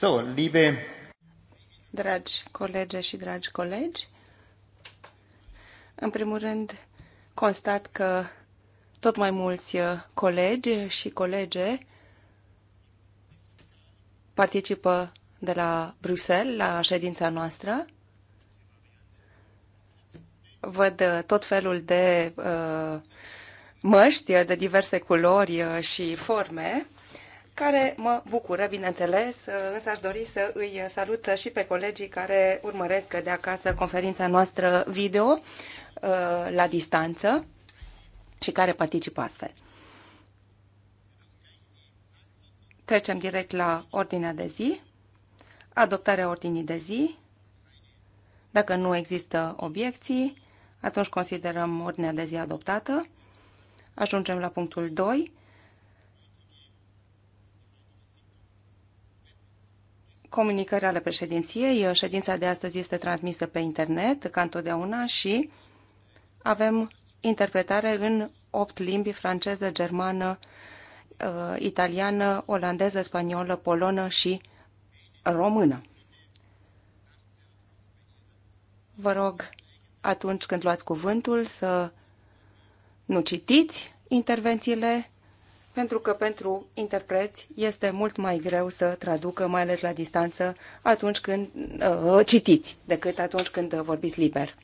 So, liebe... Dragi colege și dragi colegi, în primul rând constat că tot mai mulți uh, colegi și colege participă de la Bruxelles la ședința noastră. Văd uh, tot felul de uh, măști uh, de diverse culori și forme care mă bucură, bineînțeles, însă aș dori să îi salut și pe colegii care urmăresc de acasă conferința noastră video uh, la distanță și care participă astfel. Trecem direct la ordinea de zi, adoptarea ordinii de zi. Dacă nu există obiecții, atunci considerăm ordinea de zi adoptată. Ajungem la punctul 2, comunicări ale președinției. Ședința de astăzi este transmisă pe internet, ca întotdeauna, și avem interpretare în opt limbi, franceză, germană, uh, italiană, olandeză, spaniolă, polonă și română. Vă rog, atunci când luați cuvântul, să nu citiți intervențiile pentru că pentru interpreți este mult mai greu să traducă, mai ales la distanță, atunci când uh, uh citiți, decât atunci când uh, vorbiți liber.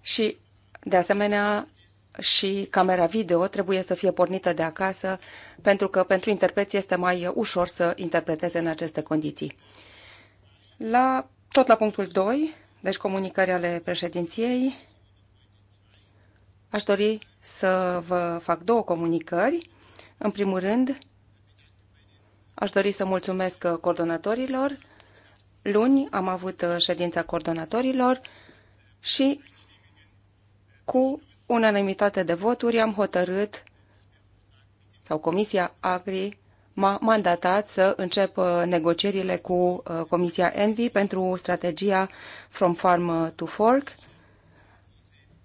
Și, de asemenea, și camera video trebuie să fie pornită de acasă, pentru că pentru interpreți este mai uh, ușor să interpreteze în aceste condiții. La, tot la punctul 2, deci comunicări ale președinției, Aș dori să vă fac două comunicări. În primul rând, aș dori să mulțumesc coordonatorilor. Luni am avut uh, ședința coordonatorilor și cu unanimitate de voturi am hotărât sau Comisia Agri m-a mandatat să încep uh, negocierile cu uh, Comisia Envi pentru strategia From Farm to Fork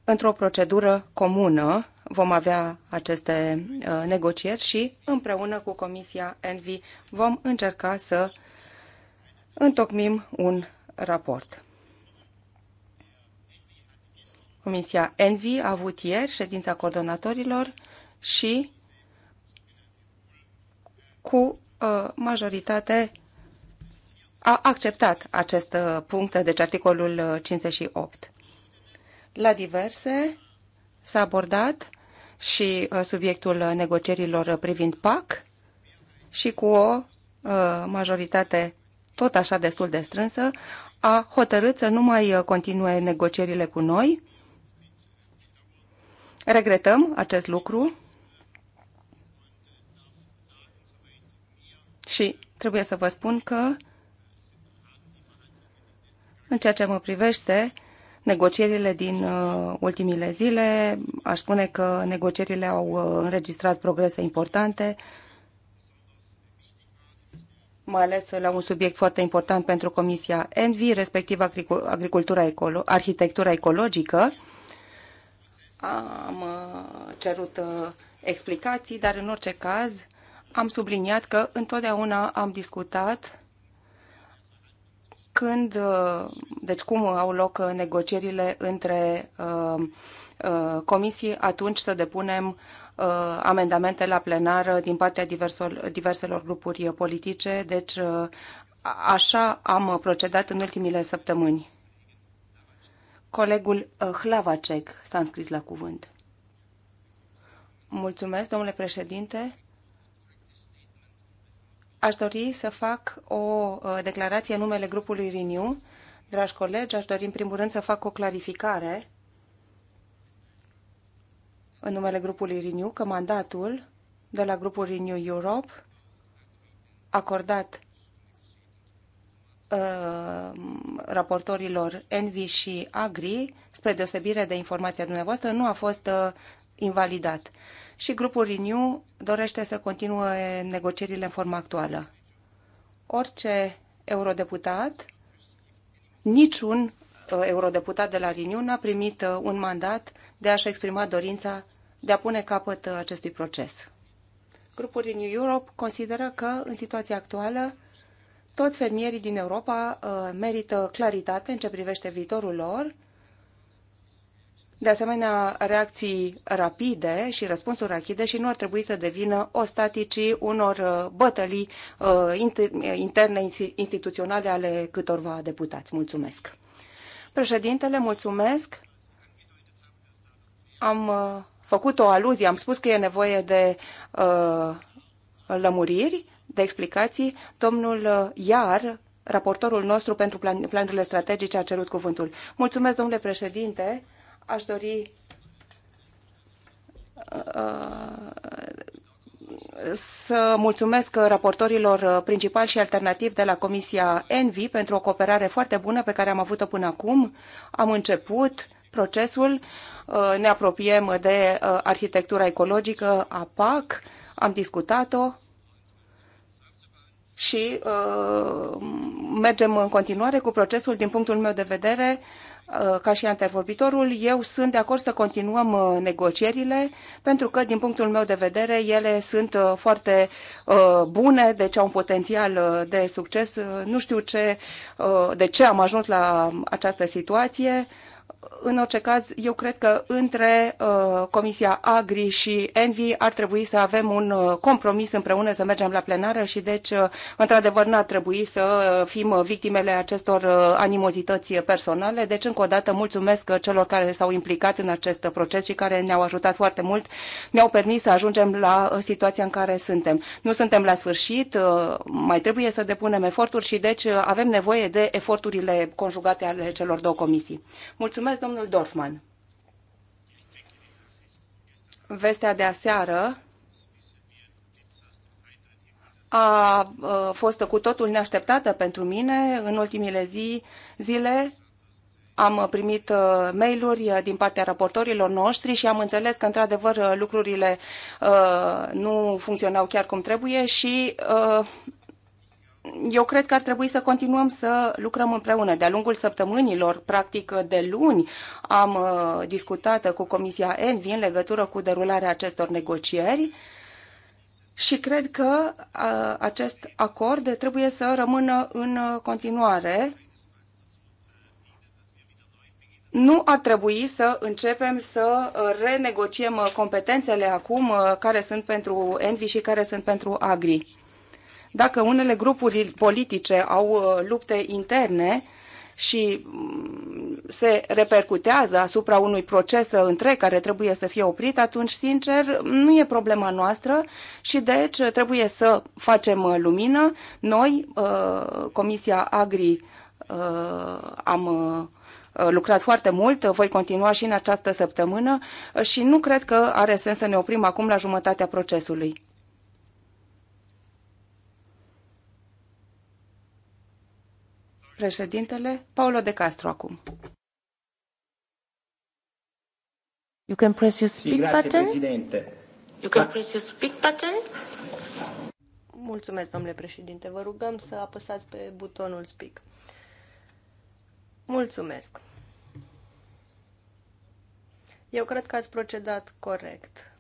într-o procedură comună vom avea aceste uh, negocieri și împreună cu Comisia Envi vom încerca să întocmim un raport. Comisia Envi a avut ieri ședința coordonatorilor și cu uh, majoritate a acceptat acest uh, punct, deci articolul 58. La diverse s-a abordat și uh, subiectul negocierilor privind PAC și cu o uh, majoritate tot așa destul de strânsă, a hotărât să nu mai uh, continue negocierile cu noi. Regretăm acest lucru și trebuie să vă spun că în ceea ce mă privește, negocierile din uh, ultimile zile. Aș spune că negocierile au uh, înregistrat progrese importante, mai ales la un subiect foarte important pentru Comisia ENVI, respectiv agricultura ecolo- arhitectura ecologică. Am uh, cerut explicații, dar în orice caz am subliniat că întotdeauna am discutat când, uh, deci cum au loc uh, negocierile între uh, comisii, atunci să depunem amendamente la plenar din partea diversor, diverselor grupuri politice. Deci așa am procedat în ultimile săptămâni. Colegul Hlavacek s-a înscris la cuvânt. Mulțumesc, domnule președinte. Aș dori să fac o uh, declarație în numele grupului Renew. Dragi colegi, aș dori în primul rând să fac o clarificare în numele grupului Renew că mandatul de la grupul Renew Europe acordat uh, raportorilor Envi și Agri, spre deosebire de informația dumneavoastră, nu a fost uh, invalidat și grupul Renew dorește să continue negocierile în forma actuală. Orice eurodeputat, niciun uh, eurodeputat de la Renew n-a primit uh, un mandat de a-și exprima dorința de a pune capăt uh, acestui proces. Grupul Renew Europe consideră că, în situația actuală, toți fermierii din Europa merită claritate în ce privește viitorul lor de asemenea reacții rapide și răspunsuri rapide și nu ar trebui să devină ostatici unor uh, bătălii uh, uh, interne instituționale ale câtorva deputați. Mulțumesc. Președintele, mulțumesc. Am făcut o aluzie, am spus că e nevoie de lămuriri, de explicații. Domnul Iar, raportorul nostru pentru planurile strategice, a cerut cuvântul. Mulțumesc, domnule președinte aș dori uh, să mulțumesc raportorilor principal și alternativ de la Comisia Envi pentru o cooperare foarte bună pe care am avut-o până acum. Am început procesul, uh, ne apropiem de uh, arhitectura ecologică a PAC, am discutat-o și mergem în continuare cu procesul din punctul meu de vedere Uh, ca și antervorbitorul, eu sunt de acord să continuăm uh, negocierile, pentru că, din punctul meu de vedere, ele sunt uh, foarte bune, deci au un potențial de succes. Nu știu ce, de ce am ajuns la această situație în orice caz, eu cred că între uh, Comisia Agri și Envi ar trebui să avem un uh, compromis împreună, să mergem la plenară și deci, uh, într-adevăr, n-ar trebui să uh, fim uh, victimele acestor uh, animozități personale. Deci, încă o dată, mulțumesc uh, celor care s-au implicat în acest proces și care ne-au ajutat foarte mult, ne-au permis să ajungem la uh, situația în care suntem. Nu suntem la sfârșit, uh, mai trebuie să depunem eforturi și deci uh, avem nevoie de eforturile conjugate ale celor două comisii. Mulțumesc! Mulțumesc, domnul Dorfman. Vestea de aseară a fost cu totul neașteptată pentru mine. În ultimile zi, zile am primit uh, mail-uri uh, din partea raportorilor noștri și am înțeles că, într-adevăr, uh, lucrurile nu funcționau chiar cum trebuie și eu cred că ar trebui să continuăm să lucrăm împreună. De-a lungul săptămânilor, practic de luni, am uh, discutat cu Comisia ENVI în legătură cu derularea acestor negocieri și cred că uh, acest acord trebuie să rămână în uh, continuare nu ar trebui să începem să renegociem competențele acum care sunt pentru Envi și care sunt pentru Agri. Dacă unele grupuri politice au uh, lupte interne și mm, se repercutează asupra unui proces întreg care trebuie să fie oprit, atunci, sincer, nu e problema noastră și deci trebuie să facem uh, lumină. Noi, uh, Comisia Agri, am lucrat foarte mult, voi continua și în această săptămână și nu cred că are sens să ne oprim acum la jumătatea procesului. Președintele Paulo De Castro acum. You can press your speak button. You can press your speak button. Mulțumesc, domnule președinte. Vă rugăm să apăsați pe butonul speak. Mulțumesc. Eu cred că ați procedat corect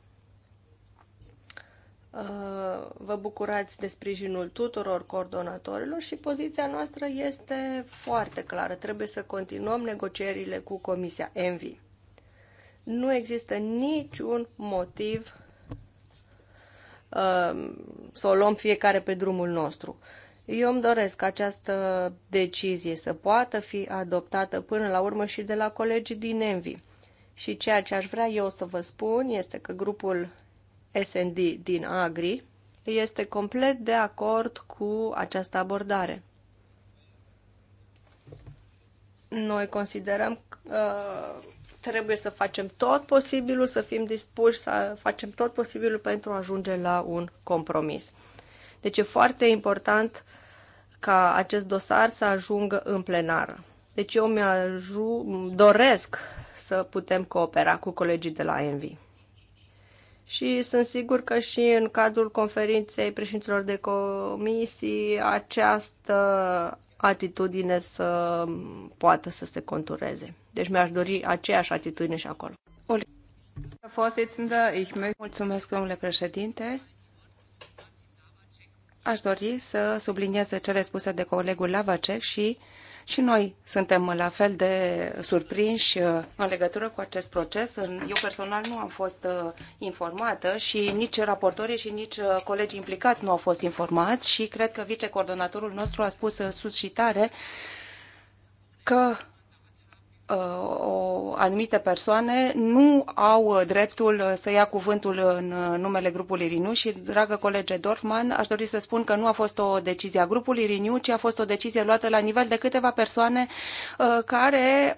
vă bucurați de sprijinul tuturor coordonatorilor și poziția noastră este foarte clară. Trebuie să continuăm negocierile cu Comisia Envi. Nu există niciun motiv um, să o luăm fiecare pe drumul nostru. Eu îmi doresc această decizie să poată fi adoptată până la urmă și de la colegii din Envi. Și ceea ce aș vrea eu să vă spun este că grupul SND din Agri este complet de acord cu această abordare. Noi considerăm că uh, trebuie să facem tot posibilul, să fim dispuși să facem tot posibilul pentru a ajunge la un compromis. Deci e foarte important ca acest dosar să ajungă în plenară. Deci eu mi doresc să putem coopera cu colegii de la Envi și sunt sigur că și în cadrul conferinței președinților de comisii această atitudine să poată să se contureze. Deci mi-aș dori aceeași atitudine și acolo. Mulțumesc, domnule președinte. Aș dori să subliniez cele spuse de colegul Lavacek și și noi suntem la fel de surprinși uh, în legătură cu acest proces. Eu personal nu am fost uh, informată și nici raportorii și nici uh, colegii implicați nu au fost informați și cred că vicecoordonatorul nostru a spus sus și tare că Uh, o, anumite persoane nu au uh, dreptul uh, să ia cuvântul în numele grupului Riniu și, dragă colege Dorfman, aș dori să spun că nu a fost o decizie a grupului Riniu, ci a fost o decizie luată la nivel de câteva persoane care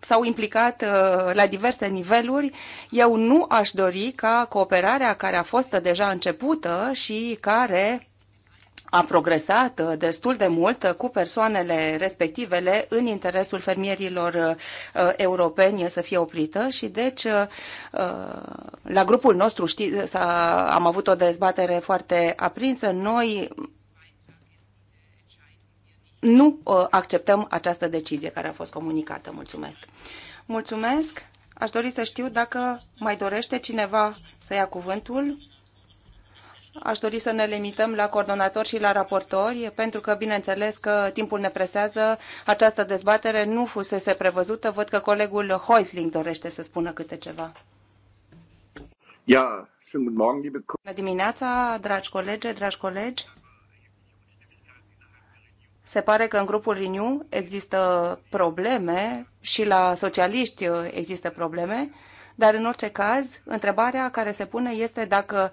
s-au implicat la diverse niveluri. Eu nu aș dori ca cooperarea care a fost deja începută și care a progresat uh, destul de mult uh, cu persoanele respectivele în interesul fermierilor uh, europeni să fie oprită și deci la grupul nostru ști, am avut o dezbatere foarte aprinsă. Noi nu acceptăm această decizie care a fost comunicată. Mulțumesc! Mulțumesc! Aș dori să știu dacă mai dorește cineva să ia cuvântul. Aș dori să ne limităm la coordonatori și la raportori, pentru că, bineînțeles, că timpul ne presează. Această dezbatere nu fusese prevăzută. Văd că colegul Heusling dorește să spună câte ceva. Ja, schönen guten Morgen, liebe Bună dimineața, dragi colegi, dragi colegi. Se pare că în grupul Renew există probleme și la socialiști există probleme, dar în orice caz, întrebarea care se pune este dacă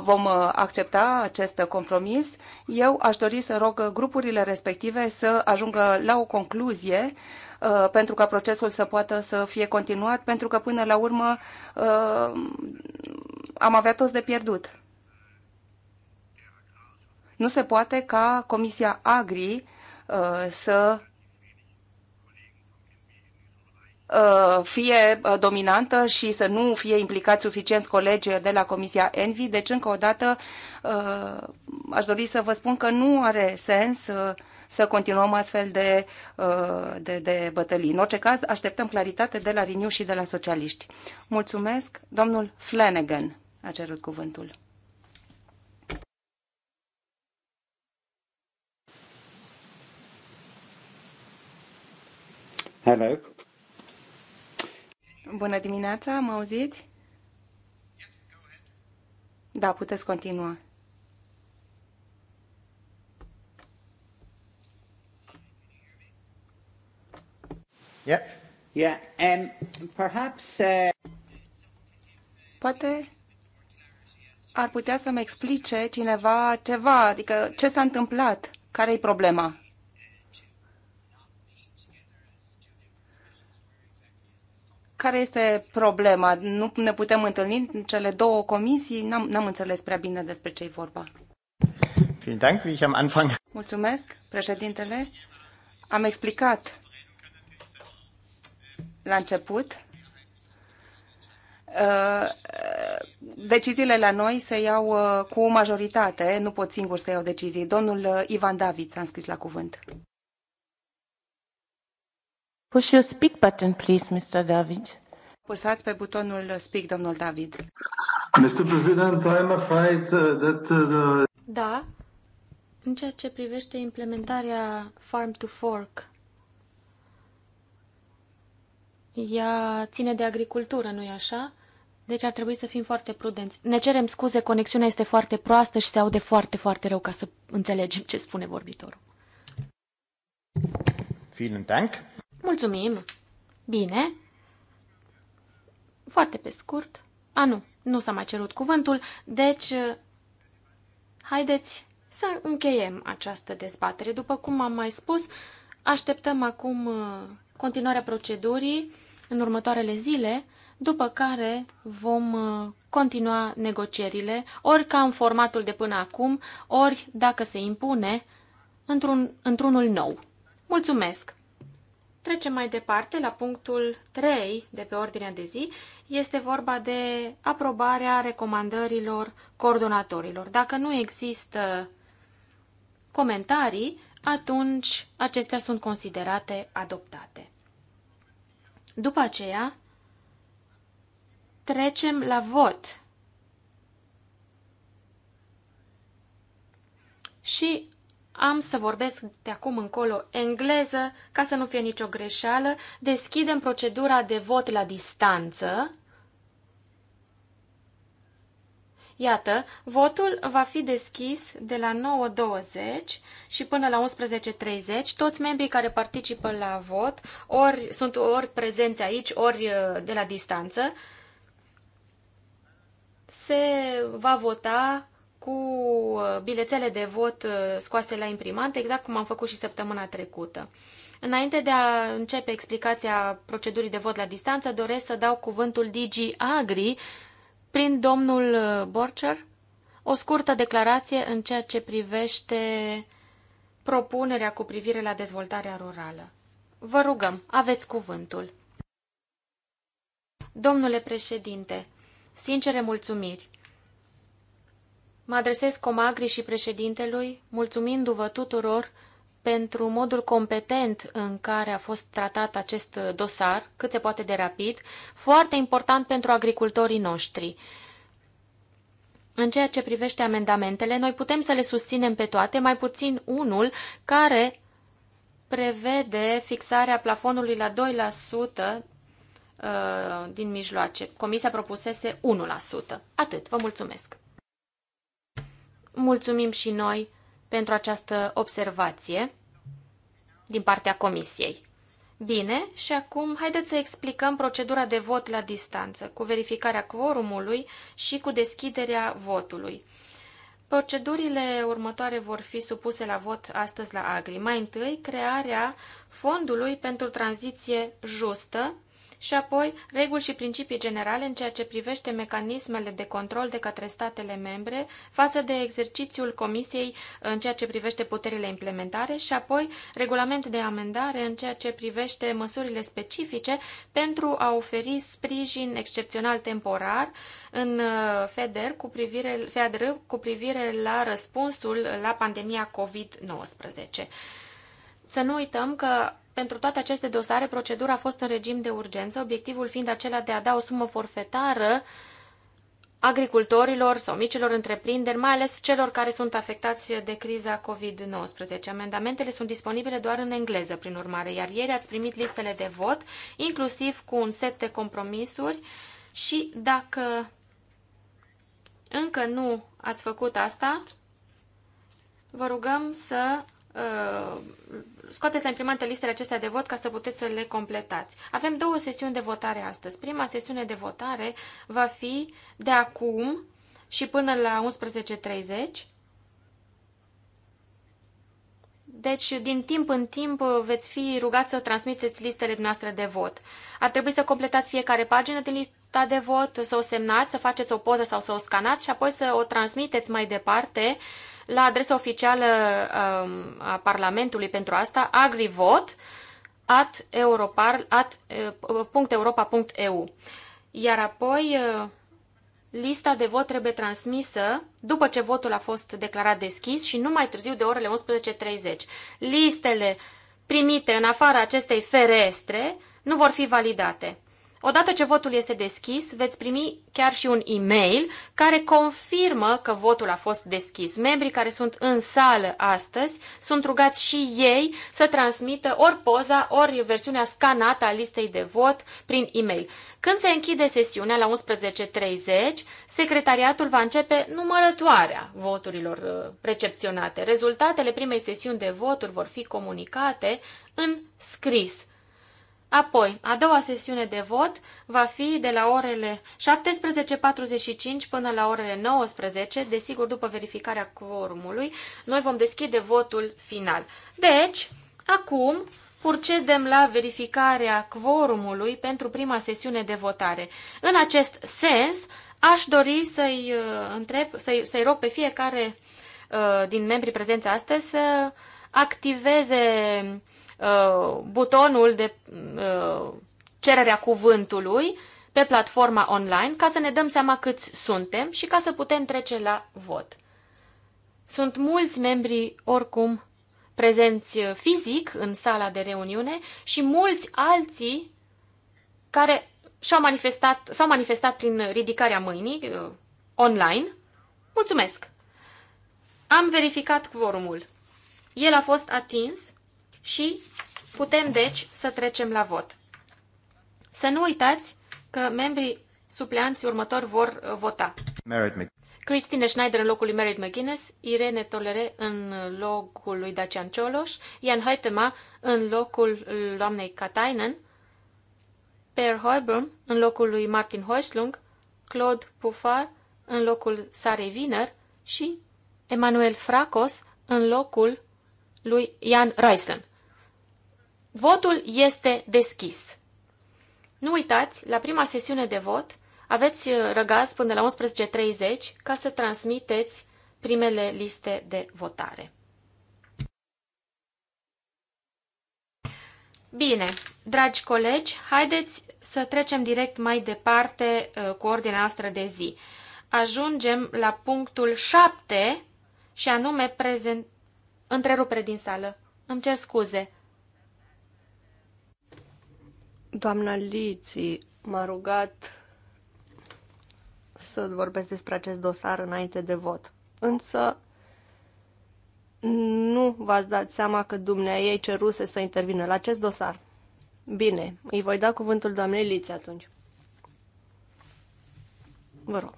vom uh, accepta acest compromis. Eu aș dori să rog grupurile respective să ajungă la o concluzie uh, pentru ca procesul să poată să fie continuat, pentru că până la urmă uh, am avea toți de pierdut. Nu se poate ca Comisia Agri să Uh, fie uh, dominantă și să nu fie implicați suficienți colegi de la Comisia Envi. Deci, încă o dată, uh, aș dori să vă spun că nu are sens să continuăm astfel de, de, de bătălii. În orice caz, așteptăm claritate de la Riniu și de la socialiști. Mulțumesc. Domnul Flanagan a cerut cuvântul. Hello. Bună dimineața, mă auziți? Da, puteți continua. Yeah. Yeah. Um, perhaps, uh... Poate ar putea să-mi explice cineva ceva, adică ce s-a întâmplat, care e problema? care este problema? Nu ne putem întâlni în cele două comisii? N-am, n-am înțeles prea bine despre ce e vorba. Mulțumesc, președintele. Am explicat la început. Uh, deciziile la noi se iau uh, cu majoritate, nu pot singur să iau decizii. Domnul uh, Ivan David s-a înscris la cuvânt. Push your speak button, please, Mr. David. Pusați pe butonul speak, domnul David. Mr. President, I'm afraid uh, that uh, the... Da, în ceea ce privește implementarea Farm to Fork, ea ține de agricultură, nu-i așa? Deci ar trebui să fim foarte prudenți. Ne cerem scuze, conexiunea este foarte proastă și se aude foarte, foarte rău ca să înțelegem ce spune vorbitorul. Vielen Dank. Mulțumim! Bine! Foarte pe scurt. A, nu, nu s-a mai cerut cuvântul, deci haideți să încheiem această dezbatere. După cum am mai spus, așteptăm acum uh, continuarea procedurii în următoarele zile, după care vom uh, continua negocierile, ori ca în formatul de până acum, ori, dacă se impune, într-un, într-unul nou. Mulțumesc! Trecem mai departe la punctul 3 de pe ordinea de zi. Este vorba de aprobarea recomandărilor coordonatorilor. Dacă nu există comentarii, atunci acestea sunt considerate adoptate. După aceea, trecem la vot. Și am să vorbesc de acum încolo engleză, ca să nu fie nicio greșeală. Deschidem procedura de vot la distanță. Iată, votul va fi deschis de la 9.20 și până la 11.30. Toți membrii care participă la vot ori, sunt ori prezenți aici, ori uh, de la distanță. Se va vota cu uh, bilețele de vot uh, scoase la imprimante, exact cum am făcut și săptămâna trecută. Înainte de a începe explicația procedurii de vot la distanță, doresc să dau cuvântul Digi Agri prin domnul uh, Borcher o scurtă declarație în ceea ce privește propunerea cu privire la dezvoltarea rurală. Vă rugăm, aveți cuvântul. Domnule președinte, sincere mulțumiri. Mă adresez Comagri și președintelui, mulțumindu-vă tuturor pentru modul competent în care a fost tratat acest dosar, cât se poate de rapid, foarte important pentru agricultorii noștri. În ceea ce privește amendamentele, noi putem să le susținem pe toate, mai puțin unul care prevede fixarea plafonului la 2% uh, din mijloace. Comisia propusese 1%. Atât. Vă mulțumesc! Mulțumim și noi pentru această observație din partea comisiei. Bine, și acum haideți să explicăm procedura de vot la distanță, cu verificarea quorumului și cu deschiderea votului. Procedurile următoare vor fi supuse la vot astăzi la Agri. Mai întâi, crearea Fondului pentru Tranziție Justă și apoi reguli și principii generale în ceea ce privește mecanismele de control de către statele membre față de exercițiul Comisiei în ceea ce privește puterile implementare și apoi regulament de amendare în ceea ce privește măsurile specifice pentru a oferi sprijin excepțional temporar în uh, FEDER cu privire, cu privire la răspunsul la pandemia COVID-19. Să nu uităm că pentru toate aceste dosare, procedura a fost în regim de urgență, obiectivul fiind acela de a da o sumă forfetară agricultorilor sau micilor întreprinderi, mai ales celor care sunt afectați de criza COVID-19. Amendamentele sunt disponibile doar în engleză, prin urmare, iar ieri ați primit listele de vot, inclusiv cu un set de compromisuri și dacă încă nu ați făcut asta, vă rugăm să uh, scoateți la imprimantă listele acestea de vot ca să puteți să le completați. Avem două sesiuni de votare astăzi. Prima sesiune de votare va fi de acum și până la 11.30. Deci, din timp în timp, veți fi rugați să transmiteți listele noastre de vot. Ar trebui să completați fiecare pagină din lista de vot, să o semnați, să faceți o poză sau să o scanați și apoi să o transmiteți mai departe uh, la adresa oficială um, a Parlamentului pentru asta, agrivot, at, at uh, .europa.eu. Iar apoi uh, lista de vot trebuie transmisă după ce votul a fost declarat deschis și nu mai târziu de orele 11.30. Listele primite în afara acestei ferestre nu vor fi validate. Odată ce votul este deschis, veți primi chiar și un e-mail care confirmă că votul a fost deschis. Membrii care sunt în sală astăzi sunt rugați și ei să transmită ori poza, ori versiunea scanată a listei de vot prin e-mail. Când se închide sesiunea la 11.30, secretariatul va începe numărătoarea voturilor uh, recepționate. Rezultatele primei sesiuni de voturi vor fi comunicate în scris. Apoi, a doua sesiune de vot va fi de la orele 17.45 până la orele 19, desigur după verificarea quorumului, noi vom deschide votul final. Deci, acum procedem la verificarea quorumului pentru prima sesiune de votare. În acest sens, aș dori să-i uh, întreb, să-i să rog pe fiecare uh, din membrii prezenți astăzi să uh, activeze uh, butonul de uh, cererea cuvântului pe platforma online ca să ne dăm seama câți suntem și ca să putem trece la vot. Sunt mulți membri oricum prezenți uh, fizic în sala de reuniune și mulți alții care s au manifestat, s-au manifestat prin ridicarea mâinii uh, online. Mulțumesc! Am verificat quorumul. El a fost atins și putem, deci, să trecem la vot. Să nu uitați că membrii supleanți următori vor uh, vota. Christine Schneider în locul lui Merit McGuinness, Irene Tolere în locul lui Dacian Cioloș, Ian Heitema în locul doamnei Katainen, Per Hoibrun în locul lui Martin Hoislung, Claude Pufar în locul Sarei Wiener și Emanuel Fracos în locul lui Ian Ryson. Votul este deschis. Nu uitați, la prima sesiune de vot aveți uh, răgaz până la 11.30 ca să transmiteți primele liste de votare. Bine, dragi colegi, haideți să trecem direct mai departe uh, cu ordinea noastră de zi. Ajungem la punctul 7 și anume prezent Întrerupere din sală. Îmi cer scuze. Doamna Liții m-a rugat să vorbesc despre acest dosar înainte de vot. Însă nu v-ați dat seama că dumnea ei ceruse să intervină la acest dosar. Bine, îi voi da cuvântul doamnei Liții atunci. Vă rog.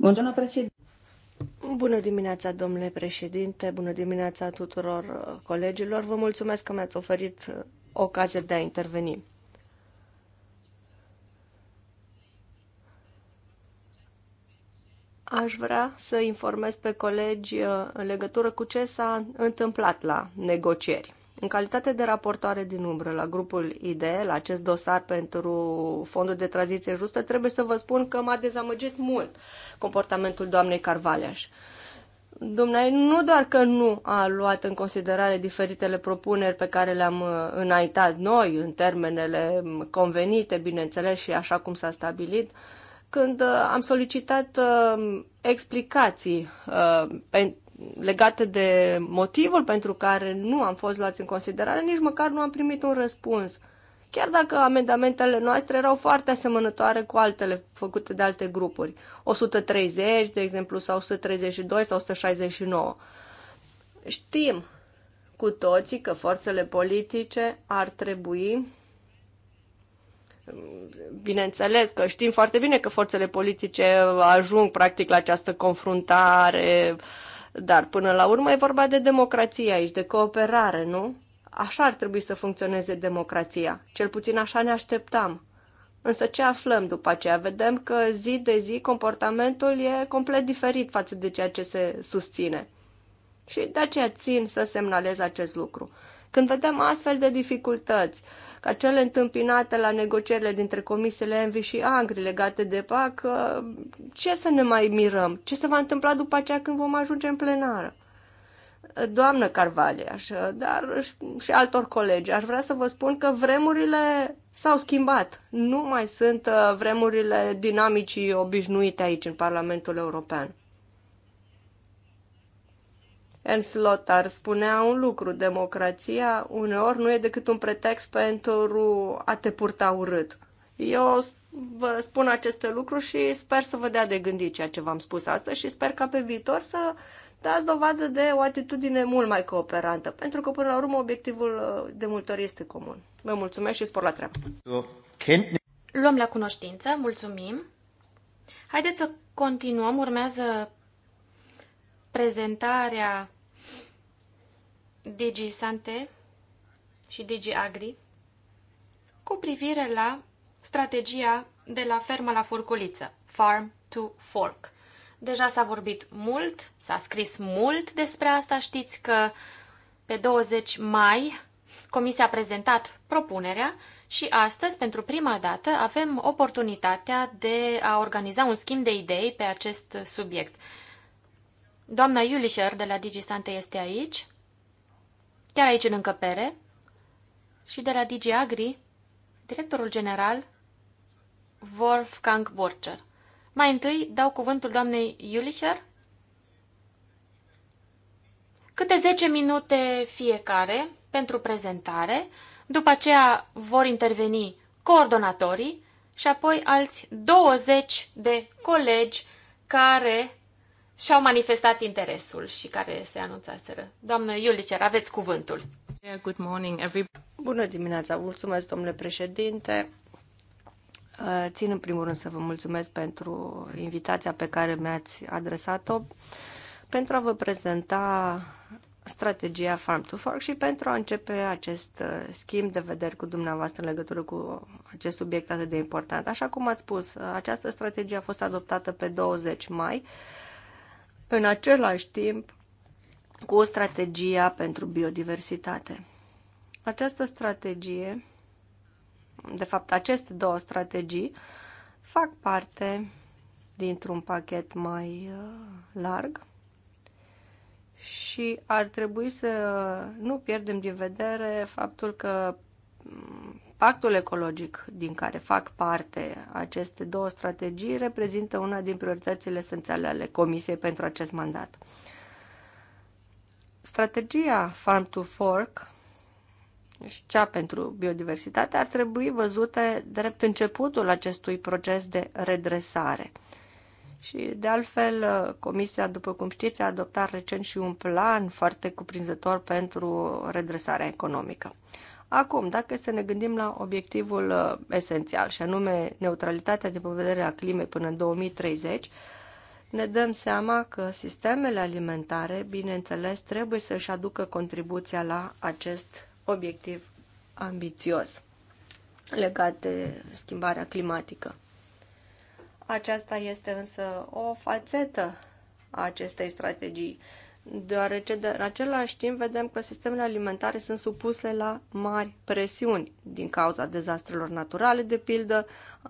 Bună președinte. Bună dimineața, domnule președinte, bună dimineața tuturor uh, colegilor. Vă mulțumesc că mi-ați oferit uh, ocazia de a interveni. Aș vrea să informez pe colegi uh, în legătură cu ce s-a întâmplat la negocieri. În calitate de raportoare din umbră la grupul ID, la acest dosar pentru fondul de tranziție justă, trebuie să vă spun că m-a dezamăgit mult comportamentul doamnei Carvaleaș. Dumnezeu nu doar că nu a luat în considerare diferitele propuneri pe care le-am uh, înaintat noi, în termenele mm, convenite, bineînțeles, și așa cum s-a stabilit, când uh, am solicitat uh, explicații pentru legate de motivul pentru care nu am fost luați în considerare, nici măcar nu am primit un răspuns. Chiar dacă amendamentele noastre erau foarte asemănătoare cu altele făcute de alte grupuri, 130, de exemplu, sau 132 sau 169. Știm cu toții că forțele politice ar trebui bineînțeles că știm foarte bine că forțele politice ajung practic la această confruntare dar până la urmă e vorba de democrație aici, de cooperare, nu? Așa ar trebui să funcționeze democrația. Cel puțin așa ne așteptam. Însă ce aflăm după aceea? Vedem că zi de zi comportamentul e complet diferit față de ceea ce se susține. Și de aceea țin să semnalez acest lucru. Când vedem astfel de dificultăți, uh, ca cele întâmpinate la negocierile dintre comisiile Envi și Angri legate de PAC, uh, ce să ne mai mirăm? Ce se va întâmpla după aceea când vom ajunge în plenară? Doamnă Carvalie, așa, uh, dar și altor colegi, aș vrea să vă spun că vremurile s-au schimbat. Nu mai sunt uh, vremurile dinamicii obișnuite aici în Parlamentul European. Ernst Lothar spunea un lucru, democrația uneori nu e decât un pretext pentru a te purta urât. Eu vă spun aceste lucruri și sper să vă dea de gândit ceea ce v-am spus astăzi și sper ca pe viitor să dați dovadă de o atitudine mult mai cooperantă, pentru că până la urmă obiectivul uh, de multe ori este comun. Vă mulțumesc și spor la treabă. Luăm la cunoștință, mulțumim. Haideți să continuăm, urmează prezentarea Digi Sante și Digi Agri cu privire la strategia de la fermă la furculiță, Farm to Fork. Deja s-a vorbit mult, s-a scris mult despre asta, știți că pe 20 mai Comisia a prezentat propunerea și astăzi, pentru prima dată, avem oportunitatea de a organiza un schimb de idei pe acest subiect. Doamna Iulișer de la DigiSante este aici chiar aici în încăpere, și de la DG Agri, directorul general Wolfgang Borcher. Mai întâi dau cuvântul doamnei Julicher. Câte 10 minute fiecare pentru prezentare, după aceea vor interveni coordonatorii și apoi alți 20 de colegi care și-au manifestat interesul și care se anunțaseră. Doamnă Iulicer, aveți cuvântul. Good morning, everybody. Bună dimineața, mulțumesc, domnule președinte. Uh, țin în primul rând să vă mulțumesc pentru invitația pe care mi-ați adresat-o pentru a vă prezenta strategia Farm to Fork și pentru a începe acest uh, schimb de vederi cu dumneavoastră în legătură cu acest subiect atât de important. Așa cum ați spus, uh, această strategie a fost adoptată pe 20 mai în același timp cu strategia pentru biodiversitate. Această strategie, de fapt aceste două strategii, fac parte dintr-un pachet mai uh, larg și ar trebui să nu pierdem din vedere faptul că mm, Pactul ecologic din care fac parte aceste două strategii reprezintă una din prioritățile esențiale ale Comisiei pentru acest mandat. Strategia Farm to Fork și cea pentru biodiversitate ar trebui văzute drept începutul acestui proces de redresare. Și, de altfel, Comisia, după cum știți, a adoptat recent și un plan foarte cuprinzător pentru redresarea economică. Acum, dacă să ne gândim la obiectivul uh, esențial, și anume neutralitatea din de vedere a climei până în 2030, ne dăm seama că sistemele alimentare, bineînțeles, trebuie să-și aducă contribuția la acest obiectiv ambițios legat de schimbarea climatică. Aceasta este însă o fațetă a acestei strategii deoarece de, în același timp vedem că sistemele alimentare sunt supuse la mari presiuni din cauza dezastrelor naturale, de pildă,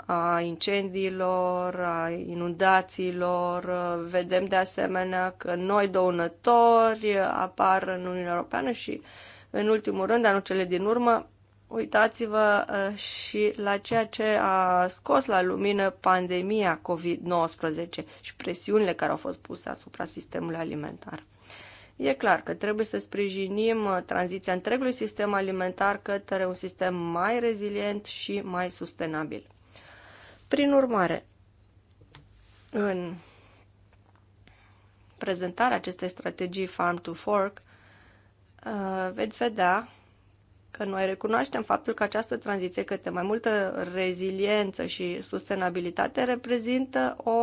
a incendiilor, a inundațiilor. Vedem de asemenea că noi dăunători apar în Uniunea Europeană și, în ultimul rând, anul cele din urmă, uitați-vă uh, și la ceea ce a scos la lumină pandemia COVID-19 și presiunile care au fost puse asupra sistemului alimentar. E clar că trebuie să sprijinim uh, tranziția întregului sistem alimentar către un sistem mai rezilient și mai sustenabil. Prin urmare, în prezentarea acestei strategii Farm to Fork, uh, veți vedea că noi recunoaștem faptul că această tranziție către mai multă reziliență și sustenabilitate reprezintă o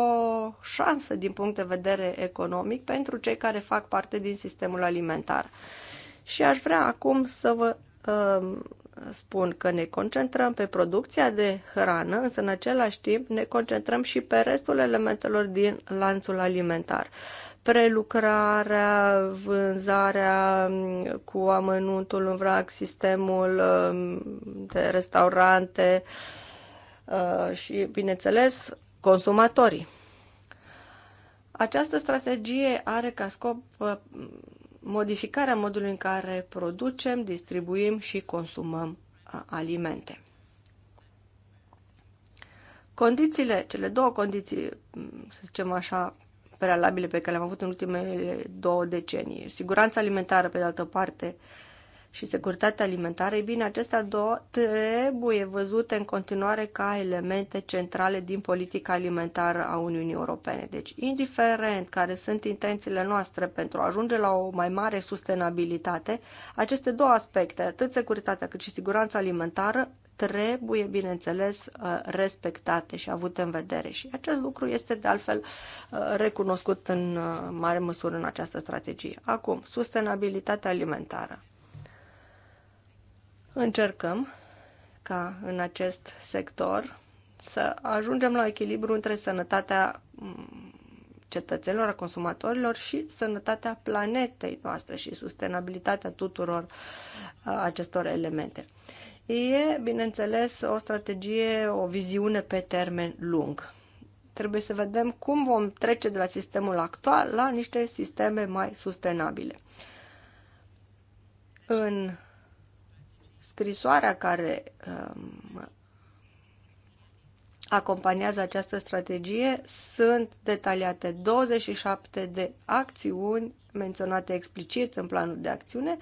șansă din punct de vedere economic pentru cei care fac parte din sistemul alimentar. Și aș vrea acum să vă uh, spun că ne concentrăm pe producția de hrană, însă în același timp ne concentrăm și pe restul elementelor din lanțul alimentar prelucrarea, vânzarea mm, cu amănuntul în vrac, sistemul mm, de restaurante uh, și, bineînțeles, consumatorii. Această strategie are ca scop uh, modificarea modului în care producem, distribuim și consumăm uh, alimente. Condițiile, cele două condiții, mm, să zicem așa, prealabile pe care le-am avut în ultimele două decenii. Siguranța alimentară, pe de altă parte, și securitatea alimentară, e bine, acestea două trebuie văzute în continuare ca elemente centrale din politica alimentară a Uniunii Europene. Deci, indiferent care sunt intențiile noastre pentru a ajunge la o mai mare sustenabilitate, aceste două aspecte, atât securitatea cât și siguranța alimentară, trebuie, bineînțeles, uh, respectate și avute în vedere. Și acest lucru este, de altfel, uh, recunoscut în uh, mare măsură în această strategie. Acum, sustenabilitatea alimentară. Încercăm ca în acest sector să ajungem la echilibru între sănătatea mm, cetățenilor, a consumatorilor și sănătatea planetei noastre și sustenabilitatea tuturor acestor elemente e, bineînțeles, o strategie, o viziune pe termen lung. Trebuie să vedem cum vom trece de la sistemul actual la niște sisteme mai sustenabile. În scrisoarea care um, acompaniază această strategie sunt detaliate 27 de acțiuni menționate explicit în planul de acțiune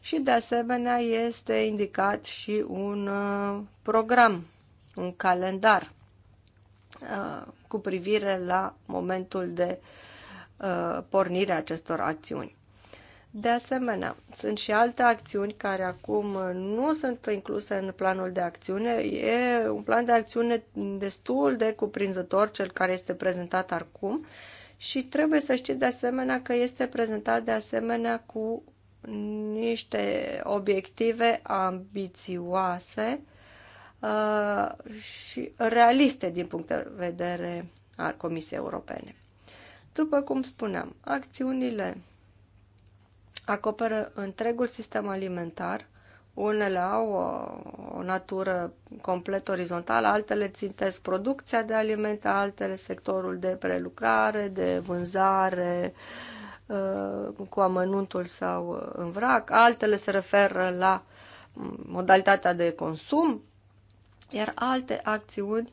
și de asemenea este indicat și un uh, program, un calendar uh, cu privire la momentul de uh, pornire acestor acțiuni. De asemenea, sunt și alte acțiuni care acum nu sunt incluse în planul de acțiune. E un plan de acțiune destul de cuprinzător, cel care este prezentat acum, și trebuie să știți de asemenea că este prezentat de asemenea cu niște obiective ambițioase uh, și realiste din punct de vedere al Comisiei Europene. După cum spuneam, acțiunile acoperă întregul sistem alimentar. Unele au o, o natură complet orizontală, altele țintesc producția de alimente, altele sectorul de prelucrare, de vânzare uh, cu amănuntul sau uh, în vrac, altele se referă la mm, modalitatea de consum, iar alte acțiuni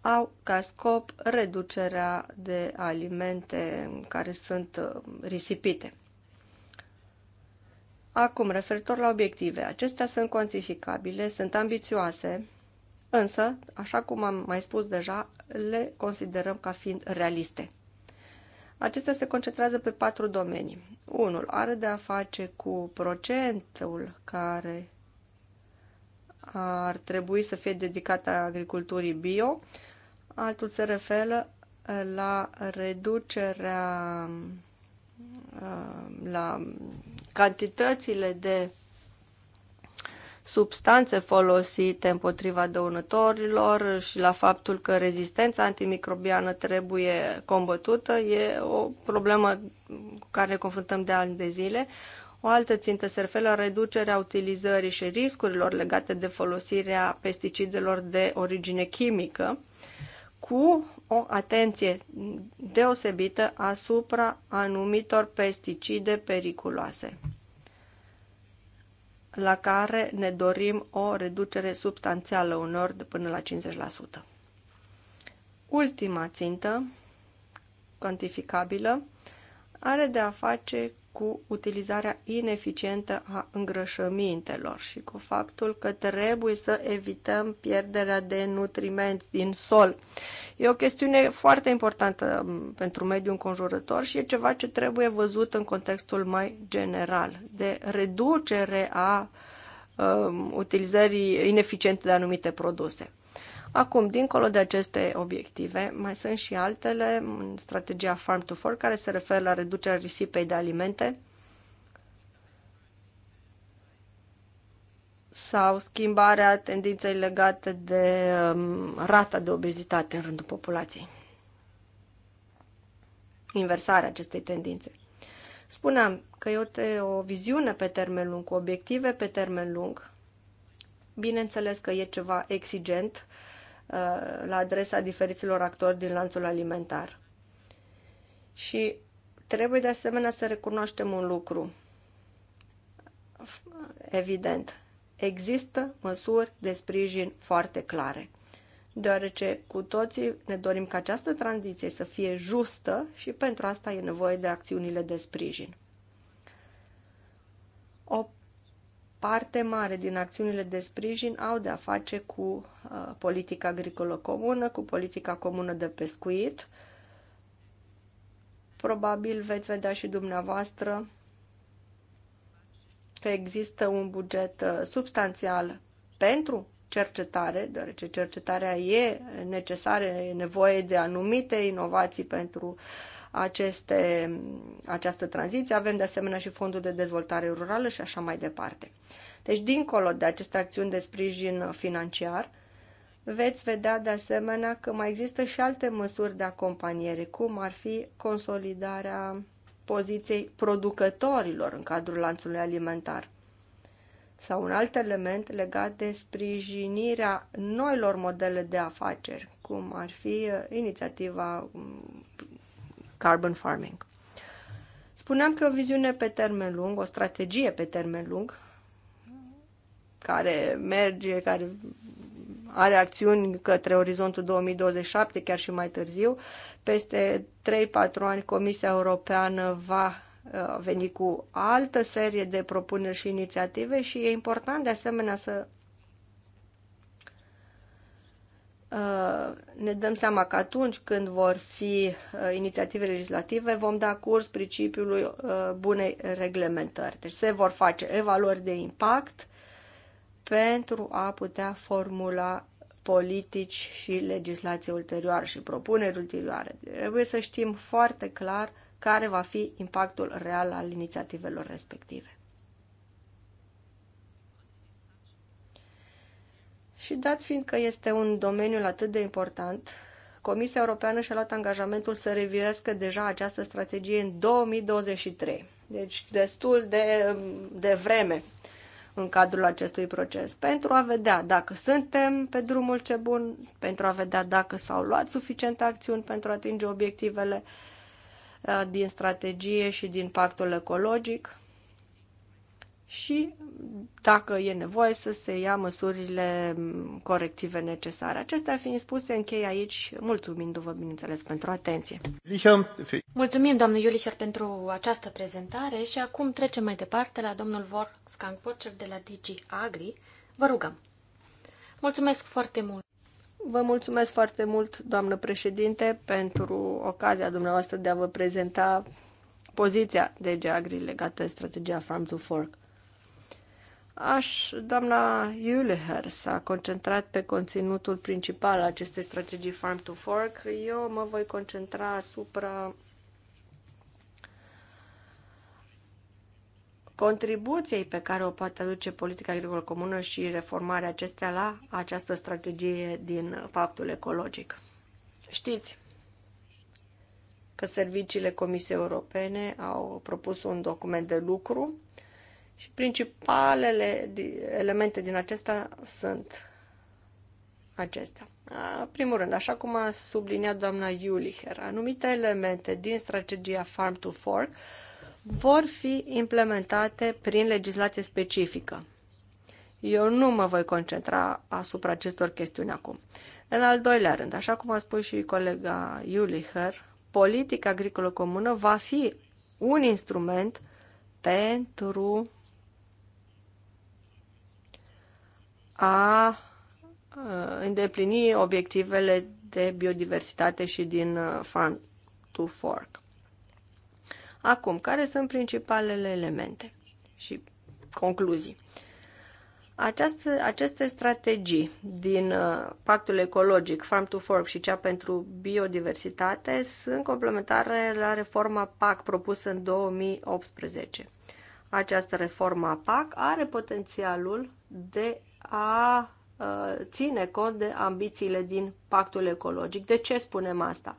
au ca scop reducerea de alimente care sunt uh, risipite. Acum, referitor la obiective, acestea sunt cuantificabile, sunt ambițioase, însă, așa cum am mai spus deja, le considerăm ca fiind realiste. Acestea se concentrează pe patru domenii. Unul are de a face cu procentul care ar trebui să fie dedicat agriculturii bio, altul se referă la reducerea uh, la cantitățile de substanțe folosite împotriva dăunătorilor și la faptul că rezistența antimicrobiană trebuie combătută e o problemă cu care ne confruntăm de ani de zile. O altă țintă se referă la reducerea utilizării și riscurilor legate de folosirea pesticidelor de origine chimică. Uh, cu o atenție deosebită asupra anumitor pesticide periculoase, la care ne dorim o reducere substanțială unor de până la 50%. Ultima țintă cuantificabilă are de a face cu utilizarea ineficientă a îngrășămintelor și cu faptul că trebuie să evităm pierderea de nutrimenți din sol. E o chestiune foarte importantă pentru mediul înconjurător și e ceva ce trebuie văzut în contextul mai general de reducere a um, utilizării ineficiente de anumite produse. Acum, dincolo de aceste obiective, mai sunt și altele în strategia Farm to Fork care se referă la reducerea risipei de alimente sau schimbarea tendinței legate de um, rata de obezitate în rândul populației. Inversarea acestei tendințe. Spuneam că e o, o viziune pe termen lung, cu obiective pe termen lung. Bineînțeles că e ceva exigent, uh, Uh, la adresa diferiților actori din lanțul alimentar. Și trebuie de asemenea să recunoaștem un lucru. Evident, există măsuri de sprijin foarte clare, deoarece cu toții ne dorim ca această tranziție să fie justă și pentru asta e nevoie de acțiunile de sprijin. O parte mare din acțiunile de sprijin au de a face cu uh, politica agricolă comună, cu politica comună de pescuit. Probabil veți vedea și dumneavoastră că există un buget uh, substanțial pentru cercetare, deoarece cercetarea e necesară, e nevoie de anumite inovații pentru uh, aceste, această tranziție. Avem de asemenea și fondul de dezvoltare rurală și așa mai departe. Deci, dincolo de aceste acțiuni de sprijin financiar, veți vedea de asemenea că mai există și alte măsuri de acompaniere, cum ar fi consolidarea poziției producătorilor în cadrul lanțului alimentar. Sau un alt element legat de sprijinirea noilor modele de afaceri, cum ar fi uh, inițiativa um, carbon farming. Spuneam că o viziune pe termen lung, o strategie pe termen lung, care merge, care are acțiuni către orizontul 2027, chiar și mai târziu. Peste 3-4 ani Comisia Europeană va uh, veni cu altă serie de propuneri și inițiative și e important de asemenea să Uh, ne dăm seama că atunci când vor fi uh, inițiative legislative, vom da curs principiului uh, bunei reglementări. Deci se vor face evaluări de impact pentru a putea formula politici și legislație ulterioară și propuneri ulterioare. Trebuie să știm foarte clar care va fi impactul real al inițiativelor respective. Și dat fiind că este un domeniu atât de important, Comisia Europeană și-a luat angajamentul să revirească deja această strategie în 2023. Deci destul de, de vreme în cadrul acestui proces, pentru a vedea dacă suntem pe drumul ce bun, pentru a vedea dacă s-au luat suficiente acțiuni pentru a atinge obiectivele uh, din strategie și din pactul ecologic și, dacă e nevoie, să se ia măsurile corective necesare. Acestea fiind spuse, închei aici, mulțumindu-vă, bineînțeles, pentru atenție. Mulțumim, doamnă Iulișer, pentru această prezentare și acum trecem mai departe la domnul Wolfgang Pocher de la DG Agri. Vă rugăm. Mulțumesc foarte mult! Vă mulțumesc foarte mult, doamnă președinte, pentru ocazia dumneavoastră de a vă prezenta poziția de Agri legată de strategia Farm to Fork. Aș, doamna Iuleher s-a concentrat pe conținutul principal al acestei strategii Farm to Fork. Eu mă voi concentra asupra contribuției pe care o poate aduce politica agricolă comună și reformarea acestea la această strategie din faptul ecologic. Știți că serviciile Comisiei Europene au propus un document de lucru și principalele elemente din acesta sunt acestea. În primul rând, așa cum a subliniat doamna Iuliher, anumite elemente din strategia Farm to Fork vor fi implementate prin legislație specifică. Eu nu mă voi concentra asupra acestor chestiuni acum. În al doilea rând, așa cum a spus și colega Iuliher, politica agricolă comună va fi un instrument pentru a uh, îndeplini obiectivele de biodiversitate și din uh, Farm to Fork. Acum, care sunt principalele elemente și concluzii? Această, aceste strategii din uh, pactul ecologic Farm to Fork și cea pentru biodiversitate sunt complementare la reforma PAC propusă în 2018. Această reformă a PAC are potențialul de a ține cont de ambițiile din pactul ecologic. De ce spunem asta?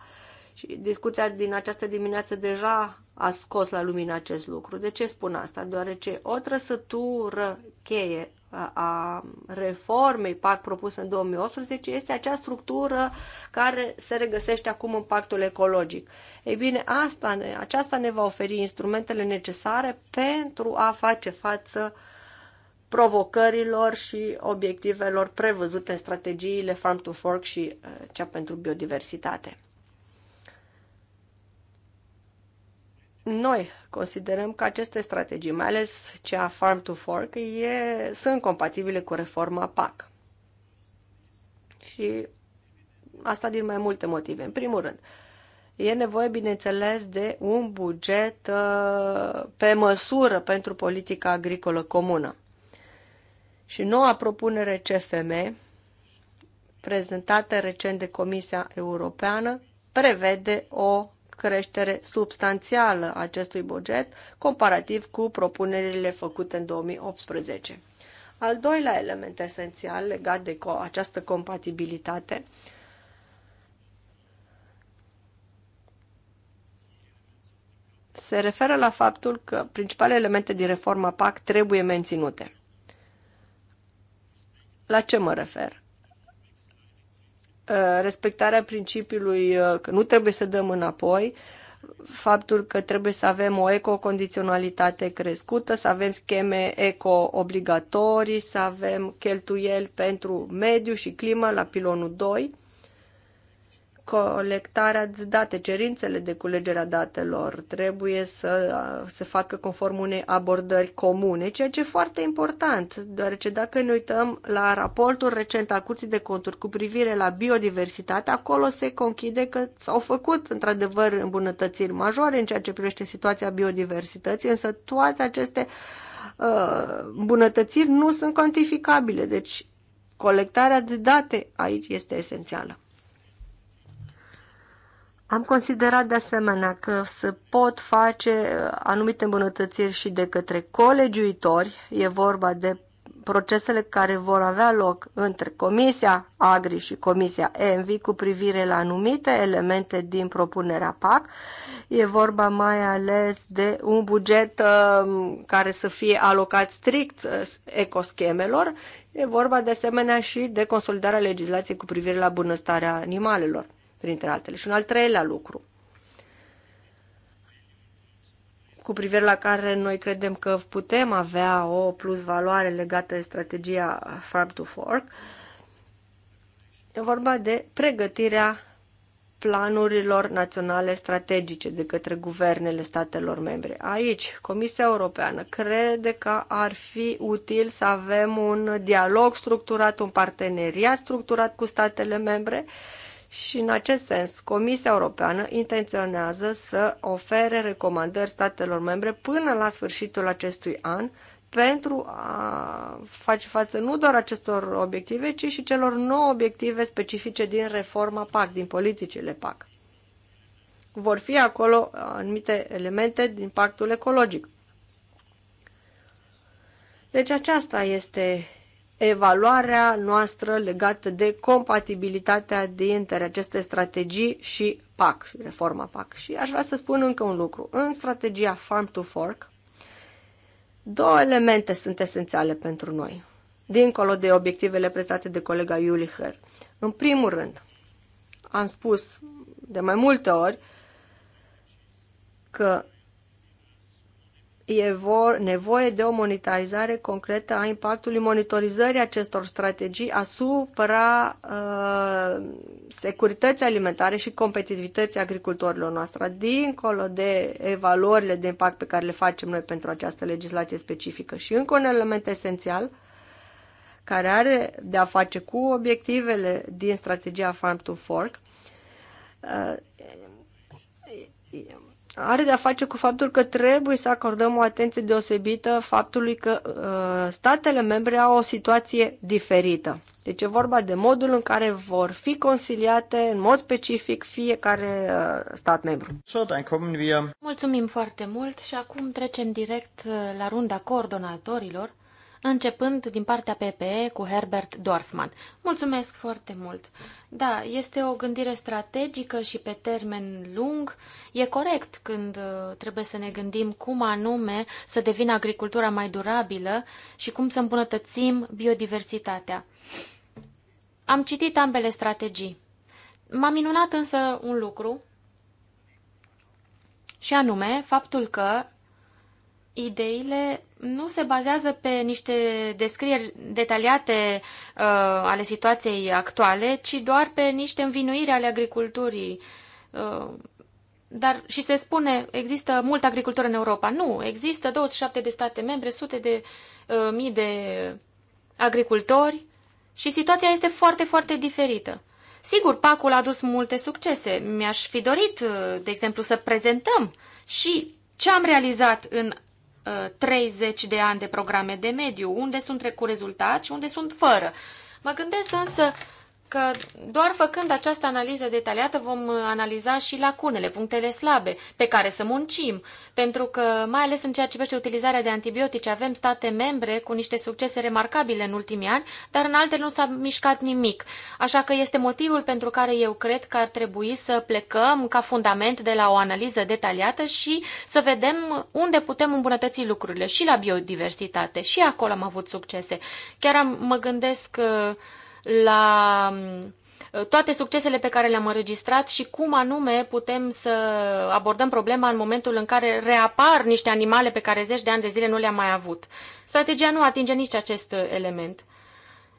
Și discuția din această dimineață deja a scos la lumină acest lucru. De ce spun asta? Deoarece o trăsătură cheie a reformei PAC propus în 2018 este acea structură care se regăsește acum în pactul ecologic. Ei bine, asta ne, aceasta ne va oferi instrumentele necesare pentru a face față uh, provocărilor și obiectivelor prevăzute în strategiile Farm to Fork și uh, cea pentru biodiversitate. Noi considerăm că aceste strategii, mai ales cea Farm to Fork, e, sunt compatibile cu reforma PAC. Și asta din mai multe motive. În primul rând, e nevoie, bineînțeles, de un buget uh, pe măsură pentru politica agricolă comună și noua propunere CFM, prezentată recent de Comisia Europeană, prevede o creștere substanțială a acestui buget comparativ cu propunerile făcute în 2018. Al doilea element esențial legat de această compatibilitate se referă la faptul că principalele elemente din reforma PAC trebuie menținute. La ce mă refer? Uh, respectarea principiului uh, că nu trebuie să dăm înapoi, faptul că trebuie să avem o ecocondiționalitate crescută, să avem scheme eco-obligatorii, să avem cheltuieli pentru mediu și climă la pilonul 2 colectarea de date, cerințele de culegere a datelor trebuie să se facă conform unei abordări comune, ceea ce e foarte important, deoarece dacă ne uităm la raportul recent al Curții de Conturi cu privire la biodiversitate, acolo se conchide că s-au făcut într-adevăr îmbunătățiri majore în ceea ce privește situația biodiversității, însă toate aceste uh, îmbunătățiri nu sunt cantificabile, deci colectarea de date aici este esențială. Am considerat de asemenea că se pot face uh, anumite îmbunătățiri și de către colegiuitori, e vorba de procesele care vor avea loc între Comisia Agri și Comisia ENVI cu privire la anumite elemente din propunerea PAC. E vorba mai ales de un buget uh, care să fie alocat strict uh, ecoschemelor. E vorba de asemenea și de consolidarea legislației cu privire la bunăstarea animalelor printre altele. Și un al treilea lucru, cu privire la care noi credem că putem avea o plus valoare legată de strategia Farm to Fork, e vorba de pregătirea planurilor naționale strategice de către guvernele statelor membre. Aici, Comisia Europeană crede că ar fi util să avem un dialog structurat, un parteneriat structurat cu statele membre, uh, și în acest sens, Comisia Europeană intenționează să ofere recomandări statelor membre până la sfârșitul acestui an pentru a face față nu doar acestor obiective, ci și celor nouă obiective specifice din reforma PAC, din politicile PAC. Vor fi acolo anumite elemente din pactul ecologic. Deci aceasta este evaluarea noastră legată de compatibilitatea dintre aceste strategii și PAC, reforma PAC. Și aș vrea să spun încă un lucru. În strategia Farm to Fork, două elemente sunt esențiale pentru noi, dincolo de obiectivele prestate de colega Iuliher. În primul rând, am spus de mai multe ori că e vor, nevoie de o monitorizare concretă a impactului monitorizării acestor strategii asupra uh, securității alimentare și competitivității agricultorilor noastre, dincolo de evaluările de impact pe care le facem noi pentru această legislație specifică. Și încă un element esențial care are de a face cu obiectivele din strategia Farm to Fork. Uh, are de-a face cu faptul că trebuie să acordăm o atenție deosebită faptului că uh, statele membre au o situație diferită. Deci e vorba de modul în care vor fi consiliate în mod specific fiecare uh, stat membru. Mulțumim foarte mult și acum trecem direct uh, la runda coordonatorilor începând din partea PPE cu Herbert Dorfman. Mulțumesc foarte mult! Da, este o gândire strategică și pe termen lung. E corect când uh, trebuie să ne gândim cum anume să devină agricultura mai durabilă și cum să îmbunătățim biodiversitatea. Am citit ambele strategii. M-a minunat însă un lucru, și anume faptul că ideile nu se bazează pe niște descrieri detaliate uh, ale situației actuale, ci doar pe niște învinuiri ale agriculturii. Uh, dar și se spune, există multă agricultură în Europa. Nu, există 27 de state membre, sute de uh, mii de agricultori și situația este foarte, foarte diferită. Sigur, pacul a adus multe succese. Mi-aș fi dorit, uh, de exemplu, să prezentăm și ce am realizat în 30 de ani de programe de mediu, unde sunt cu rezultat și unde sunt fără. Mă gândesc însă că doar făcând această analiză detaliată vom analiza și lacunele, punctele slabe pe care să muncim, pentru că, mai ales în ceea ce privește utilizarea de antibiotice, avem state membre cu niște succese remarcabile în ultimii ani, dar în altele nu s-a mișcat nimic. Așa că este motivul pentru care eu cred că ar trebui să plecăm ca fundament de la o analiză detaliată și să vedem unde putem îmbunătăți lucrurile și la biodiversitate. Și acolo am avut succese. Chiar am, mă gândesc uh, la uh, toate succesele pe care le-am înregistrat și cum anume putem să abordăm problema în momentul în care reapar niște animale pe care zeci de ani de zile nu le-am mai avut. Strategia nu atinge nici acest uh, element.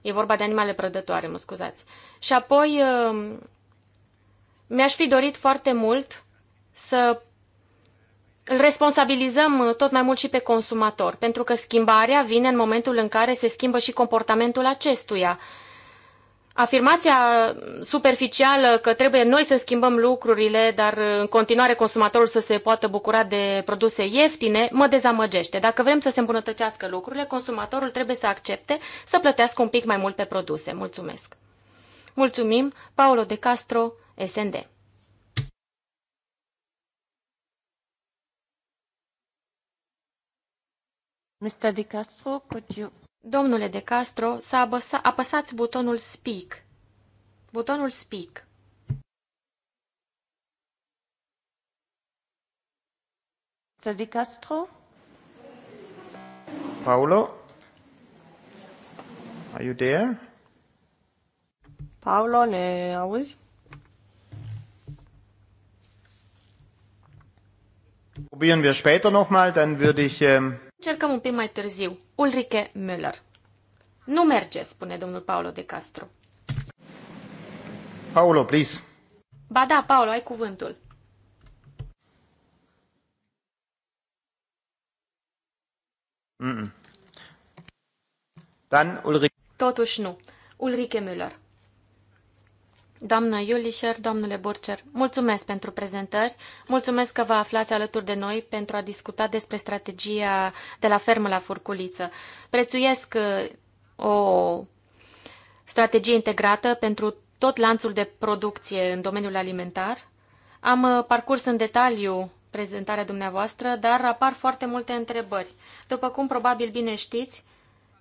E vorba de animale prădătoare, mă scuzați. Și apoi uh, mi-aș fi dorit foarte mult să îl responsabilizăm tot mai mult și pe consumator, pentru că schimbarea vine în momentul în care se schimbă și comportamentul acestuia. Afirmația superficială că trebuie noi să schimbăm lucrurile, dar în continuare consumatorul să se poată bucura de produse ieftine, mă dezamăgește. Dacă vrem să se îmbunătățească lucrurile, consumatorul trebuie să accepte să plătească un pic mai mult pe produse. Mulțumesc! Mulțumim, Paolo De Castro, SND. Mr. De Castro, could you Domnule De Castro, să abăsa, apăsați butonul Speak. Butonul Speak. De Castro? Paulo? Are you there? Paulo, ne auzi? Probieren wir später nochmal, dann würde ich... Ähm, Încercăm un pic mai târziu. Ulrike Müller. Nu merge, spune domnul Paolo de Castro. Paolo, please. Ba da, Paolo, ai cuvântul. Mm -mm. Dan Ulrike. Totuși nu. Ulrike Müller. Doamna Iulișer, domnule Burcer, mulțumesc pentru prezentări, mulțumesc că vă aflați alături de noi pentru a discuta despre strategia de la fermă la furculiță. Prețuiesc uh, o strategie integrată pentru tot lanțul de producție în domeniul alimentar. Am uh, parcurs în detaliu prezentarea dumneavoastră, dar apar foarte multe întrebări. După cum probabil bine știți,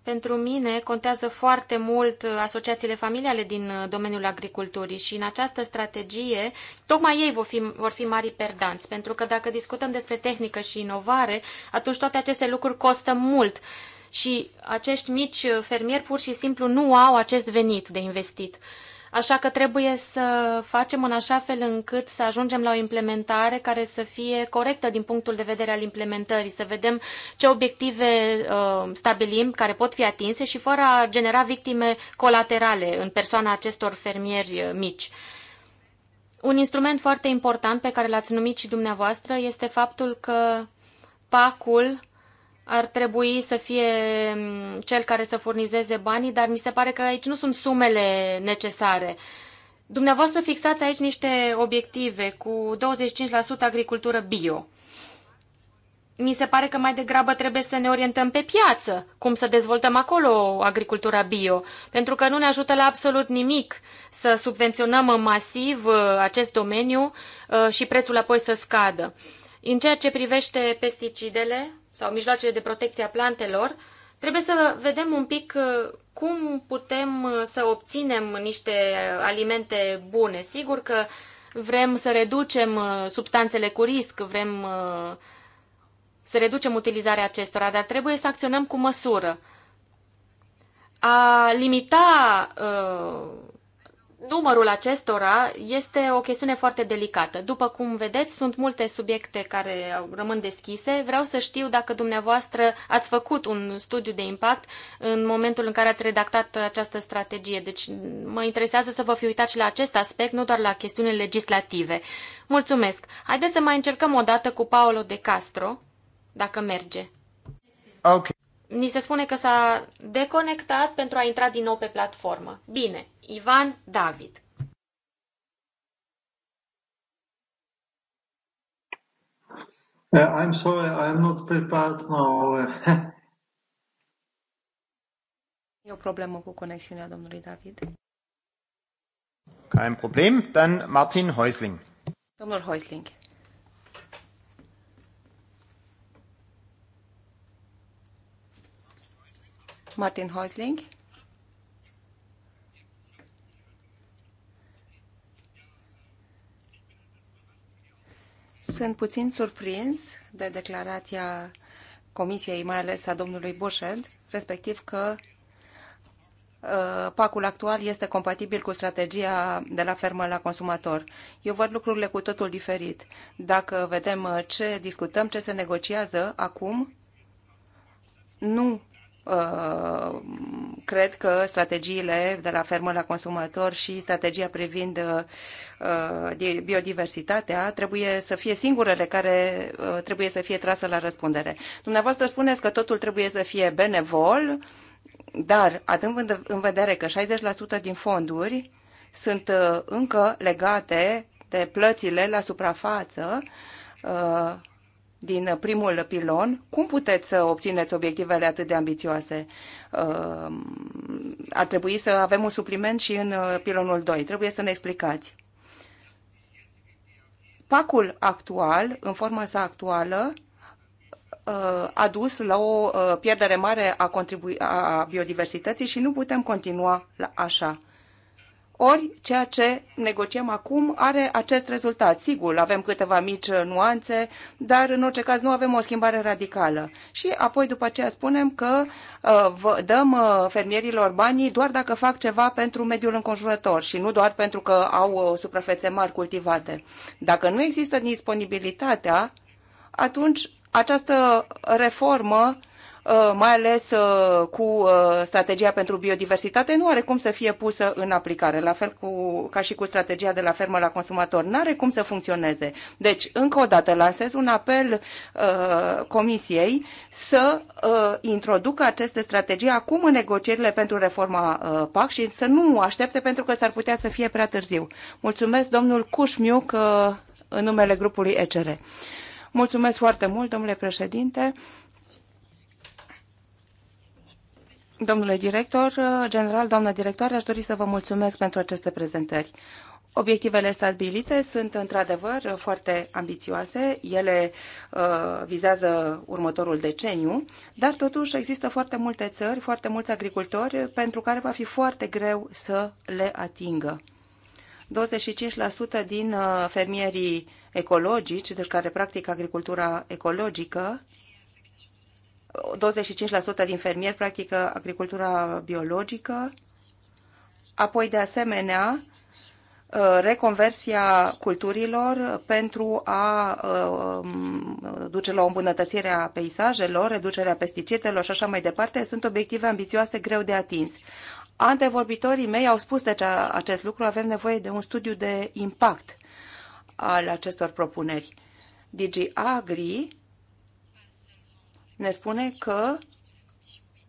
pentru mine contează foarte mult uh, asociațiile familiale din uh, domeniul agriculturii și în această strategie tocmai ei vor fi, vor fi mari perdanți, pentru că dacă discutăm despre tehnică și inovare, atunci toate aceste lucruri costă mult și acești mici uh, fermieri pur și simplu nu au acest venit de investit. Așa că trebuie să facem în așa fel încât să ajungem la o implementare care să fie corectă din punctul de vedere al implementării, să vedem ce obiective uh, stabilim care pot fi atinse și fără a genera victime colaterale în persoana acestor fermieri uh, mici. Un instrument foarte important pe care l-ați numit și dumneavoastră este faptul că pacul ul ar trebui să fie mm, cel care să furnizeze banii, dar mi se pare că aici nu sunt sumele necesare. Dumneavoastră fixați aici niște obiective cu 25% agricultură bio. Mi se pare că mai degrabă trebuie să ne orientăm pe piață, cum să dezvoltăm acolo agricultura bio, pentru că nu ne ajută la absolut nimic să subvenționăm masiv uh, acest domeniu uh, și prețul apoi să scadă. În ceea ce privește pesticidele, sau mijloacele de protecție a plantelor, trebuie să vedem un pic uh, cum putem uh, să obținem niște alimente bune. Sigur că vrem să reducem uh, substanțele cu risc, vrem să reducem utilizarea acestora, dar trebuie să acționăm cu măsură. A limita uh, numărul acestora este o chestiune foarte delicată. După cum vedeți, sunt multe subiecte care rămân deschise. Vreau să știu dacă dumneavoastră ați făcut un studiu de impact în momentul în care ați redactat această strategie. Deci mă interesează să vă fi uitat și la acest aspect, nu doar la chestiuni legislative. Mulțumesc! Haideți să mai încercăm o dată cu Paolo de Castro, dacă merge. Ok. Ni se spune că s-a deconectat pentru a intra din nou pe platformă. Bine, Ivan David. Uh, I'm sorry, I'm not prepared now. e o problemă cu conexiunea domnului David. Kein Problem, dann Martin Häusling. Domnul Häusling. Martin Häusling. Sunt puțin surprins de declarația Comisiei, mai ales a domnului Bușed, respectiv că uh, pacul actual este compatibil cu strategia de la fermă la consumator. Eu văd lucrurile cu totul diferit. Dacă vedem uh, ce discutăm, ce se negociază acum, nu Uh, cred că strategiile de la fermă la consumator și strategia privind uh, biodiversitatea trebuie să fie singurele care uh, trebuie să fie trasă la răspundere. Dumneavoastră spuneți că totul trebuie să fie benevol, dar atând în vedere că 60% din fonduri sunt încă legate de plățile la suprafață, din uh, primul pilon, cum puteți să obțineți obiectivele atât de ambițioase? Uh, ar trebui să avem un supliment și în uh, pilonul 2. Trebuie să ne explicați. Pacul actual, în forma sa actuală, a dus la o pierdere mare a, a biodiversității și nu putem continua la așa. Ori ceea ce negociem acum are acest rezultat. Sigur, avem câteva mici uh, nuanțe, dar în orice caz nu avem o schimbare radicală. Și apoi după aceea spunem că uh, vă dăm uh, fermierilor banii doar dacă fac ceva pentru mediul înconjurător și nu doar pentru că au uh, suprafețe mari cultivate. Dacă nu există disponibilitatea, atunci această reformă uh, Uh, mai ales uh, cu uh, strategia pentru biodiversitate, nu are cum să fie pusă în aplicare, la fel cu, ca și cu strategia de la fermă la consumator. Nu are cum să funcționeze. Deci, încă o dată, lansez un apel Comisiei să introducă aceste strategii acum în negocierile pentru reforma PAC și să nu aștepte pentru că s-ar putea să fie prea târziu. Mulțumesc, domnul Cușmiuc, în numele grupului ECR. Mulțumesc foarte mult, domnule președinte. Domnule director, general, doamna director, aș dori să vă mulțumesc pentru aceste prezentări. Obiectivele stabilite sunt într-adevăr foarte ambițioase, ele uh, vizează următorul deceniu, dar totuși există foarte multe țări, foarte mulți agricultori pentru care va fi foarte greu să le atingă. 25% din uh, fermierii ecologici, deci care practică agricultura ecologică, 25% din fermieri practică agricultura biologică. Apoi, de asemenea, uh, reconversia culturilor pentru a uh, duce la o îmbunătățire a peisajelor, reducerea pesticidelor și așa mai departe, sunt obiective ambițioase greu de atins. Antevorbitorii mei au spus ce acest lucru, avem nevoie de un studiu de impact al acestor propuneri. Digi Agri ne spune că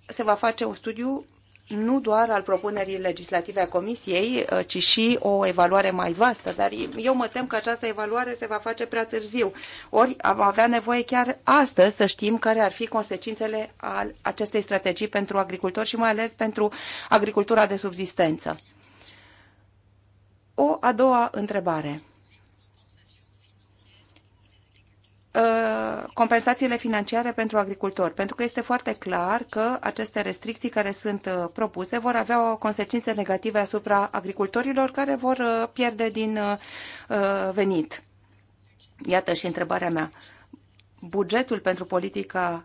se va face un studiu nu doar al propunerii legislative a Comisiei, uh, ci și o evaluare mai vastă, dar eu mă tem că această evaluare se va face prea târziu. Ori am avea nevoie chiar astăzi să știm care ar fi consecințele al acestei strategii pentru agricultori și mai ales pentru agricultura de subzistență. O a doua întrebare. Uh, compensațiile financiare pentru agricultori, pentru că este foarte clar că aceste restricții care sunt uh, propuse vor avea o consecințe negative asupra agricultorilor care vor uh, pierde din venit. Iată și întrebarea mea. Bugetul pentru politica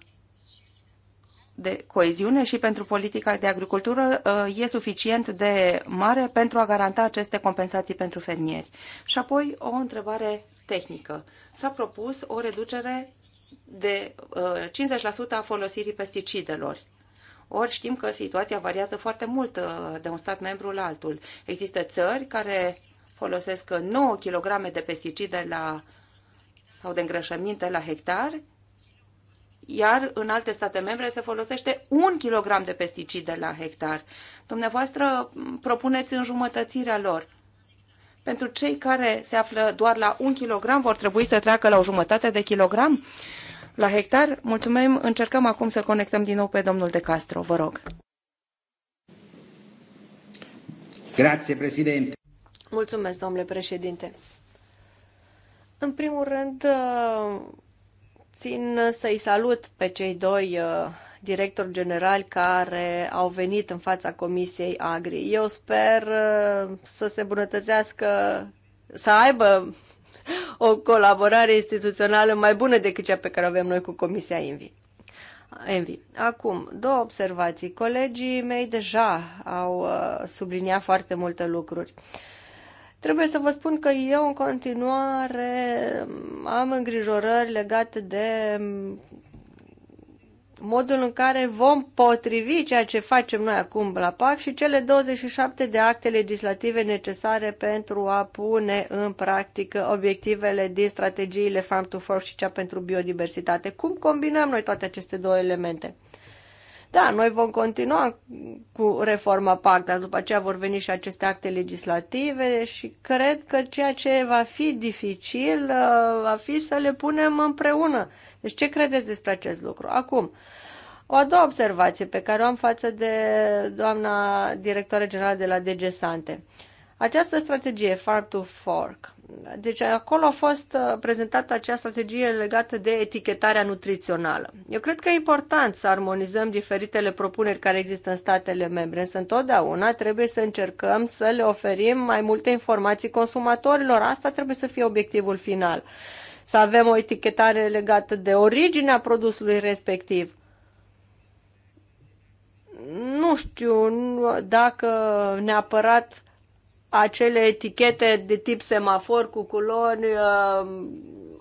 de coeziune și pentru politica de agricultură e suficient de mare pentru a garanta aceste compensații pentru fermieri. Și apoi o întrebare tehnică. S-a propus o reducere de 50% uh, a folosirii pesticidelor. Ori știm că situația variază foarte mult uh, de un stat membru la altul. Există țări care folosesc 9 kg de pesticide la, sau de îngrășăminte la hectar, iar în alte state membre se folosește 1 kg de pesticide la hectar. Dumneavoastră propuneți înjumătățirea lor. Pentru cei care se află doar la un kilogram, vor trebui să treacă la o jumătate de kilogram la hectar. Mulțumim, încercăm acum să conectăm din nou pe domnul De Castro, vă rog. Grazie, președinte. Mulțumesc, domnule președinte. În primul rând, ă, țin să-i salut pe cei doi ă, directori generali care au venit în fața Comisiei Agri. Eu sper uh, să se bunătățească, să aibă o colaborare instituțională mai bună decât cea pe care o avem noi cu Comisia INVI. Envi. Acum, două observații. Colegii mei deja au uh, subliniat foarte multe lucruri. Trebuie să vă spun că eu în continuare am îngrijorări legate de modul în care vom potrivi ceea ce facem noi acum la PAC și cele 27 de acte legislative necesare pentru a pune în practică obiectivele din strategiile Farm to Fork și cea pentru biodiversitate. Cum combinăm noi toate aceste două elemente? Da, noi vom continua cu reforma PAC, dar după aceea vor veni și aceste acte legislative și cred că ceea ce va fi dificil uh, va fi să le punem împreună deci ce credeți despre acest lucru? Acum, o a doua observație pe care o am față de doamna directoare generală de la DG Sante. Această strategie, Farm to Fork, deci acolo a fost uh, prezentată acea strategie legată de etichetarea nutrițională. Eu cred că e important să armonizăm diferitele propuneri care există în statele membre, însă întotdeauna trebuie să încercăm să le oferim mai multe informații consumatorilor. Asta trebuie să fie obiectivul final să avem o etichetare legată de originea produsului respectiv. Nu știu dacă neapărat acele etichete de tip semafor cu culoni uh,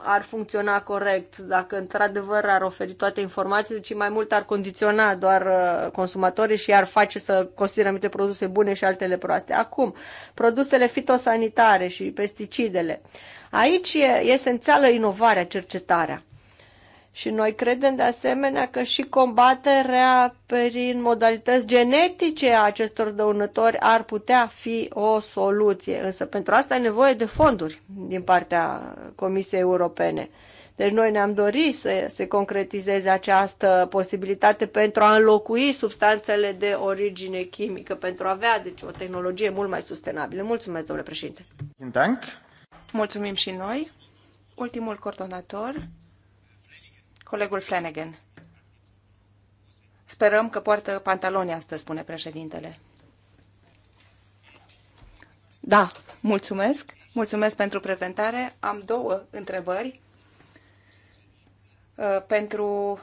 ar funcționa corect, dacă într-adevăr ar oferi toate informațiile, ci mai mult ar condiționa doar uh, consumatorii și ar face să consideră anumite produse bune și altele proaste. Acum, produsele fitosanitare și pesticidele. Aici e esențială inovarea, cercetarea. Și noi credem de asemenea că și combaterea prin modalități genetice a acestor dăunători ar putea fi o soluție. Însă pentru asta e nevoie de fonduri din partea Comisiei Europene. Deci noi ne-am dorit să se concretizeze această posibilitate pentru a înlocui substanțele de origine chimică, pentru a avea deci, o tehnologie mult mai sustenabilă. Mulțumesc, domnule președinte! Mulțumim și noi! Ultimul coordonator, Colegul Flanagan. Sperăm că poartă pantaloni astăzi, spune președintele. Da, mulțumesc. Mulțumesc pentru prezentare. Am două întrebări uh, pentru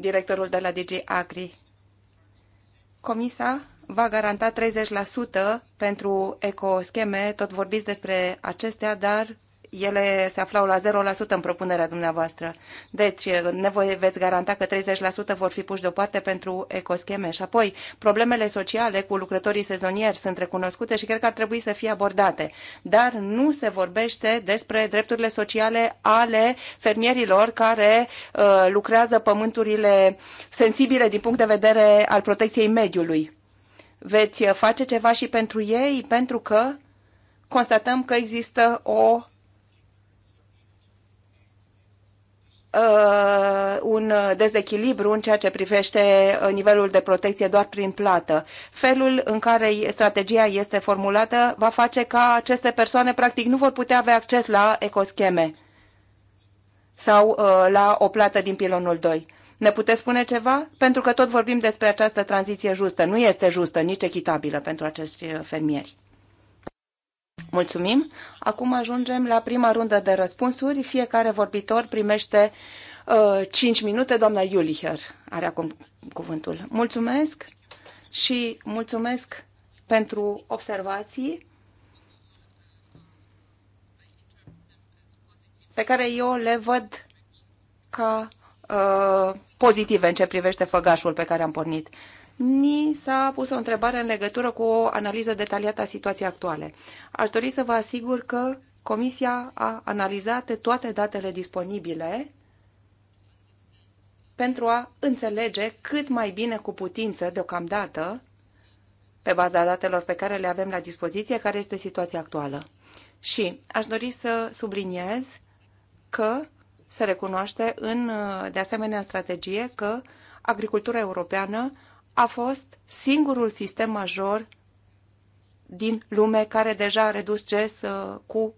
directorul de la DG Agri. Comisa va garanta 30% pentru ecoscheme, tot vorbiți despre acestea, dar ele se aflau la 0% în propunerea dumneavoastră. Deci ne veți garanta că 30% vor fi puși deoparte pentru ecoscheme. Și apoi, problemele sociale cu lucrătorii sezonieri sunt recunoscute și cred că ar trebui să fie abordate. Dar nu se vorbește despre drepturile sociale ale fermierilor care uh, lucrează pământurile sensibile din punct de vedere al protecției mediului. Veți face ceva și pentru ei, pentru că constatăm că există o Uh, un dezechilibru în ceea ce privește uh, nivelul de protecție doar prin plată. Felul în care strategia este formulată va face ca aceste persoane practic nu vor putea avea acces la ecoscheme sau uh, la o plată din pilonul 2. Ne puteți spune ceva? Pentru că tot vorbim despre această tranziție justă. Nu este justă, nici echitabilă pentru acești fermieri. Mulțumim. Acum ajungem la prima rundă de răspunsuri. Fiecare vorbitor primește uh, 5 minute. Doamna Iulicher are acum cuvântul. Mulțumesc și mulțumesc pentru observații pe care eu le văd ca uh, pozitive în ce privește făgașul pe care am pornit. Uh, ni s-a pus o întrebare în legătură cu o analiză detaliată a situației actuale. Aș dori să vă asigur că Comisia a analizat toate datele disponibile pentru a înțelege cât mai bine cu putință deocamdată, pe baza datelor pe care le avem la dispoziție, care este situația actuală. Și aș dori să subliniez că se recunoaște în, de asemenea, strategie că agricultura europeană a fost singurul sistem major din lume care deja a redus CES uh, cu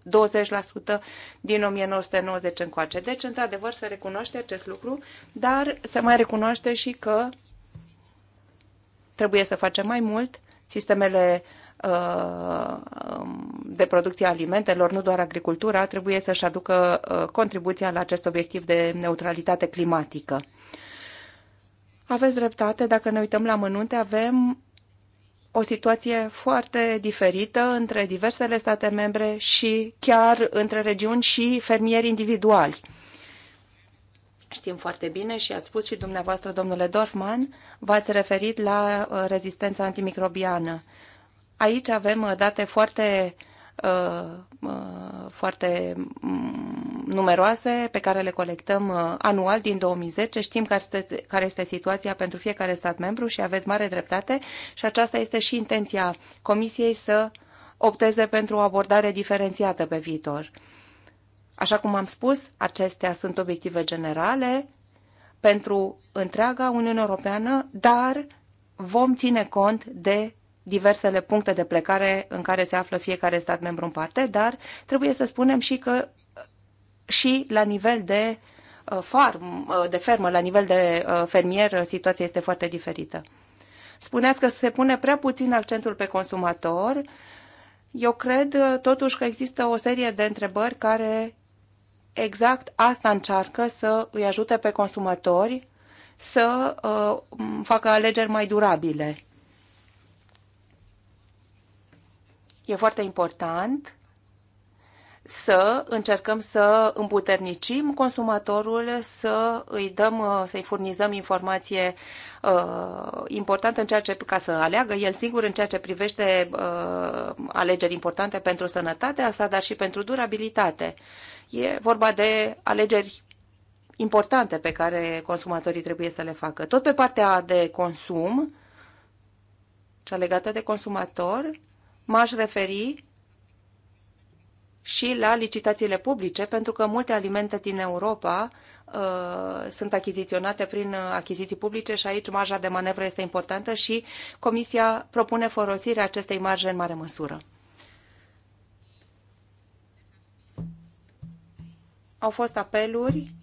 20% din 1990 încoace. Deci, într-adevăr, se recunoaște acest lucru, dar se mai recunoaște și că trebuie să facem mai mult. Sistemele uh, um, de producție a alimentelor, nu doar agricultura, trebuie să-și aducă uh, contribuția la acest obiectiv de neutralitate climatică. Aveți dreptate, dacă ne uităm la mănunte, avem o situație foarte diferită între diversele state membre și chiar între regiuni și fermieri individuali. Știm foarte bine și ați spus și dumneavoastră, domnule Dorfman, v-ați referit la uh, rezistența antimicrobiană. Aici avem uh, date foarte Uh, uh, foarte mm, numeroase pe care le colectăm uh, anual din 2010. Știm care este, care este situația pentru fiecare stat membru și aveți mare dreptate și aceasta este și intenția Comisiei să opteze pentru o abordare diferențiată pe viitor. Așa cum am spus, acestea sunt obiective generale pentru întreaga Uniune Europeană, dar vom ține cont de diversele puncte de plecare în care se află fiecare stat membru în parte, dar trebuie să spunem și că și la nivel de uh, farm, uh, de fermă, la nivel de uh, fermier, situația este foarte diferită. Spuneați că se pune prea puțin accentul pe consumator. Eu cred totuși că există o serie de întrebări care exact asta încearcă să îi ajute pe consumatori să uh, facă alegeri mai durabile E foarte important să încercăm să împuternicim consumatorul, să îi dăm, uh, să-i furnizăm informație uh, importantă în ceea ce, ca să aleagă el singur în ceea ce privește uh, alegeri importante pentru sănătatea sa, dar și pentru durabilitate. E vorba de alegeri importante pe care consumatorii trebuie să le facă. Tot pe partea de consum, cea legată de consumator, m-aș referi și la licitațiile publice, pentru că multe alimente din Europa uh, sunt achiziționate prin achiziții publice și aici marja de manevră este importantă și Comisia propune folosirea acestei marje în mare măsură. Au fost apeluri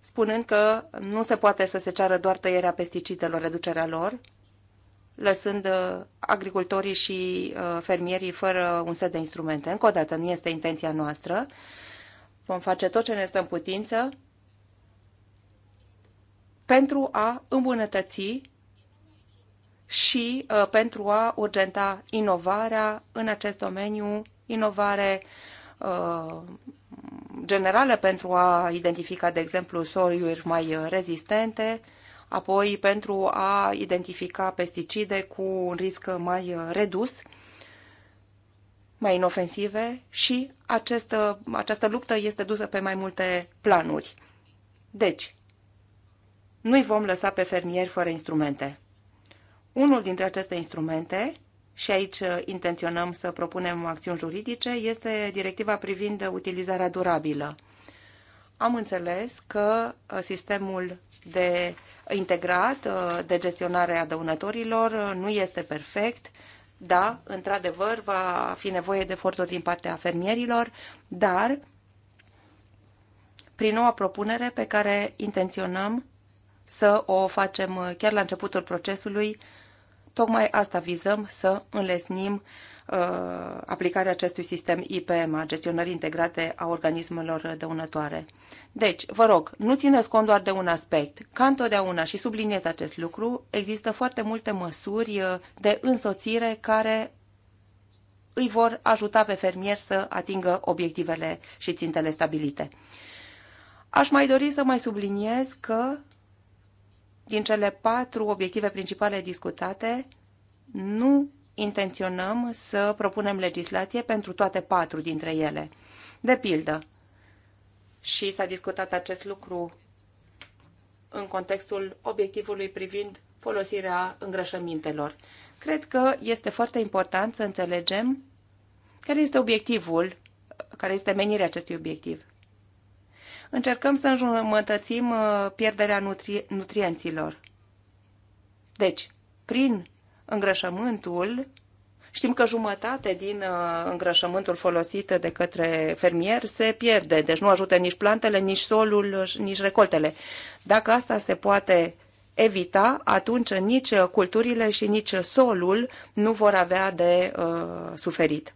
spunând că nu se poate să se ceară doar tăierea pesticidelor, reducerea lor, lăsând uh, agricultorii și uh, fermierii fără un set de instrumente. Încă o dată, nu este intenția noastră. Vom face tot ce ne stă în putință pentru a îmbunătăți și uh, pentru a urgenta inovarea în acest domeniu, inovare generală pentru a identifica, de exemplu, soiuri mai rezistente, apoi pentru a identifica pesticide cu un risc mai uh, redus, mai inofensive și această, uh, această luptă este dusă pe mai multe planuri. Deci, nu-i vom lăsa pe fermieri fără instrumente. Unul dintre aceste instrumente, și aici uh, intenționăm să propunem acțiuni juridice, este directiva privind utilizarea durabilă am înțeles că uh, sistemul de integrat uh, de gestionare a dăunătorilor uh, nu este perfect. Da, într-adevăr, va fi nevoie de eforturi din partea fermierilor, dar prin noua propunere pe care intenționăm să o facem chiar la începutul procesului, tocmai asta vizăm, să înlesnim Uh, aplicarea acestui sistem IPM, a gestionării integrate a organismelor dăunătoare. Deci, vă rog, nu țineți cont doar de un aspect. Ca întotdeauna, și subliniez acest lucru, există foarte multe măsuri uh, de însoțire care îi vor ajuta pe fermier să atingă obiectivele și țintele stabilite. Aș mai dori să mai subliniez că din cele patru obiective principale discutate, nu intenționăm să propunem legislație pentru toate patru dintre ele. De pildă, și s-a discutat acest lucru în contextul obiectivului privind folosirea îngrășămintelor. Cred că este foarte important să înțelegem care este obiectivul, care este menirea acestui obiectiv. Încercăm să înjumătățim uh, pierderea nutri- nutrienților. Deci, prin îngrășământul, știm că jumătate din uh, îngrășământul folosit de către fermier se pierde, deci nu ajută nici plantele, nici solul, nici recoltele. Dacă asta se poate evita, atunci nici culturile și nici solul nu vor avea de uh, suferit.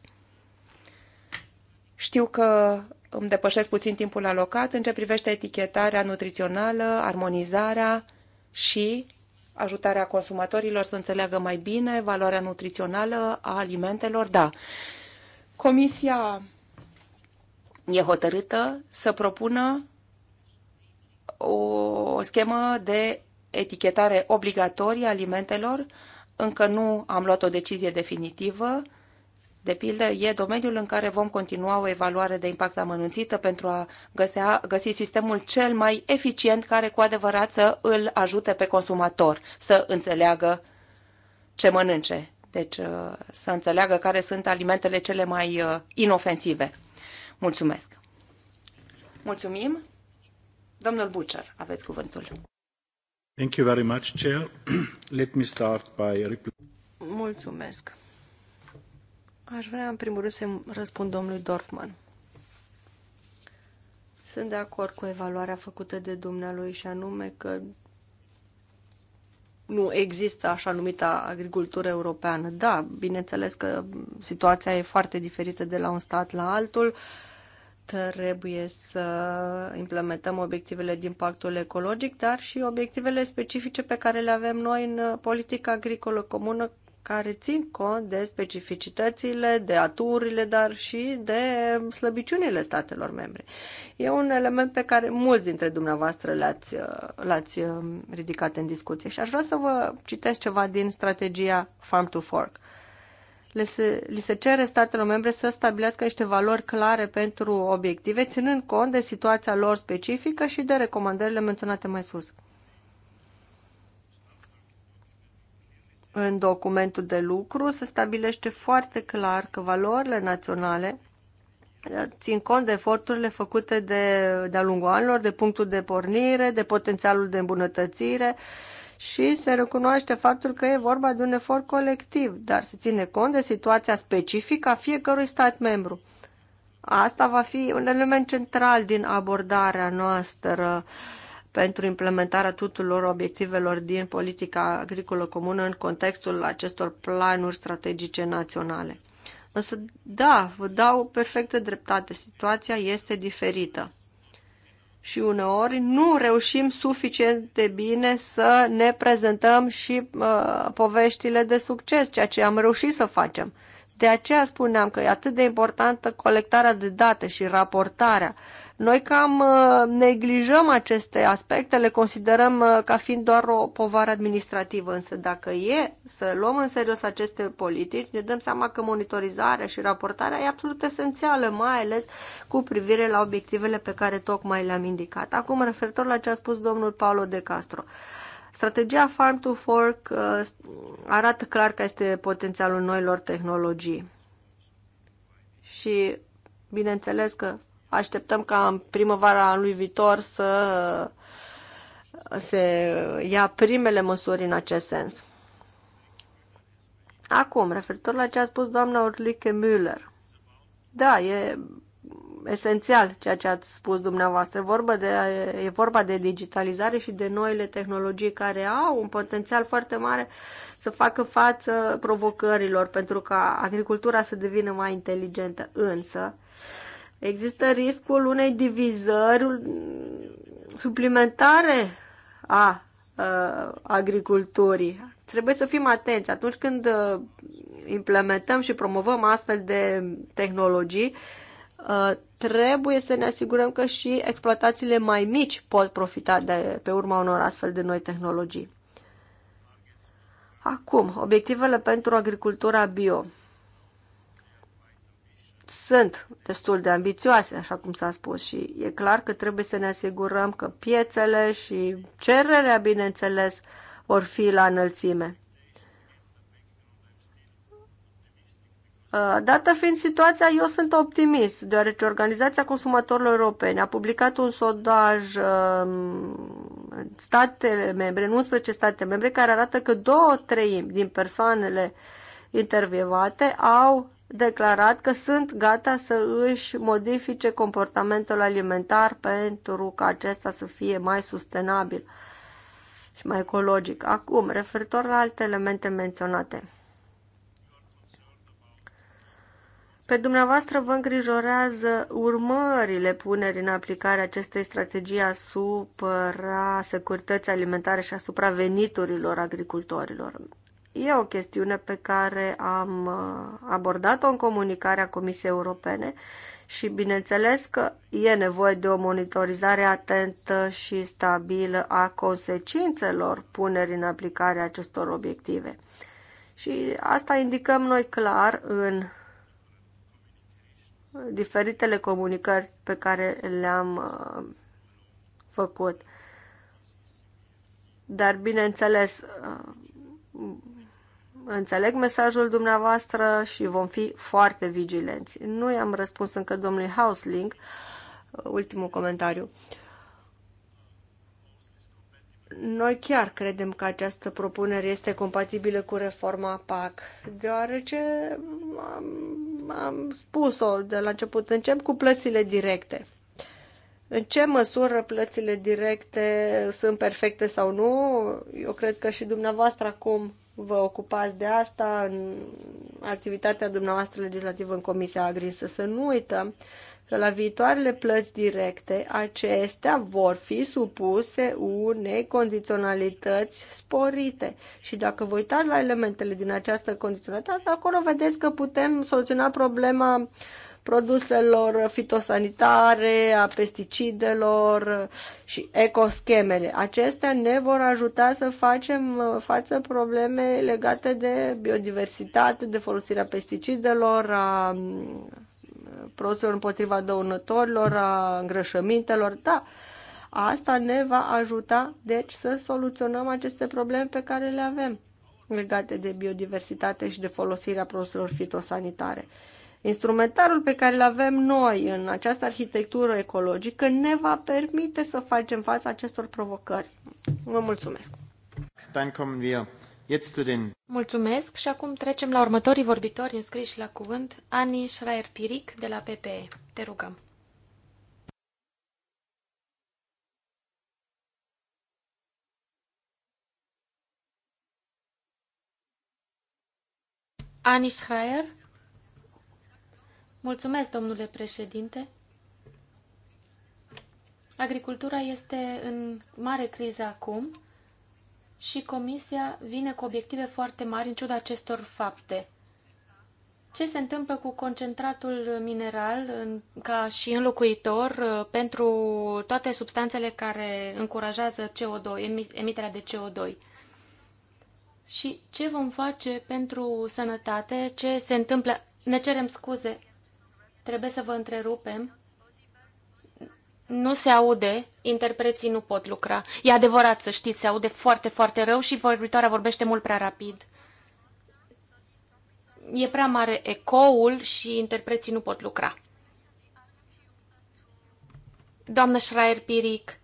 Știu că îmi depășesc puțin timpul alocat în ce privește etichetarea nutrițională, armonizarea și ajutarea consumatorilor să înțeleagă mai bine valoarea nutrițională a alimentelor, da. Comisia e hotărâtă să propună o schemă de etichetare obligatorie a alimentelor. Încă nu am luat o decizie definitivă de pildă, e domeniul în care vom continua o evaluare de impact amănunțită pentru a găsea, găsi sistemul cel mai eficient care cu adevărat să îl ajute pe consumator să înțeleagă ce mănânce. Deci uh, să înțeleagă care sunt alimentele cele mai uh, inofensive. Mulțumesc! Mulțumim! Domnul Bucer, aveți cuvântul. Thank you very much, Chair. Let me start by... Mulțumesc! Aș vrea, în primul rând, să răspund domnului Dorfman. Sunt de acord cu evaluarea făcută de dumnealui și anume că nu există așa numita agricultură europeană. Da, bineînțeles că situația e foarte diferită de la un stat la altul. Trebuie să implementăm obiectivele din pactul ecologic, dar și obiectivele specifice pe care le avem noi în politica agricolă comună, care țin cont de specificitățile, de aturile, dar și de slăbiciunile statelor membre. E un element pe care mulți dintre dumneavoastră l-ați, uh, l-ați uh, ridicat în discuție și aș vrea să vă citesc ceva din strategia Farm to Fork. Le se, li se cere statelor membre să stabilească niște valori clare pentru obiective, ținând cont de situația lor specifică și de recomandările menționate mai sus. În documentul de lucru se stabilește foarte clar că valorile naționale eh, țin cont de eforturile făcute de, de-a lungul anilor, de punctul de pornire, de potențialul de îmbunătățire și se recunoaște faptul că e vorba de un efort colectiv, dar se ține cont de situația specifică a fiecărui stat membru. Asta va fi un element central din abordarea noastră uh, pentru implementarea tuturor obiectivelor din politica agricolă comună în contextul acestor planuri strategice naționale. Însă, da, vă dau perfectă dreptate, situația este diferită. Și uneori nu reușim suficient de bine să ne prezentăm și uh, poveștile de succes, ceea ce am reușit să facem. De aceea spuneam că e atât de importantă colectarea de date și raportarea uh, noi cam uh, neglijăm aceste aspecte, le considerăm uh, ca fiind doar o povară administrativă, însă dacă e să luăm în serios aceste politici, ne dăm seama că monitorizarea și raportarea e absolut esențială, mai ales cu privire la obiectivele pe care tocmai le-am indicat. Acum, referitor la ce a spus domnul Paolo de Castro, Strategia Farm to Fork uh, arată clar că este potențialul noilor tehnologii. Și bineînțeles că Așteptăm ca în primăvara anului viitor să se ia primele măsuri în acest sens. Acum, referitor la ce a spus doamna Urlike Müller. Da, e esențial ceea ce ați spus dumneavoastră. Vorba de, e vorba de digitalizare și de noile tehnologii care au un potențial foarte mare să facă față provocărilor pentru ca agricultura să devină mai inteligentă. Însă, Există riscul unei divizări suplimentare a uh, agriculturii. Trebuie să fim atenți. Atunci când implementăm și promovăm astfel de tehnologii, trebuie să ne asigurăm că și exploatațiile mai mici pot profita de, pe urma unor astfel de noi tehnologii. Acum, obiectivele pentru agricultura bio sunt destul de ambițioase, așa cum s-a spus, și e clar că trebuie să ne asigurăm că piețele și cererea, bineînțeles, vor fi la înălțime. Uh, dată fiind situația, eu sunt optimist, deoarece Organizația Consumatorilor Europene a publicat un sondaj um, în statele membre, în 11 state membre, care arată că două treimi din persoanele intervievate au declarat că sunt gata să își modifice comportamentul alimentar pentru ca acesta să fie mai sustenabil și mai ecologic. Acum, referitor la alte elemente menționate. Pe dumneavoastră vă îngrijorează urmările punerii în aplicare acestei strategii asupra securității alimentare și asupra veniturilor agricultorilor. E o chestiune pe care am uh, abordat-o în comunicarea Comisiei Europene și bineînțeles că e nevoie de o monitorizare atentă și stabilă a consecințelor punerii în aplicare acestor obiective. Și asta indicăm noi clar în diferitele comunicări pe care le-am uh, făcut. Dar, bineînțeles, uh, Înțeleg mesajul dumneavoastră și vom fi foarte vigilenți. Nu i-am răspuns încă domnului Hausling. Ultimul comentariu. Noi chiar credem că această propunere este compatibilă cu reforma PAC, deoarece am, am spus-o de la început. Încep cu plățile directe. În ce măsură plățile directe sunt perfecte sau nu? Eu cred că și dumneavoastră acum vă ocupați de asta în activitatea dumneavoastră legislativă în Comisia Agrin, să, să nu uităm că la viitoarele plăți directe acestea vor fi supuse unei condiționalități sporite. Și dacă vă uitați la elementele din această condiționalitate, acolo vedeți că putem soluționa problema produselor fitosanitare, a pesticidelor și ecoschemele. Acestea ne vor ajuta să facem față probleme legate de biodiversitate, de folosirea pesticidelor, a produselor împotriva dăunătorilor, a îngrășămintelor. Da, asta ne va ajuta, deci, să soluționăm aceste probleme pe care le avem legate de biodiversitate și de folosirea produselor fitosanitare. Instrumentarul pe care îl avem noi în această arhitectură ecologică ne va permite să facem față acestor provocări. Vă mulțumesc! Mulțumesc și acum trecem la următorii vorbitori înscriși la cuvânt, Ani Schreier-Piric de la PPE. Te rugăm! Ani Schreier? Mulțumesc, domnule președinte. Agricultura este în mare criză acum și Comisia vine cu obiective foarte mari în ciuda acestor fapte. Ce se întâmplă cu concentratul mineral în, ca și înlocuitor uh, pentru toate substanțele care încurajează CO2, emiterea de CO2? Și ce vom face pentru sănătate? Ce se întâmplă? Ne cerem scuze Trebuie să vă întrerupem. Nu se aude, interpreții nu pot lucra. E adevărat, să știți, se aude foarte, foarte rău și vorbitoarea vorbește mult prea rapid. E prea mare ecoul și interpreții nu pot lucra. Doamnă Schreier-Piric,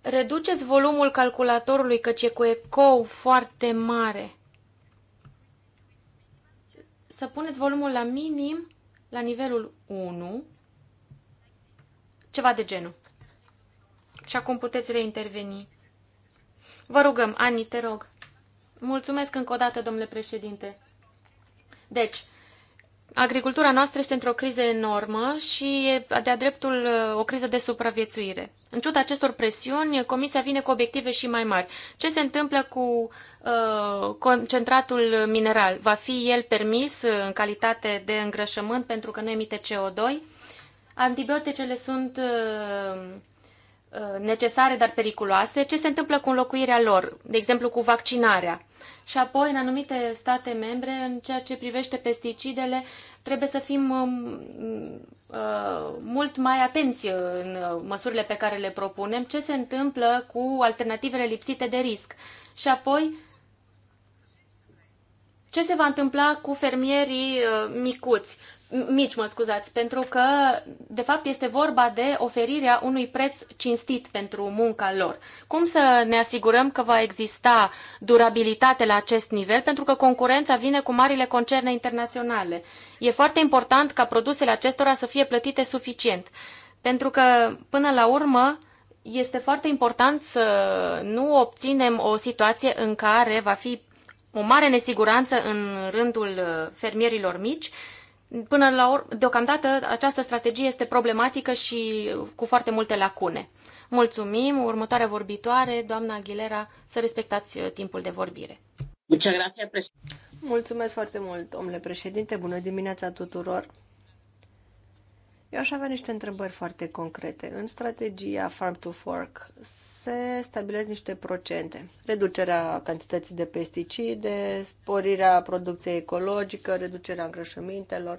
reduceți volumul calculatorului, căci e cu ecou foarte mare. Să puneți volumul la minim la nivelul 1, ceva de genul. Și acum puteți reinterveni. Vă rugăm, Ani, te rog. Mulțumesc încă o dată, domnule președinte. Deci, Agricultura noastră este într-o criză enormă și e de-a dreptul uh, o criză de supraviețuire. În ciuda acestor presiuni, Comisia vine cu obiective și mai mari. Ce se întâmplă cu uh, concentratul mineral? Va fi el permis uh, în calitate de îngrășământ pentru că nu emite CO2? Antibioticele sunt uh, Uh, necesare, dar periculoase, ce se întâmplă cu înlocuirea lor, de exemplu cu vaccinarea. Și apoi, în anumite state membre, în ceea ce privește pesticidele, trebuie să fim um, uh, mult mai atenți în uh, măsurile pe care le propunem, ce se întâmplă cu alternativele lipsite de risc. Și apoi, ce se va întâmpla cu fermierii uh, micuți mici, mă scuzați, pentru că, de fapt, este vorba de oferirea unui preț cinstit pentru munca lor. Cum să ne asigurăm că va exista durabilitate la acest nivel, pentru că concurența vine cu marile concerne internaționale. E foarte important ca produsele acestora să fie plătite suficient, pentru că, până la urmă, este foarte important să nu obținem o situație în care va fi o mare nesiguranță în rândul uh, fermierilor mici, Până la urmă, deocamdată, această strategie este problematică și cu foarte multe lacune. Mulțumim. Următoarea vorbitoare, doamna Aguilera, să respectați uh, timpul de vorbire. Mulțumesc foarte mult, domnule președinte. Bună dimineața tuturor. Eu aș avea niște întrebări foarte concrete. În strategia Farm to Fork se stabilesc niște procente. Reducerea cantității de pesticide, sporirea producției ecologică, reducerea îngrășămintelor.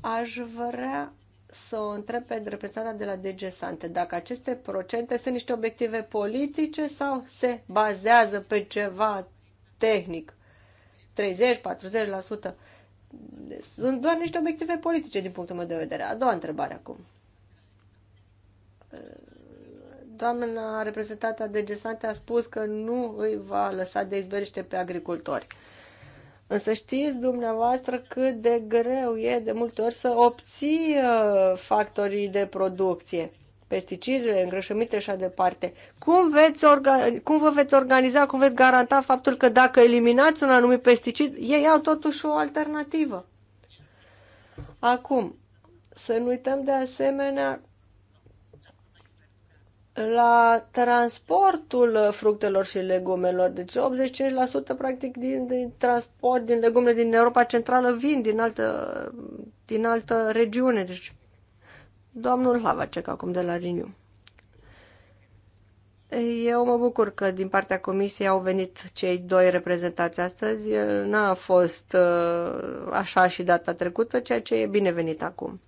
Aș vrea să o întreb pe reprezentanta de la DG Sante dacă aceste procente sunt niște obiective politice sau se bazează pe ceva tehnic. 30-40%. Sunt doar niște obiective politice din punctul meu de vedere. A doua întrebare acum. Doamna reprezentată de Gesante a spus că nu îi va lăsa de izberiște pe agricultori. Însă știți dumneavoastră cât de greu e de multe ori să obții uh, factorii de producție pesticidele, îngrășămite și așa departe. Cum, veți organi- cum vă veți organiza, cum veți garanta faptul că dacă eliminați un anumit pesticid, ei au totuși o alternativă? Acum, să nu uităm de asemenea la transportul fructelor și legumelor. Deci 85% practic din, din transport din legumele din Europa Centrală vin din altă, din altă regiune. Deci Domnul Havacek, acum de la Riniu. Eu mă bucur că din partea comisiei au venit cei doi reprezentați astăzi. N-a fost uh, așa și data trecută, ceea ce e binevenit acum.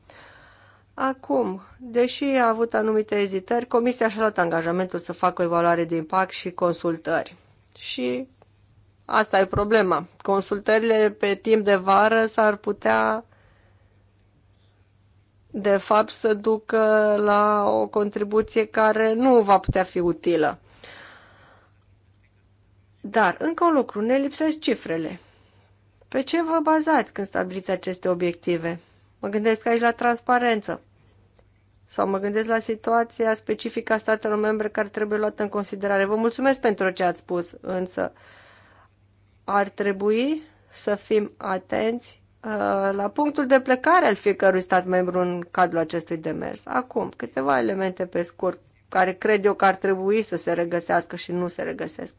Acum, deși a avut anumite ezitări, comisia și-a luat angajamentul să facă o evaluare de impact și consultări. Și asta e problema. Consultările pe timp de vară s-ar putea de fapt să ducă la o contribuție care nu va putea fi utilă. Dar, încă un lucru, ne lipsesc cifrele. Pe ce vă bazați când stabiliți aceste obiective? Mă gândesc aici la transparență. Sau mă gândesc la situația specifică a statelor membre care trebuie luată în considerare. Vă mulțumesc pentru ce ați spus, însă ar trebui să fim atenți Uh, la punctul de plecare al fiecărui stat membru în cadrul acestui demers. Acum, câteva elemente pe scurt care cred eu că ar trebui să se regăsească și nu se regăsesc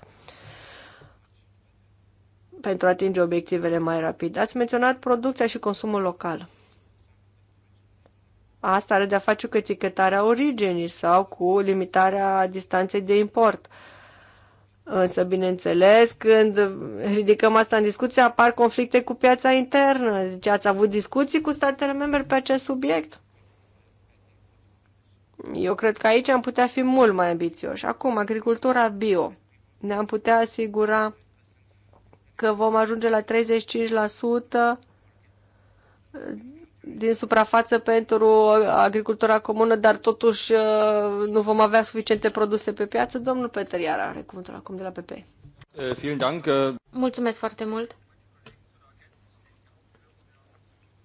pentru a atinge obiectivele mai rapid. Ați menționat producția și consumul local. Asta are de-a face cu etichetarea originii sau cu limitarea distanței de import. Uh, Însă, bineînțeles, când ridicăm asta în discuție, apar conflicte cu piața internă. Deci ați avut discuții cu statele membre pe acest subiect? Eu cred că aici am putea fi mult mai ambițioși. Acum, agricultura bio. Ne-am putea asigura că vom ajunge la 35% din suprafață pentru agricultura comună, dar totuși uh, nu vom avea suficiente produse pe piață. Domnul Peter Iara are cuvântul acum de la PP. Eh, eh. Mulțumesc foarte mult!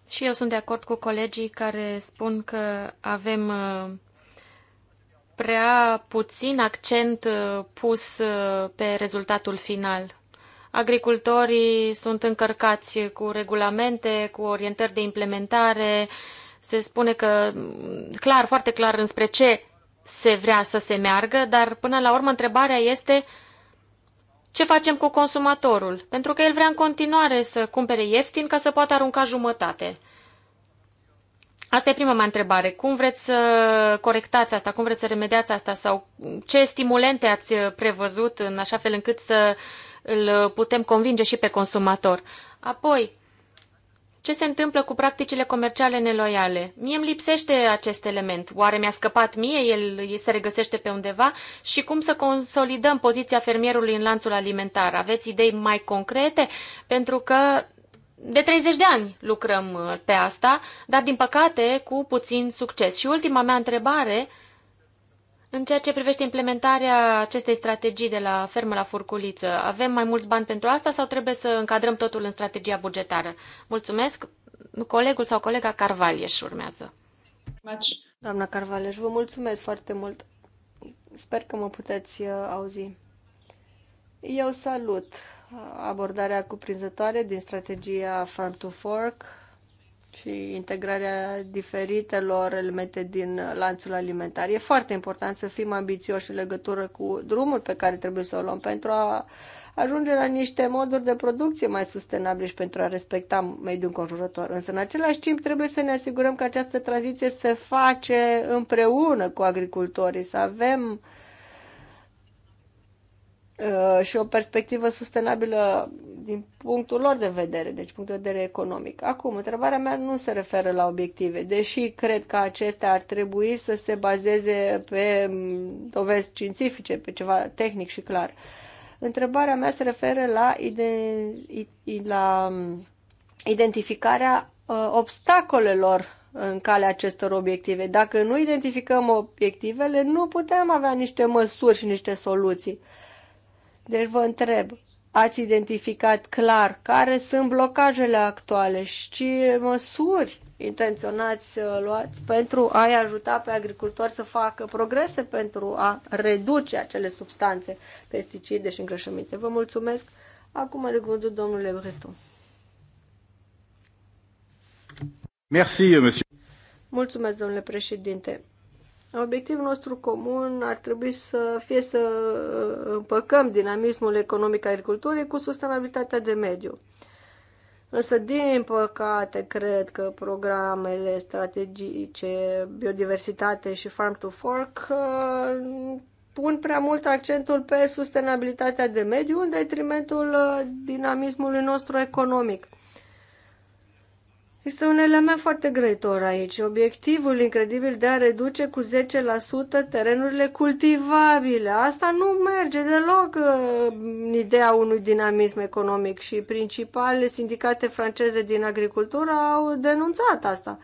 Și eu sunt de acord cu colegii care spun că avem uh, prea puțin accent uh, pus pe rezultatul final agricultorii sunt încărcați cu regulamente, cu orientări de implementare, se spune că clar, foarte clar înspre ce se vrea să se meargă, dar până la urmă întrebarea este ce facem cu consumatorul? Pentru că el vrea în continuare să cumpere ieftin ca să poată arunca jumătate. Asta e prima mea întrebare. Cum vreți să corectați asta? Cum vreți să remediați asta? Sau ce stimulente ați prevăzut în așa fel încât să uh, îl putem convinge și pe consumator. Apoi, ce se întâmplă cu practicile comerciale neloiale? Mie îmi lipsește acest element. Oare mi-a scăpat mie? El se regăsește pe undeva? Și cum să consolidăm poziția fermierului în lanțul alimentar? Aveți idei mai concrete? Pentru că de 30 de ani lucrăm pe asta, dar din păcate cu puțin succes. Și ultima mea întrebare în ceea ce privește implementarea acestei strategii de la fermă la furculiță, avem mai mulți bani pentru asta sau trebuie să încadrăm totul în strategia bugetară? Mulțumesc. Colegul sau colega Carvalieș urmează. Doamna Carvalieș, vă mulțumesc foarte mult. Sper că mă puteți uh, auzi. Eu salut uh, abordarea cuprinzătoare din strategia Farm to Fork și integrarea diferitelor elemente din lanțul alimentar. E foarte important să fim ambițioși în legătură cu drumul pe care trebuie să o luăm pentru a ajunge la niște moduri de producție mai sustenabile și pentru a respecta mediul înconjurător. Însă, în același timp, trebuie să ne asigurăm că această tranziție se face împreună cu agricultorii, să avem uh, Uh, și o perspectivă sustenabilă din punctul lor de vedere, deci punct de vedere economic. Acum, întrebarea mea nu se referă la obiective, deși cred că acestea ar trebui să se bazeze pe mm, dovezi științifice, pe ceva tehnic și clar. Întrebarea mea se referă la, ide- la mm, identificarea uh, obstacolelor în calea acestor obiective. Dacă nu identificăm obiectivele, nu putem avea niște măsuri și niște soluții. Uh, deci vă întreb, ați identificat clar care sunt blocajele actuale și ce măsuri intenționați uh, luați pentru a-i ajuta pe agricultori să facă progrese pentru a reduce acele substanțe, pesticide și îngrășăminte. Vă mulțumesc. Acum are cuvântul domnule Breton. Merci, monsieur. Mulțumesc, domnule președinte. Obiectivul nostru comun ar trebui să fie să uh, împăcăm dinamismul economic agriculturii cu sustenabilitatea de mediu. Însă, din păcate, cred că programele strategice, biodiversitate și farm to fork uh, pun prea mult accentul pe sustenabilitatea de mediu în detrimentul uh, dinamismului nostru economic. Este un element foarte grăitor aici. Obiectivul incredibil de a reduce cu 10% terenurile cultivabile. Asta nu merge deloc uh, în ideea unui dinamism economic și principalele sindicate franceze din agricultură au denunțat asta.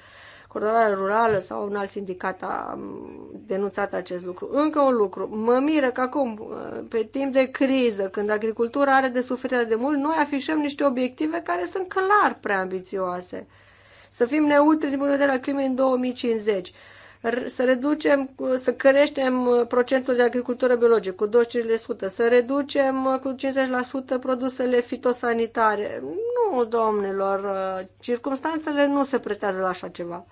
Coordonarea Rurală sau un alt sindicat a um, denunțat acest lucru. Încă un lucru. Mă miră că acum, uh, pe timp de criză, când agricultura are de suferit de mult, noi afișăm niște obiective care sunt clar prea ambițioase. Să fim neutri din punct de vedere al climei în 2050 să reducem, să creștem procentul de agricultură biologică cu 25%, să reducem cu 50% produsele fitosanitare. Nu, domnilor, circumstanțele nu se pretează la așa ceva.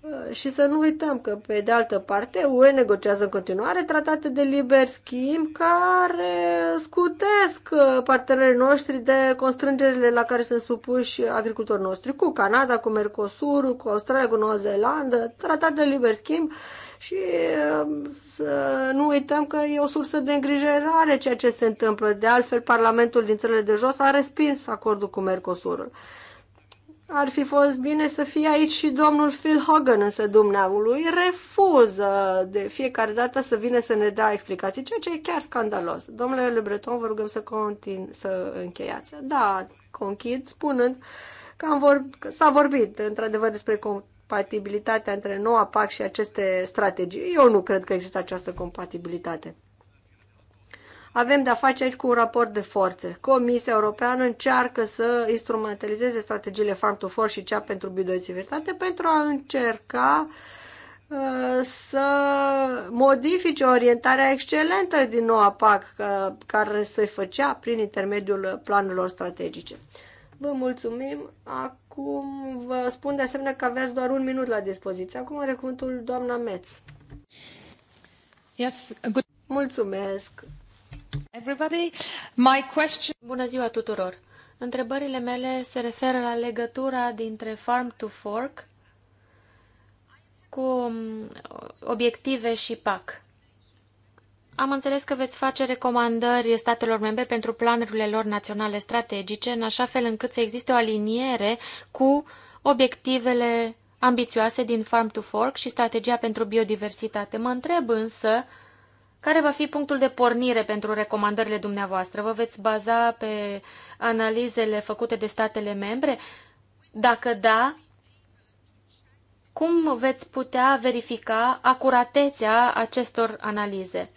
Uh, și să nu uităm că, pe de altă parte, UE negociază în continuare tratate de liber schimb care scutesc uh, partenerii noștri de constrângerile la care sunt supuși agricultorii noștri, cu Canada, cu Mercosur, cu Australia, cu Noua Zeelandă, tratate de liber schimb și uh, să nu uităm că e o sursă de îngrijorare ceea ce se întâmplă. De altfel, Parlamentul din țările de jos a respins acordul cu Mercosurul. Ar fi fost bine să fie aici și domnul Phil Hogan, însă dumneavoastră refuză de fiecare dată să vină să ne dea explicații, ceea ce e chiar scandalos. Domnule Le Breton, vă rugăm să, continu- să încheiați. Da, conchid spunând că, am vor că s-a vorbit într-adevăr despre compatibilitatea între noua PAC și aceste strategii. Eu nu cred că există această compatibilitate. Avem de-a face aici cu un raport de forțe. Comisia Europeană încearcă să instrumentalizeze strategiile Farm to Fork și cea pentru biodiversitate pentru a încerca uh, să modifice orientarea excelentă din noua PAC uh, care se făcea prin intermediul planurilor strategice. Vă mulțumim. Acum vă spun de asemenea că aveți doar un minut la dispoziție. Acum are cuvântul doamna Metz. Yes, good. Mulțumesc. Everybody. My question... Bună ziua tuturor! Întrebările mele se referă la legătura dintre Farm to Fork cu um, obiective și PAC. Am înțeles că veți face recomandări statelor membre pentru planurile lor naționale strategice, în așa fel încât să existe o aliniere cu obiectivele ambițioase din Farm to Fork și strategia pentru biodiversitate. Mă întreb însă care va fi punctul de pornire pentru recomandările dumneavoastră? Vă veți baza pe analizele făcute de statele membre? Dacă da, cum veți putea verifica acuratețea acestor analize?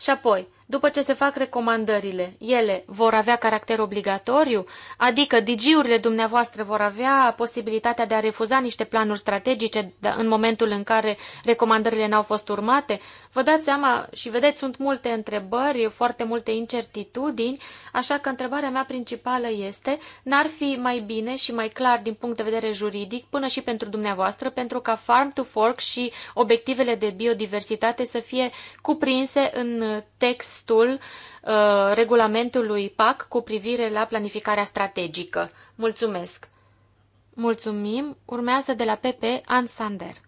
Și apoi, după ce se fac recomandările, ele vor avea caracter obligatoriu? Adică digiurile dumneavoastră vor avea posibilitatea de a refuza niște planuri strategice da, în momentul în care recomandările n-au fost urmate? Vă dați seama și vedeți, sunt multe întrebări, foarte multe incertitudini, așa că întrebarea mea principală este, n-ar fi mai bine și mai clar din punct de vedere juridic, până și pentru dumneavoastră, pentru ca Farm to Fork și obiectivele de biodiversitate să fie cuprinse în textul uh, regulamentului PAC cu privire la planificarea strategică. Mulțumesc! Mulțumim! Urmează de la PP Ansander.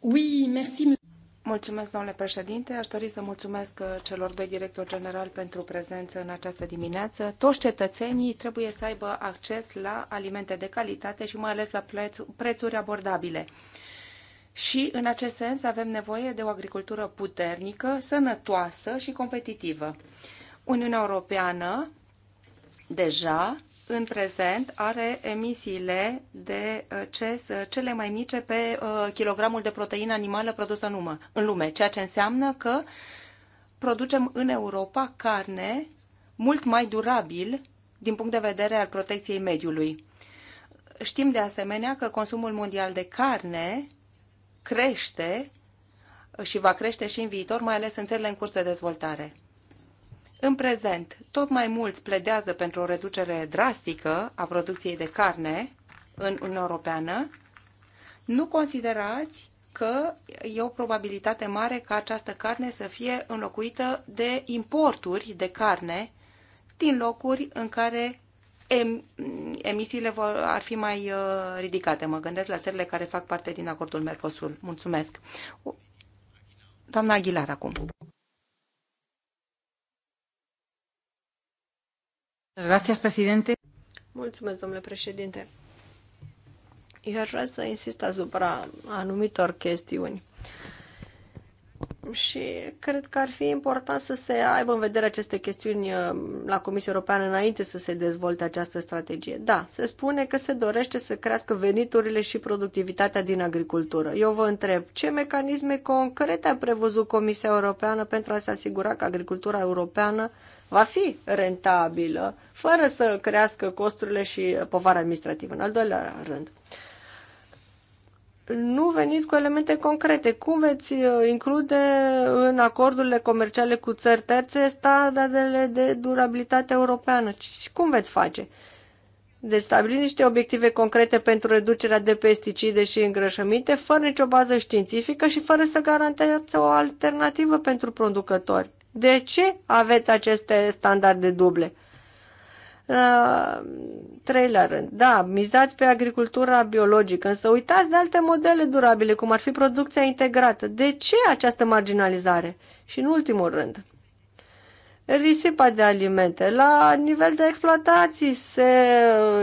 Oui, merci. Mulțumesc, domnule președinte. Aș dori să mulțumesc uh, celor doi directori generali pentru prezență în această dimineață. Toți cetățenii trebuie să aibă acces la alimente de calitate și mai ales la prețuri abordabile. Și, în acest sens, avem nevoie de o agricultură puternică, sănătoasă și competitivă. Uniunea Europeană deja în prezent are emisiile de uh, CES uh, cele mai mici pe uh, kilogramul de proteină animală produsă în lume, în lume, ceea ce înseamnă că producem în Europa carne mult mai durabil din punct de vedere al protecției mediului. Știm de asemenea că consumul mondial de carne crește și va crește și în viitor, mai ales în țările în curs de dezvoltare. În prezent, tot mai mulți pledează pentru o reducere drastică a producției de carne în Uniunea Europeană. Nu considerați că e o probabilitate mare ca această carne să fie înlocuită de importuri de carne din locuri în care em, emisiile vor, ar fi mai uh, ridicate. Mă gândesc la țările care fac parte din acordul Mercosul. Mulțumesc. Doamna Aguilar acum. Mulțumesc, domnule președinte. Eu aș vrea să insist asupra anumitor chestiuni. Și cred că ar fi important să se aibă în vedere aceste chestiuni uh, la Comisia Europeană înainte să se dezvolte această strategie. Da, se spune că se dorește să crească veniturile și productivitatea din agricultură. Eu vă întreb, ce mecanisme concrete a prevăzut Comisia Europeană pentru a se asigura că agricultura europeană va fi rentabilă, fără să crească costurile și povara administrativă. În al doilea rând, nu veniți cu elemente concrete. Cum veți uh, include în acordurile comerciale cu țări terțe standardele de durabilitate europeană? Și cum veți face? Deci stabiliți niște obiective concrete pentru reducerea de pesticide și îngrășăminte, fără nicio bază științifică și fără să garantați o alternativă pentru producători. De ce aveți aceste standarde duble? Uh, trei la rând. Da, mizați pe agricultura biologică, însă uitați de alte modele durabile, cum ar fi producția integrată. De ce această marginalizare? Și în ultimul rând, risipa de alimente. La nivel de exploatații se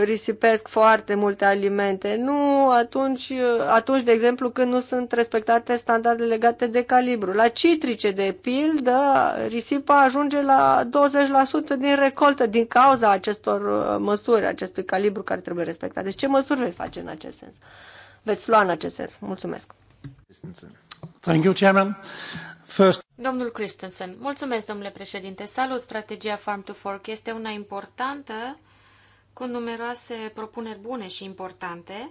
risipesc foarte multe alimente. Nu atunci, atunci, de exemplu, când nu sunt respectate standarde legate de calibru. La citrice, de pildă, risipa ajunge la 20% din recoltă din cauza acestor uh, măsuri, acestui calibru care trebuie respectat. Deci ce măsuri vei face în acest sens? Veți lua în acest sens. Mulțumesc. Thank you, Chairman. First... Domnul Christensen, mulțumesc, domnule președinte. Salut, strategia Farm to Fork este una importantă, cu numeroase propuneri bune și importante.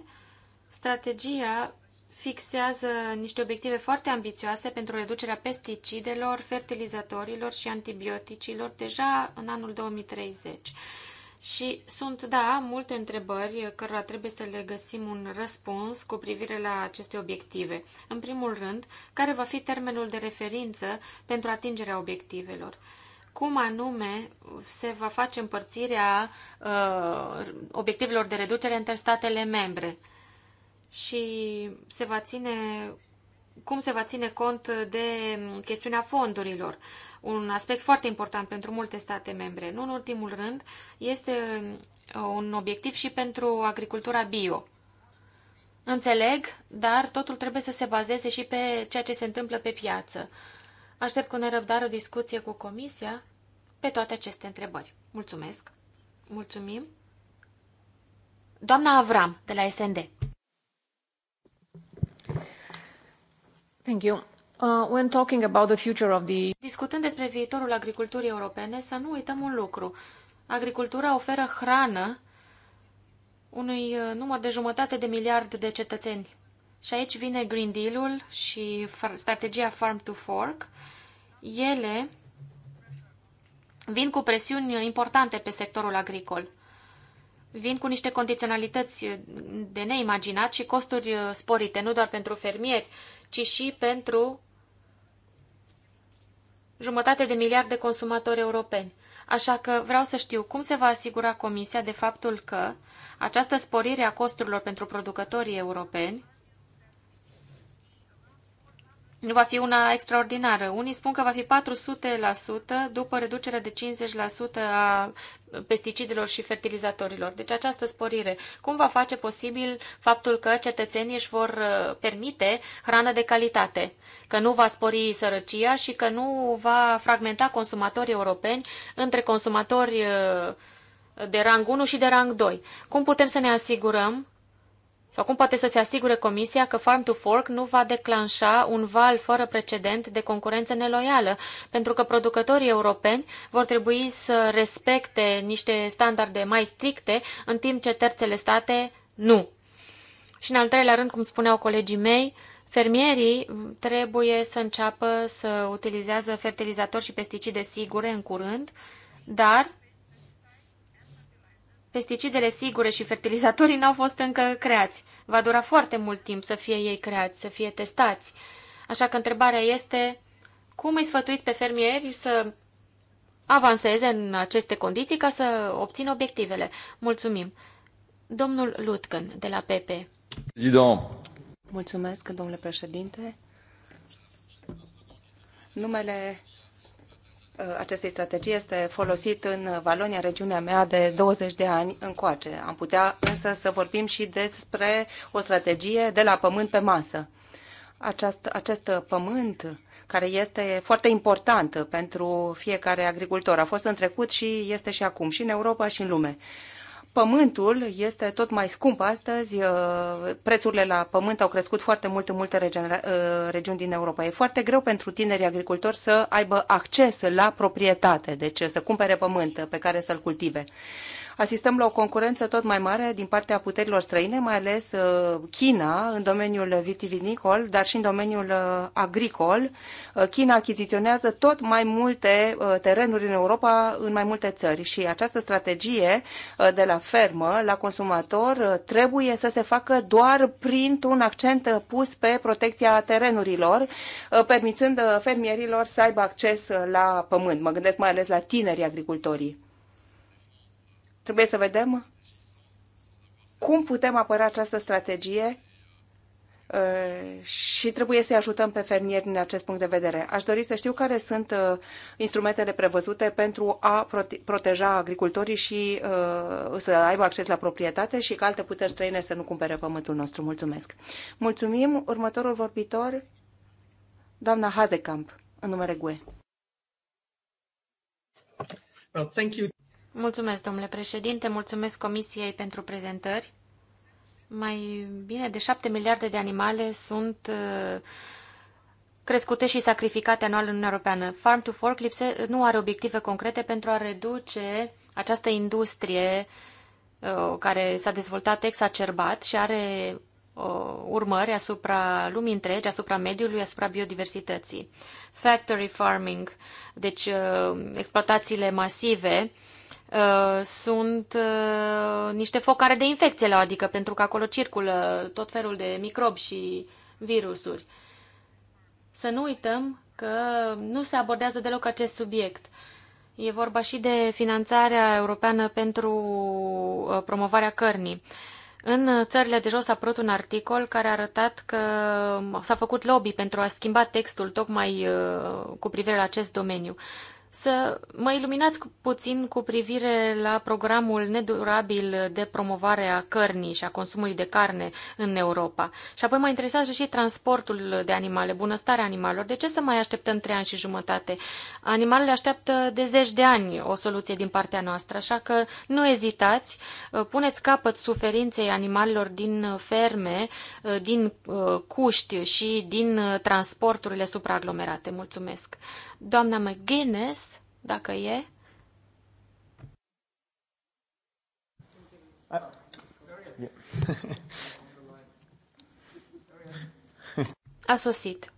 Strategia fixează niște obiective foarte ambițioase pentru reducerea pesticidelor, fertilizatorilor și antibioticilor deja în anul 2030. Și sunt, da, multe întrebări cărora trebuie să le găsim un răspuns cu privire la aceste obiective. În primul rând, care va fi termenul de referință pentru atingerea obiectivelor? Cum anume se va face împărțirea uh, obiectivelor de reducere între statele membre? Și se va ține, cum se va ține cont de chestiunea fondurilor? Uh, un aspect foarte important pentru multe state membre. Nu în ultimul rând, este uh, un obiectiv și pentru agricultura bio. Înțeleg, dar totul trebuie să se bazeze și pe ceea ce se întâmplă pe piață. Aștept cu nerăbdare o discuție cu Comisia pe toate aceste întrebări. Mulțumesc! Mulțumim! Doamna Avram, de la SND. Thank you. Uh, when talking about the future of the... Discutând despre viitorul agriculturii europene, să nu uităm un lucru. Agricultura oferă hrană unui uh, număr de jumătate de miliard de cetățeni. Și aici vine Green Deal-ul și strategia Farm to Fork. Ele vin cu presiuni importante pe sectorul agricol. Vin cu niște condiționalități de neimaginat și costuri uh, sporite, nu doar pentru fermieri, ci și pentru jumătate de miliard de consumatori europeni. Așa că vreau să știu cum se va asigura Comisia de faptul că această sporire a costurilor pentru producătorii europeni nu va fi una extraordinară. Unii spun că va fi 400% după reducerea de 50% a pesticidelor și fertilizatorilor. Deci această sporire. Cum va face posibil faptul că cetățenii își vor uh, permite hrană de calitate? Că nu va spori sărăcia și că nu va fragmenta consumatorii europeni între consumatori uh, de rang 1 și de rang 2. Cum putem să ne asigurăm sau cum poate să se asigure Comisia că Farm to Fork nu va declanșa un val fără precedent de concurență neloială, pentru că producătorii europeni vor trebui să respecte niște standarde mai stricte, în timp ce terțele state nu. Și în al treilea rând, cum spuneau colegii mei, fermierii trebuie să înceapă să utilizează fertilizatori și pesticide sigure în curând, dar pesticidele sigure și fertilizatorii n-au fost încă creați. Va dura foarte mult timp să fie ei creați, să fie testați. Așa că întrebarea este cum îi sfătuiți pe fermieri să avanseze în aceste condiții ca să obțină obiectivele. Mulțumim. Domnul Lutken de la PP. Zidon. Mulțumesc, domnule președinte. Numele Uh, acestei strategii este folosit în Valonia, regiunea mea, de 20 de ani încoace. Am putea însă să vorbim și despre o strategie de la pământ pe masă. Aceast, acest pământ care este foarte important pentru fiecare agricultor. A fost în trecut și este și acum, și în Europa și în lume pământul este tot mai scump astăzi. Uh, prețurile la pământ au crescut foarte mult în multe uh, regiuni din Europa. E foarte greu pentru tinerii agricultori să aibă acces la proprietate, deci să cumpere pământ pe care să-l cultive asistăm la o concurență tot mai mare din partea puterilor străine, mai ales uh, China în domeniul vitivinicol, dar și în domeniul uh, agricol. Uh, China achiziționează tot mai multe terenuri în Europa, în mai multe țări și această strategie de la fermă la consumator trebuie să se facă doar printr-un accent pus pe protecția terenurilor, permițând fermierilor să aibă acces la pământ. Mă gândesc mai ales la tinerii agricultorii. Trebuie să vedem cum putem apăra această strategie uh, și trebuie să-i ajutăm pe fermieri din acest punct de vedere. Aș dori să știu care sunt uh, instrumentele prevăzute pentru a proteja agricultorii și uh, să aibă acces la proprietate și că alte puteri străine să nu cumpere pământul nostru. Mulțumesc! Mulțumim! Următorul vorbitor, doamna Hazekamp, în numere GUE. Well, thank you. Mulțumesc, domnule președinte, mulțumesc Comisiei pentru prezentări. Mai bine de șapte miliarde de animale sunt uh, crescute și sacrificate anual în Uniunea Europeană. Farm to Fork lipse, nu are obiective concrete pentru a reduce această industrie uh, care s-a dezvoltat exacerbat și are uh, urmări asupra lumii întregi, asupra mediului, asupra biodiversității. Factory farming, deci exploatațiile masive Uh, sunt uh, niște focare de infecție la adică, pentru că acolo circulă tot felul de microbi și virusuri. Să nu uităm că nu se abordează deloc acest subiect. E vorba și de finanțarea europeană pentru uh, promovarea cărnii. În țările de jos a apărut un articol care a arătat că s-a făcut lobby pentru a schimba textul tocmai cu privire la acest domeniu să mă iluminați puțin cu privire la programul nedurabil de promovare a cărnii și a consumului de carne în Europa. Și apoi mă interesează și transportul de animale, bunăstarea animalelor. De ce să mai așteptăm trei ani și jumătate? Animalele așteaptă de zeci de ani o soluție din partea noastră, așa că nu ezitați, uh, puneți capăt suferinței animalelor din ferme, uh, din uh, cuști și din transporturile supraaglomerate. Mulțumesc! Doamna McGuinness dacă e. A sosit.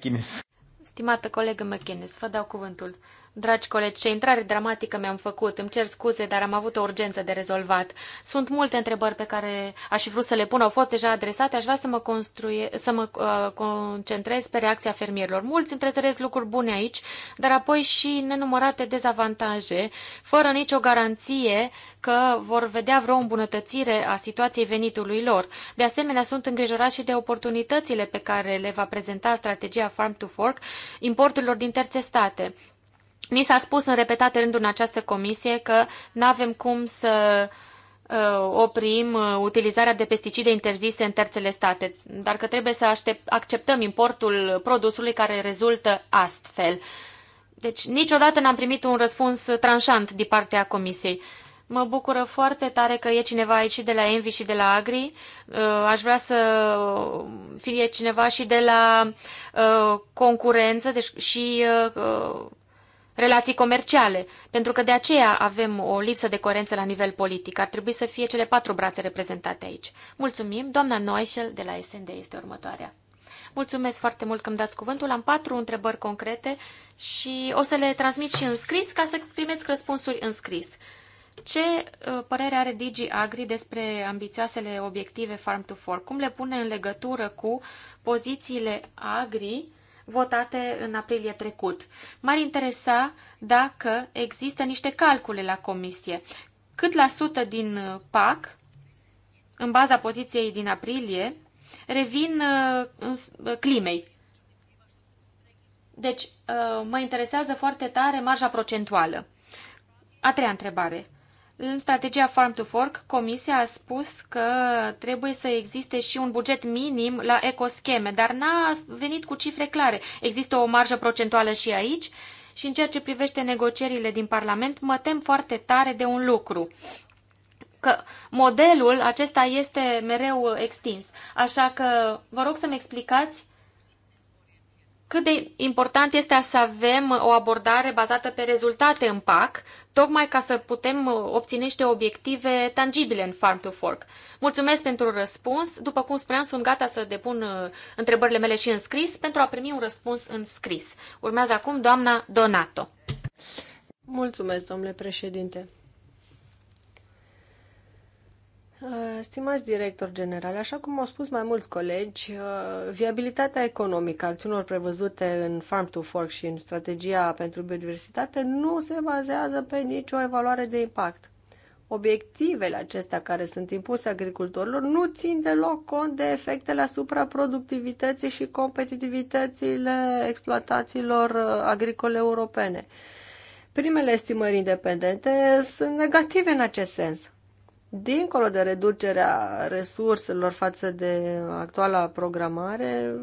Guinness. Stimată colegă McGuinness, vă dau cuvântul. Dragi colegi, ce intrare dramatică mi-am făcut. Îmi cer scuze, dar am avut o urgență de rezolvat. Sunt multe întrebări pe care aș fi vrut să le pun, au fost deja adresate. Aș vrea să mă, construie, să mă uh, concentrez pe reacția fermierilor. Mulți întrezăresc lucruri bune aici, dar apoi și nenumărate dezavantaje, fără nicio garanție că vor vedea vreo îmbunătățire a situației venitului lor. De asemenea, sunt îngrijorați și de oportunitățile pe care le va prezenta strategia Farm to Fork importurilor din terțe state. Ni s-a spus în repetate rânduri în această comisie că nu avem cum să uh, oprim uh, utilizarea de pesticide interzise în terțele state, dar că trebuie să aștept, acceptăm importul produsului care rezultă astfel. Deci niciodată n-am primit un răspuns tranșant din partea comisiei. Mă bucură foarte tare că e cineva aici și de la Envi și de la Agri. Uh, aș vrea să fie cineva și de la concurență deci și relații comerciale, pentru că de aceea avem o lipsă de coerență la nivel politic. Ar trebui să fie cele patru brațe reprezentate aici. Mulțumim, doamna Noișel de la SND este următoarea. Mulțumesc foarte mult că îmi dați cuvântul. Am patru întrebări concrete și o să le transmit și în scris ca să primesc răspunsuri în scris. Ce ă, părere are Digi Agri despre ambițioasele obiective Farm to Fork? Cum le pune în legătură cu pozițiile Agri votate în aprilie trecut. M-ar interesa dacă există niște calcule la comisie. Cât la sută din PAC, în baza poziției din aprilie, revin uh, uh, climei. Deci, uh, mă interesează foarte tare marja procentuală. A treia întrebare. În strategia Farm to Fork, Comisia a spus că trebuie să existe și un buget minim la ecoscheme, dar n-a venit cu cifre clare. Există o marjă procentuală și aici și în ceea ce privește negocierile din Parlament, mă tem foarte tare de un lucru că modelul acesta este mereu extins. Așa că vă rog să-mi explicați cât de important este să avem o abordare bazată pe rezultate în PAC, tocmai ca să putem uh, obține niște obiective tangibile în Farm to Fork. Mulțumesc pentru răspuns. După cum spuneam, sunt gata să depun uh, întrebările mele și în scris pentru a primi un răspuns în scris. Urmează acum doamna Donato. Mulțumesc, domnule președinte. Uh, stimați director general, așa cum au spus mai mulți colegi, uh, viabilitatea economică a acțiunilor prevăzute în Farm to Fork și în strategia pentru biodiversitate nu se bazează pe nicio evaluare de impact. Obiectivele acestea care sunt impuse agricultorilor nu țin deloc cont de efectele asupra productivității și competitivitățile exploatațiilor uh, agricole europene. Primele estimări independente sunt negative în acest sens dincolo de reducerea resurselor față de actuala programare,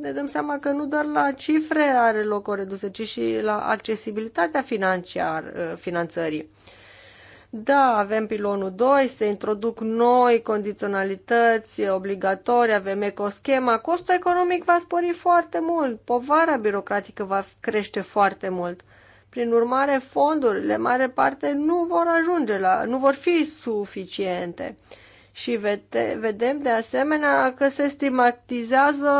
ne dăm seama că nu doar la cifre are loc o reducere, ci și la accesibilitatea financiar, eh, finanțării. Da, avem pilonul 2, se introduc noi condiționalități obligatorii, avem ecoschema, costul economic va spori foarte mult, povara birocratică va crește foarte mult. Prin urmare, fondurile, mare parte, nu vor ajunge la, nu vor fi suficiente. Și vede, vedem de asemenea că se stigmatizează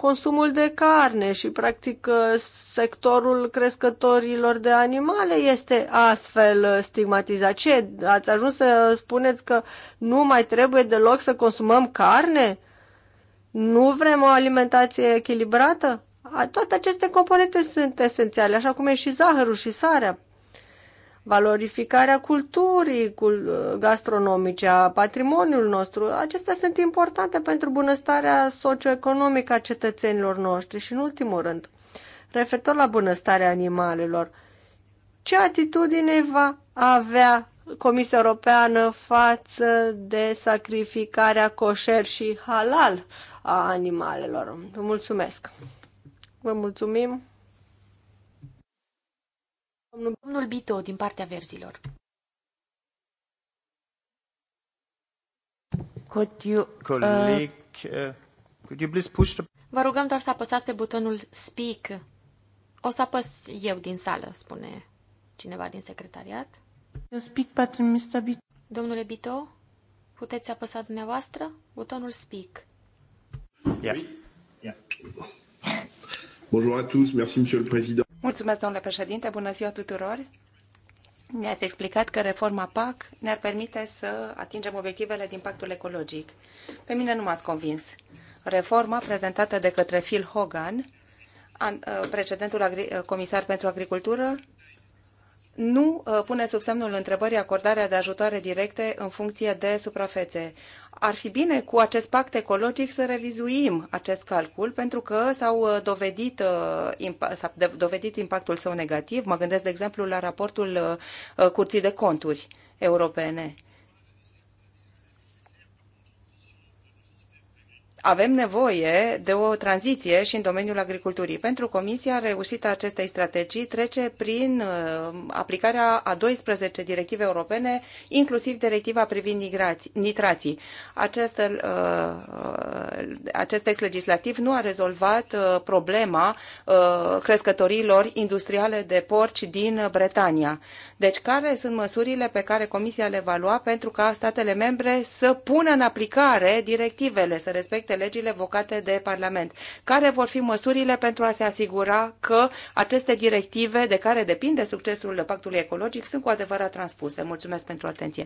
consumul de carne și practic sectorul crescătorilor de animale este astfel stigmatizat. Ce? Ați ajuns să spuneți că nu mai trebuie deloc să consumăm carne? Nu vrem o alimentație echilibrată? Toate aceste componente sunt esențiale, așa cum e și zahărul și sarea. Valorificarea culturii gastronomice, a patrimoniului nostru, acestea sunt importante pentru bunăstarea socioeconomică a cetățenilor noștri și, în ultimul rând, referitor la bunăstarea animalelor, ce atitudine va avea Comisia Europeană față de sacrificarea coșer și halal a animalelor. Mulțumesc! Vă mulțumim. Domnul, Bito, din partea verzilor. Could you, uh, Coleg, uh... could you please push the... Vă rugăm doar să apăsați pe butonul Speak. O să apăs eu din sală, spune cineva din secretariat. speak button, Mr. Bito. Domnule Bito, puteți apăsa dumneavoastră butonul Speak. Yeah. Yeah. Bonjour à tous, merci Monsieur le Président. Mulțumesc, domnule președinte, bună ziua tuturor. Ne-ați explicat că reforma PAC ne-ar permite să atingem obiectivele din pactul ecologic. Pe mine nu m-ați convins. Reforma prezentată de către Phil Hogan, uh, precedentul uh, comisar pentru agricultură, nu uh, pune sub semnul întrebării acordarea de ajutoare directe în funcție de suprafețe ar fi bine cu acest pact ecologic să revizuim acest calcul, pentru că s-au uh, dovedit, uh, s-a dovedit impactul său negativ. Mă gândesc, de exemplu, la raportul uh, Curții de Conturi europene avem nevoie de o tranziție și în domeniul agriculturii. Pentru Comisia, reușita acestei strategii trece prin uh, aplicarea a 12 directive europene, inclusiv directiva privind nitrații. Acest, uh, uh, acest text legislativ nu a rezolvat problema crescătorilor industriale de porci din Bretania. Deci, care sunt măsurile pe care Comisia le va lua pentru ca statele membre să pună în aplicare directivele, să respecte toate legile vocate de Parlament. Care vor fi măsurile pentru a se asigura că aceste directive de care depinde succesul pactului ecologic sunt cu adevărat transpuse? Mulțumesc pentru atenție.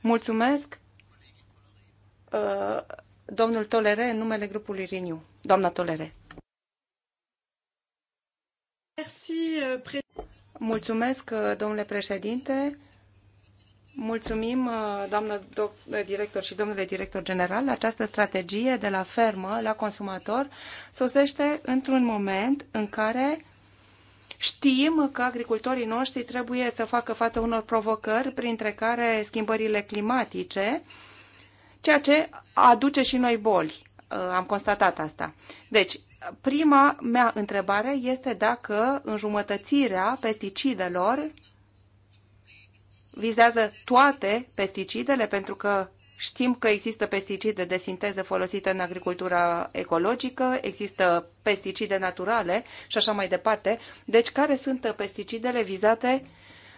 Mulțumesc. Uh, domnul Tolere, în numele grupului Renew. Doamna Tolere. Uh, Mulțumesc, uh, domnule președinte. Mulțumim, uh, doamnă director și domnule director general. Această strategie de la fermă la consumator sosește într-un moment în care Știm că agricultorii noștri trebuie să facă față unor provocări, printre care schimbările climatice, ceea ce aduce și noi boli. Uh, am constatat asta. Deci, prima mea întrebare este dacă înjumătățirea pesticidelor vizează toate pesticidele, pentru că știm că există pesticide de sinteză folosite în agricultura ecologică, există pesticide naturale și așa mai departe. Deci, care sunt pesticidele vizate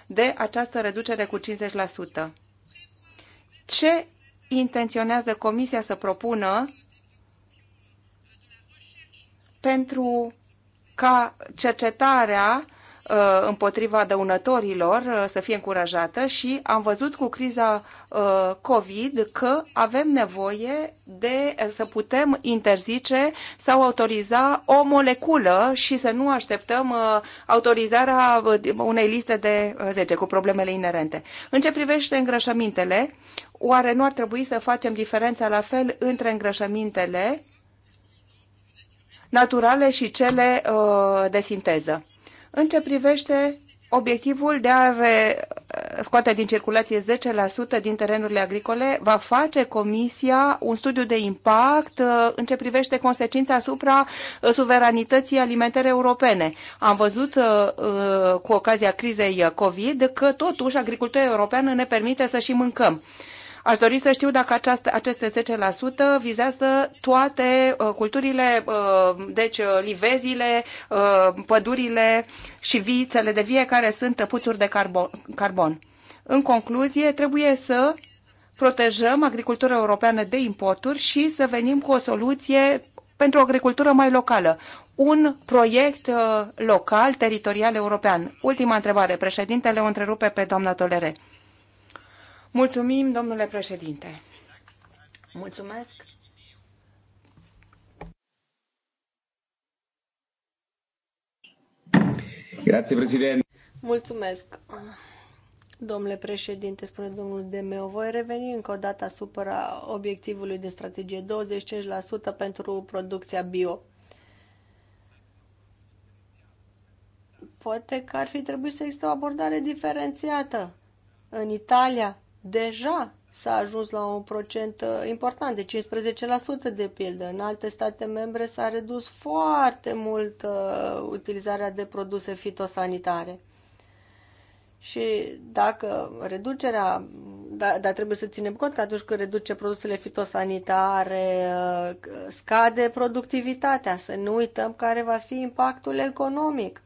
de această reducere cu 50%? Ce intenționează Comisia să propună pentru ca cercetarea Uh, împotriva dăunătorilor uh, să fie încurajată și am văzut cu criza uh, COVID că avem nevoie de să putem interzice sau autoriza o moleculă și să nu așteptăm autorizarea unei liste de 10 cu problemele inerente. În ce privește îngrășămintele, oare nu ar trebui să facem diferența la fel între îngrășămintele naturale și cele de sinteză? în ce privește obiectivul de a scoate din circulație 10% din terenurile agricole, va face Comisia un studiu de impact uh, în ce privește consecința asupra uh, suveranității alimentare europene. Am văzut uh, cu ocazia crizei COVID că totuși agricultura europeană ne permite să și mâncăm. Aș dori să știu dacă aceaste, aceste 10% vizează toate uh, culturile, uh, deci uh, livezile, pădurile și vițele de vie care sunt puțuri de carbon. În concluzie, trebuie să protejăm agricultura europeană de importuri și să venim cu o soluție pentru o agricultură mai locală. Un proiect local, teritorial, european. Ultima întrebare. Președintele o întrerupe pe doamna Tolere. Mulțumim, domnule președinte. Mulțumesc. Grazie, președinte. Mulțumesc. Domnule președinte, spune domnul Demeo, voi reveni încă o dată asupra obiectivului de strategie 25% pentru producția bio. Poate că ar fi trebuit să existe o abordare diferențiată. În Italia, deja s-a ajuns la un procent uh, important, de 15% de pildă. În alte state membre s-a redus foarte mult uh, utilizarea de produse fitosanitare. Și dacă reducerea, da, dar da, trebuie să ținem cont că atunci când reduce produsele fitosanitare, uh, scade productivitatea, să nu uităm care va fi impactul economic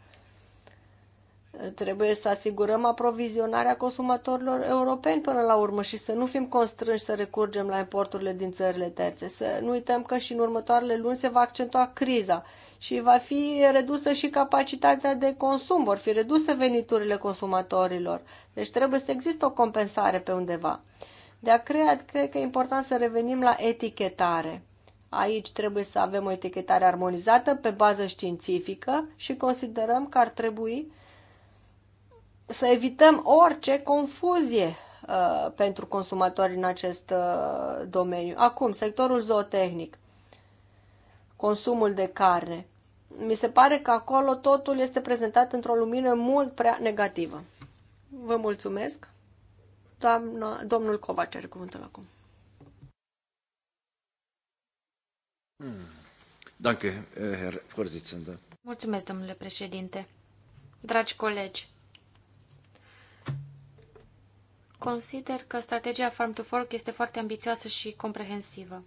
Trebuie să asigurăm aprovizionarea consumatorilor europeni până la urmă și să nu fim constrânși să recurgem la importurile din țările terțe. Să nu uităm că și în următoarele luni se va accentua criza și va fi redusă și capacitatea de consum, vor fi reduse veniturile consumatorilor. Deci trebuie să există o compensare pe undeva. De a crea, cred că e important să revenim la etichetare. Aici trebuie să avem o etichetare armonizată pe bază științifică și considerăm că ar trebui să evităm orice confuzie uh, pentru consumatori în acest uh, domeniu. Acum, sectorul zootehnic, consumul de carne. Mi se pare că acolo totul este prezentat într-o lumină mult prea negativă. Vă mulțumesc. Doamna, domnul Covace are cuvântul acum. Danke, Herr Vorsitzender. Mulțumesc, domnule președinte. Dragi colegi, Consider că strategia Farm to Fork este foarte ambițioasă și comprehensivă.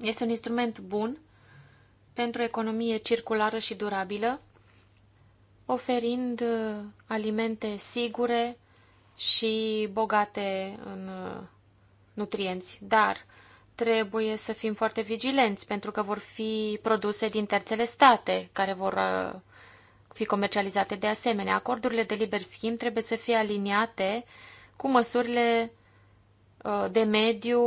Este un instrument bun pentru economie circulară și durabilă, oferind uh, alimente sigure și bogate în uh, nutrienți. Dar trebuie să fim foarte vigilenți, pentru că vor fi produse din terțele state care vor uh, fi comercializate. De asemenea, acordurile de liber schimb trebuie să fie aliniate cu măsurile uh, de mediu,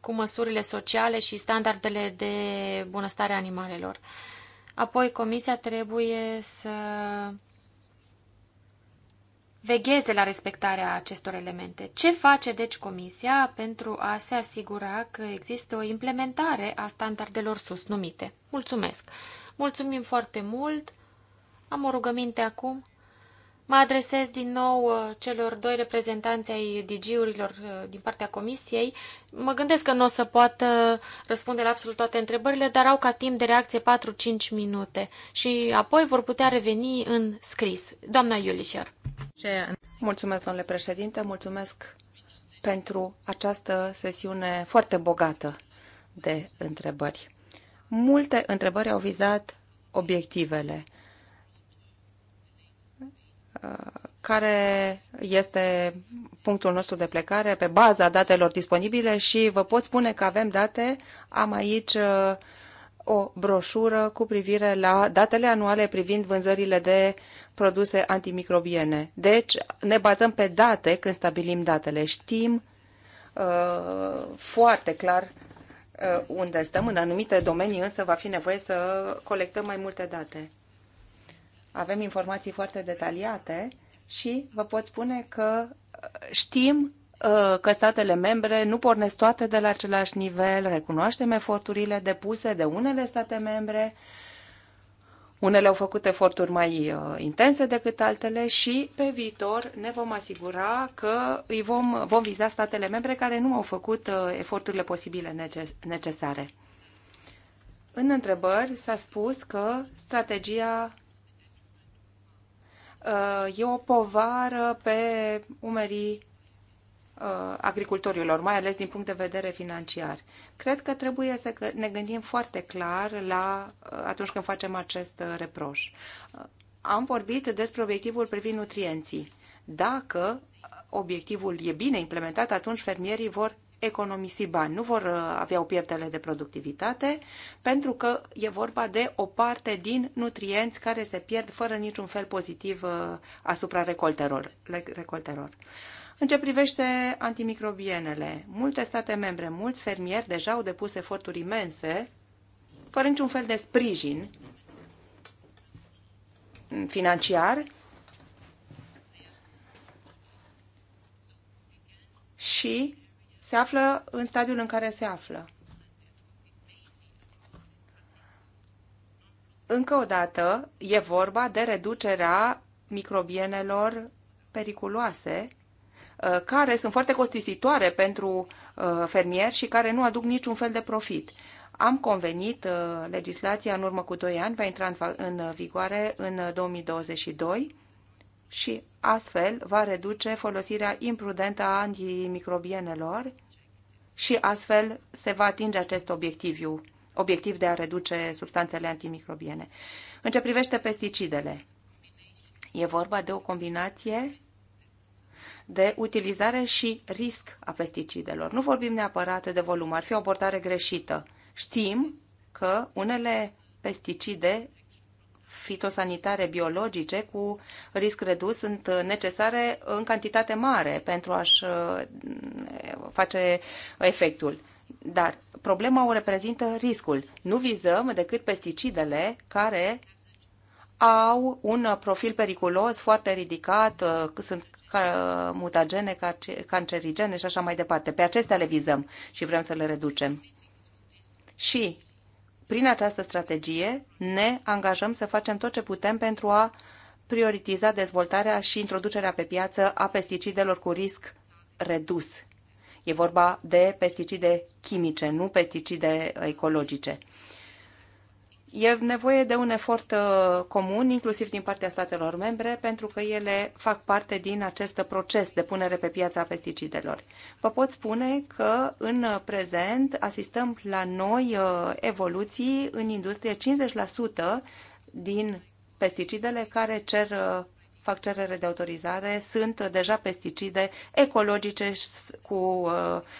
cu măsurile sociale și standardele de bunăstare animalelor. Apoi, Comisia trebuie să vegheze la respectarea acestor elemente. Ce face, deci, Comisia pentru a se asigura că există o implementare a standardelor sus numite? Mulțumesc! Mulțumim foarte mult! Am o rugăminte acum. Mă adresez din nou uh, celor doi reprezentanți ai DG-urilor uh, din partea comisiei. Mă gândesc că nu o să poată răspunde la absolut toate întrebările, dar au ca timp de reacție 4-5 minute și apoi vor putea reveni în scris. Doamna Iulișer. Mulțumesc, domnule președinte, mulțumesc pentru această sesiune foarte bogată de întrebări. Multe întrebări au vizat obiectivele care este punctul nostru de plecare pe baza datelor disponibile și vă pot spune că avem date. Am aici uh, o broșură cu privire la datele anuale privind vânzările de produse antimicrobiene. Deci ne bazăm pe date când stabilim datele. Știm uh, foarte clar uh, unde stăm. În anumite domenii însă va fi nevoie să colectăm mai multe date avem informații foarte detaliate și vă pot spune că uh, știm uh, că statele membre nu pornesc toate de la același nivel, recunoaștem eforturile depuse de unele state membre, unele au făcut eforturi mai uh, intense decât altele și pe viitor ne vom asigura că îi vom, vom viza statele membre care nu au făcut eforturile posibile necesare. În întrebări s-a spus că strategia Uh, e o povară pe umerii uh, agricultorilor, mai ales din punct de vedere financiar. Cred că trebuie să ne gândim foarte clar la uh, atunci când facem acest reproș. Am vorbit despre obiectivul privind nutrienții. Dacă obiectivul e bine implementat, atunci fermierii vor economisi bani, nu vor uh, avea o pierdere de productivitate, pentru că e vorba de o parte din nutrienți care se pierd fără niciun fel pozitiv uh, asupra recolterilor. recolterilor. În ce privește antimicrobienele, multe state membre, mulți fermieri deja au depus eforturi imense, fără niciun fel de sprijin financiar, și se află în stadiul în care se află. Încă o dată, e vorba de reducerea microbienelor periculoase, uh, care sunt foarte costisitoare pentru uh, fermieri și care nu aduc niciun fel de profit. Am convenit, uh, legislația în urmă cu 2 ani va intra în, vigoare în 2022 și astfel va reduce folosirea imprudentă a antimicrobienelor și astfel se va atinge acest obiectiv, obiectiv de a reduce substanțele antimicrobiene. În ce privește pesticidele, e vorba de o combinație de utilizare și risc a pesticidelor. Nu vorbim neapărat de volum, ar fi o abordare greșită. Știm că unele pesticide fitosanitare biologice cu risc redus sunt necesare în cantitate mare pentru a-și uh, face efectul. Dar problema o reprezintă riscul. Nu vizăm decât pesticidele care au un profil periculos foarte ridicat, uh, sunt uh, mutagene, cancerigene și așa mai departe. Pe acestea le vizăm și vrem să le reducem. Și prin această strategie ne angajăm să facem tot ce putem pentru a prioritiza dezvoltarea și introducerea pe piață a pesticidelor cu risc redus. E vorba de pesticide chimice, nu pesticide ecologice. E nevoie de un efort uh, comun, inclusiv din partea statelor membre, pentru că ele fac parte din acest proces de punere pe piața a pesticidelor. Vă pot spune că în prezent asistăm la noi uh, evoluții în industrie 50% din pesticidele care cer uh, fac cerere de autorizare, sunt deja pesticide ecologice cu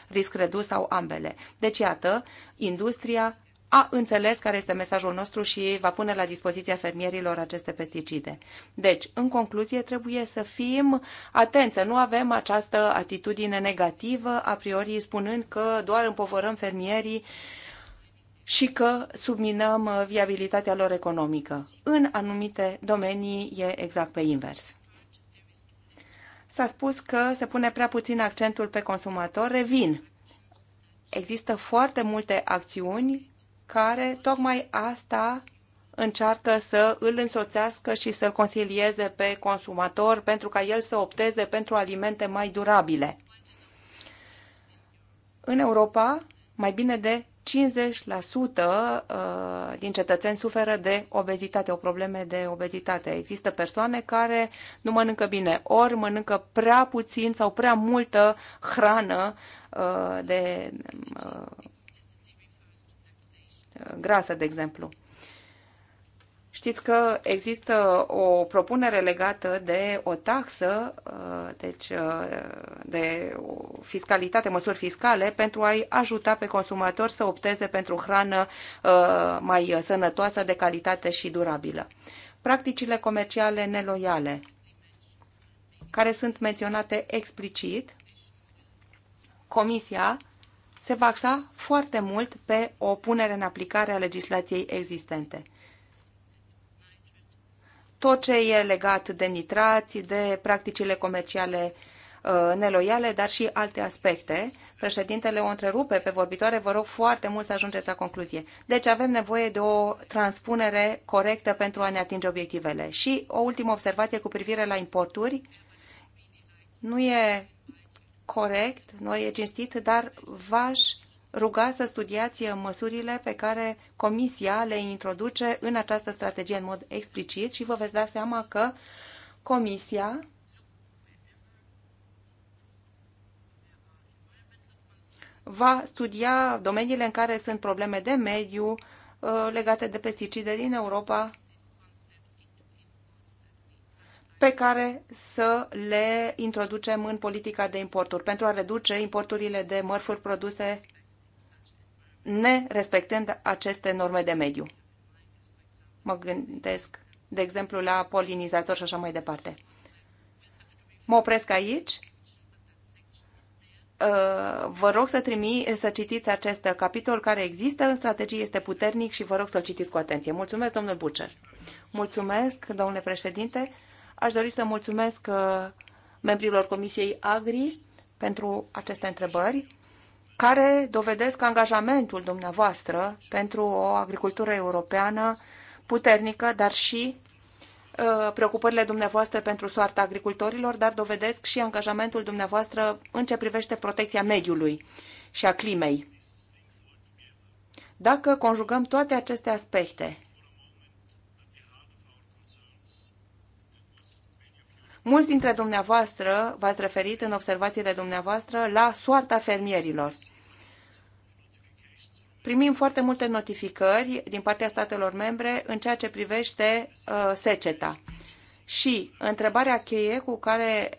risc redus sau ambele. Deci, iată, industria a înțeles care este mesajul nostru și va pune la dispoziția fermierilor aceste pesticide. Deci, în concluzie, trebuie să fim atenți, să nu avem această atitudine negativă, a priori spunând că doar împovărăm fermierii și că subminăm uh, viabilitatea lor economică. În anumite domenii e exact pe invers. S-a spus că se pune prea puțin accentul pe consumator. Revin. Există foarte multe acțiuni care tocmai asta încearcă să îl însoțească și să-l consilieze pe consumator pentru ca el să opteze pentru alimente mai durabile. În Europa, mai bine de 50% uh, din cetățeni suferă de obezitate, o probleme de obezitate. Există persoane care nu mănâncă bine, ori mănâncă prea puțin sau prea multă hrană uh, de uh, grasă, de exemplu. Știți că există o propunere legată de o taxă, uh, deci uh, de fiscalitate, măsuri fiscale, pentru a-i ajuta pe consumator să opteze pentru hrană uh, mai sănătoasă, de calitate și durabilă. Practicile comerciale neloiale, care sunt menționate explicit, Comisia se va axa foarte mult pe o punere în aplicare a legislației existente. Tot ce e legat de nitrați, de practicile comerciale uh, neloiale, dar și alte aspecte. Președintele o întrerupe pe vorbitoare, vă rog foarte mult să ajungeți la concluzie. Deci avem nevoie de o transpunere corectă pentru a ne atinge obiectivele. Și o ultimă observație cu privire la importuri. Nu e corect, noi e cinstit, dar v-aș ruga să studiați măsurile pe care Comisia le introduce în această strategie în mod explicit și vă veți da seama că Comisia va studia domeniile în care sunt probleme de mediu uh, legate de pesticide din Europa pe care să le introducem în politica de importuri pentru a reduce importurile de mărfuri produse nerespectând aceste norme de mediu. Mă gândesc, de exemplu, la polinizator și așa mai departe. Mă opresc aici. Uh, vă rog să, trimi, să citiți acest capitol care există în strategie, este puternic și vă rog să-l citiți cu atenție. Mulțumesc, domnul Bucer. Mulțumesc, domnule președinte. Aș dori să mulțumesc uh, membrilor Comisiei Agri pentru aceste întrebări care dovedesc angajamentul dumneavoastră pentru o agricultură europeană puternică, dar și uh, preocupările dumneavoastră pentru soarta agricultorilor, dar dovedesc și angajamentul dumneavoastră în ce privește protecția mediului și a climei. Dacă conjugăm toate aceste aspecte Mulți dintre dumneavoastră v-ați referit în observațiile dumneavoastră la soarta fermierilor. Primim foarte multe notificări din partea statelor membre în ceea ce privește uh, seceta. Și întrebarea cheie cu care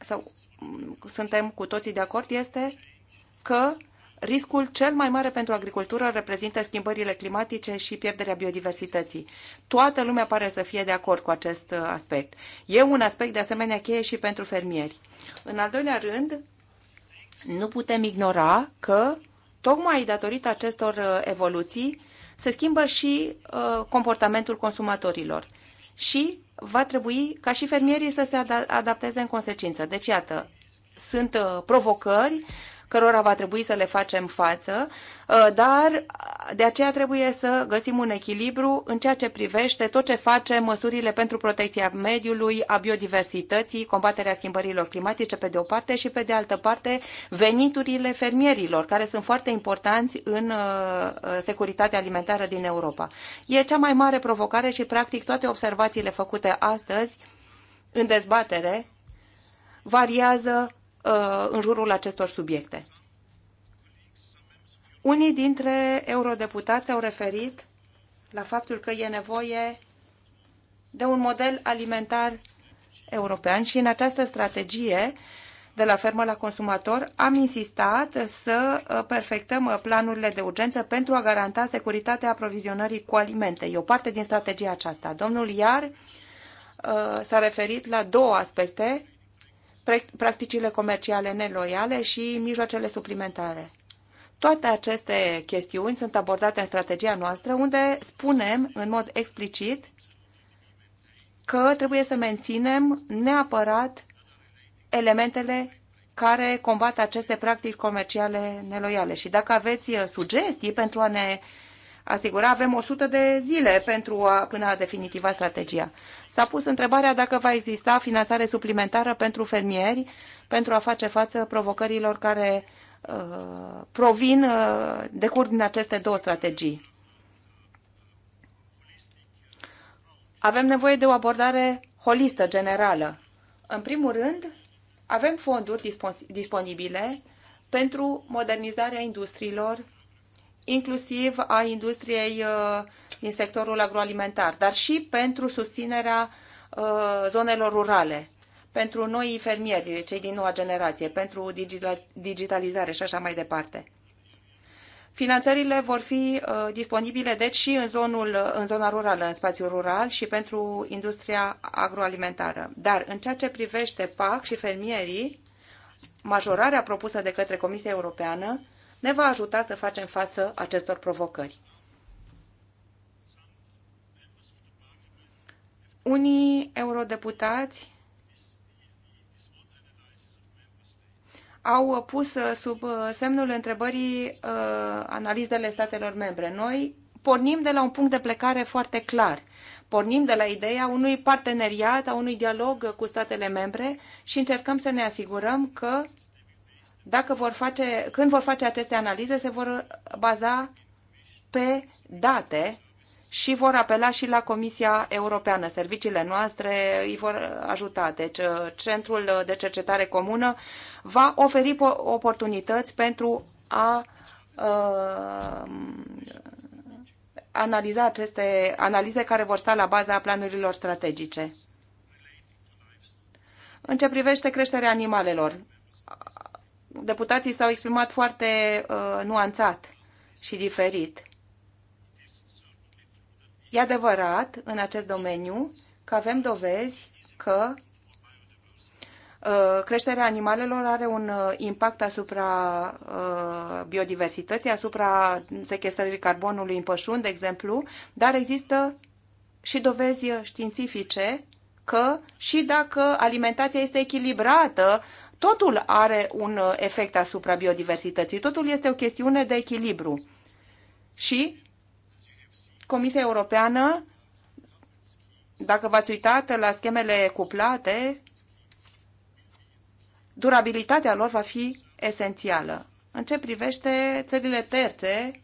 sau, mm, suntem cu toții de acord este că riscul cel mai mare pentru agricultură reprezintă schimbările climatice și pierderea biodiversității. Toată lumea pare să fie de acord cu acest uh, aspect. E un aspect de asemenea cheie și pentru fermieri. În al doilea rând, nu putem ignora că, tocmai datorită acestor uh, evoluții, se schimbă și uh, comportamentul consumatorilor. Și va trebui ca și fermierii să se adapteze în consecință. Deci, iată, sunt provocări cărora va trebui să le facem față, uh, dar de aceea trebuie să găsim un echilibru în ceea ce privește tot ce face măsurile pentru protecția mediului, a biodiversității, combaterea schimbărilor climatice pe de o parte și pe de altă parte veniturile fermierilor, care sunt foarte importanți în uh, uh, securitatea alimentară din Europa. E cea mai mare provocare și practic toate observațiile făcute astăzi în dezbatere variază Uh, în jurul acestor subiecte. Unii dintre eurodeputați au referit la faptul că e nevoie de un model alimentar european și în această strategie de la fermă la consumator, am insistat să uh, perfectăm uh, planurile de urgență pentru a garanta securitatea aprovizionării cu alimente. E o parte din strategia aceasta. Domnul Iar s-a referit la două aspecte practicile comerciale neloiale și mijloacele suplimentare. Toate aceste chestiuni sunt abordate în strategia noastră, unde spunem în mod explicit că trebuie să menținem neapărat elementele care combat aceste practici comerciale neloiale. Și dacă aveți sugestii pentru a ne asigura. Avem 100 de zile pentru a, până a definitiva strategia. S-a pus întrebarea dacă va exista finanțare suplimentară pentru fermieri pentru a face față provocărilor care uh, provin, uh, decurg din aceste două strategii. Avem nevoie de o abordare holistă, generală. În primul rând, avem fonduri disponibile pentru modernizarea industriilor inclusiv a industriei uh, din sectorul agroalimentar, dar și pentru susținerea uh, zonelor rurale, pentru noi fermieri, cei din noua generație, pentru digitalizare și așa mai departe. Finanțările vor fi uh, disponibile, deci, și în, zonul, în zona rurală, în spațiul rural și pentru industria agroalimentară. Dar în ceea ce privește PAC și fermierii, majorarea propusă de către Comisia Europeană ne va ajuta să facem față acestor provocări. Unii eurodeputați au pus sub semnul întrebării uh, analizele statelor membre. Noi pornim de la un punct de plecare foarte clar pornim de la ideea unui parteneriat, a unui dialog cu statele membre și încercăm să ne asigurăm că dacă vor face, când vor face aceste analize, se vor baza pe date și vor apela și la Comisia Europeană. Serviciile noastre îi vor ajuta. Deci, uh, Centrul de Cercetare Comună va oferi oportunități pentru a uh, analiza aceste analize care vor sta la baza planurilor strategice. În ce privește creșterea animalelor, deputații s-au exprimat foarte uh, nuanțat și diferit. E adevărat în acest domeniu că avem dovezi că Uh, creșterea animalelor are un uh, impact asupra uh, biodiversității, asupra sequestrării carbonului în pășuni, de exemplu, dar există și dovezi științifice că și dacă alimentația este echilibrată, totul are un efect asupra biodiversității. Totul este o chestiune de echilibru. Și Comisia Europeană, dacă v-ați uitat la schemele cuplate, durabilitatea lor va fi esențială. În ce privește țările terțe,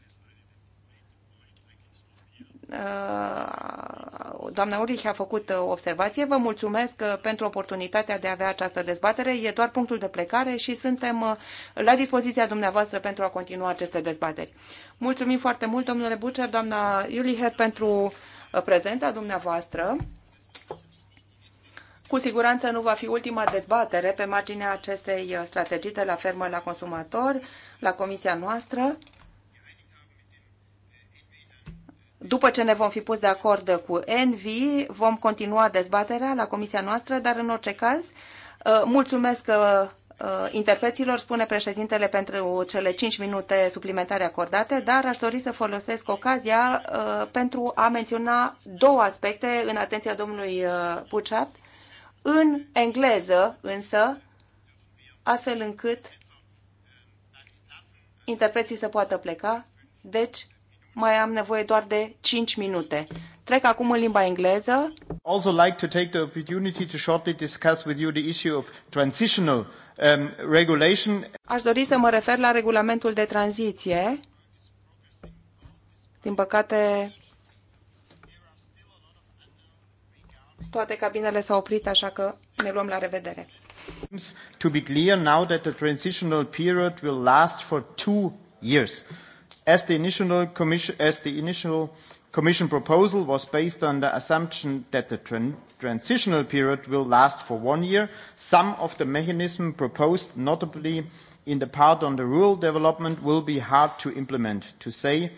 uh, doamna Urich a făcut o observație. Vă mulțumesc uh, pentru oportunitatea de a avea această dezbatere. E doar punctul de plecare și suntem uh, la dispoziția dumneavoastră pentru a continua aceste dezbateri. Mulțumim foarte mult, domnule Bucer, doamna Iuliher, pentru prezența dumneavoastră. Cu siguranță nu va fi ultima dezbatere pe marginea acestei uh, strategii de la fermă la consumator, la comisia noastră. După ce ne vom fi pus de acord cu Envi, vom continua dezbaterea la comisia noastră, dar în orice caz, uh, mulțumesc uh, interpreților, spune președintele, pentru cele 5 minute suplimentare acordate, dar aș dori să folosesc ocazia pentru a menționa două aspecte în atenția domnului Puciat în engleză, însă, astfel încât interpreții să poată pleca, deci mai am nevoie doar de 5 minute. Trec acum în limba engleză. Also like to take the opportunity to shortly discuss with you the issue of transitional um, regulation. Aș dori să mă refer la regulamentul de tranziție. Din păcate, Toate cabinele s-au oprit, așa că ne luăm la revedere. To be clear now that the transitional period will last for two years. As the initial commission, as the initial commission proposal was based on the assumption that the tran transitional period will last for one year, some of the mechanism proposed, notably in the part on the rural development, will be hard to implement. To say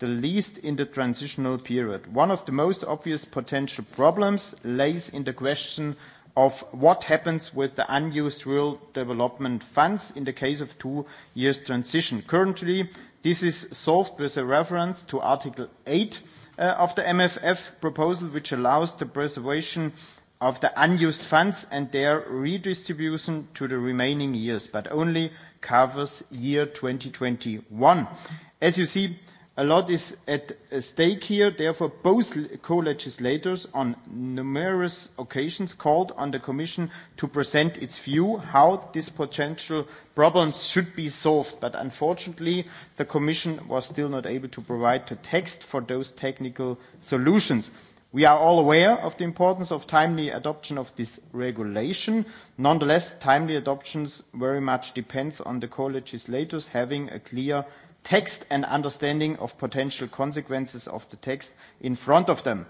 the least in the transitional period. One of the most obvious potential problems lays in the question of what happens with the unused rural development funds in the case of two years transition. Currently, this is solved with a reference to Article 8 uh, of the MFF proposal, which allows the preservation of the unused funds and their redistribution to the remaining years, but only covers year 2021. As you see, a lot is at uh, stake here. Therefore, both co-legislators on numerous occasions called on the Commission to present its view how these potential problems should be solved. But unfortunately, the Commission was still not able to provide the text for those technical solutions. We are all aware of the importance of timely adoption of this regulation. Nonetheless, timely adoptions very much depends on the co-legislators having a clear text and understanding of potential consequences of the text in front of them.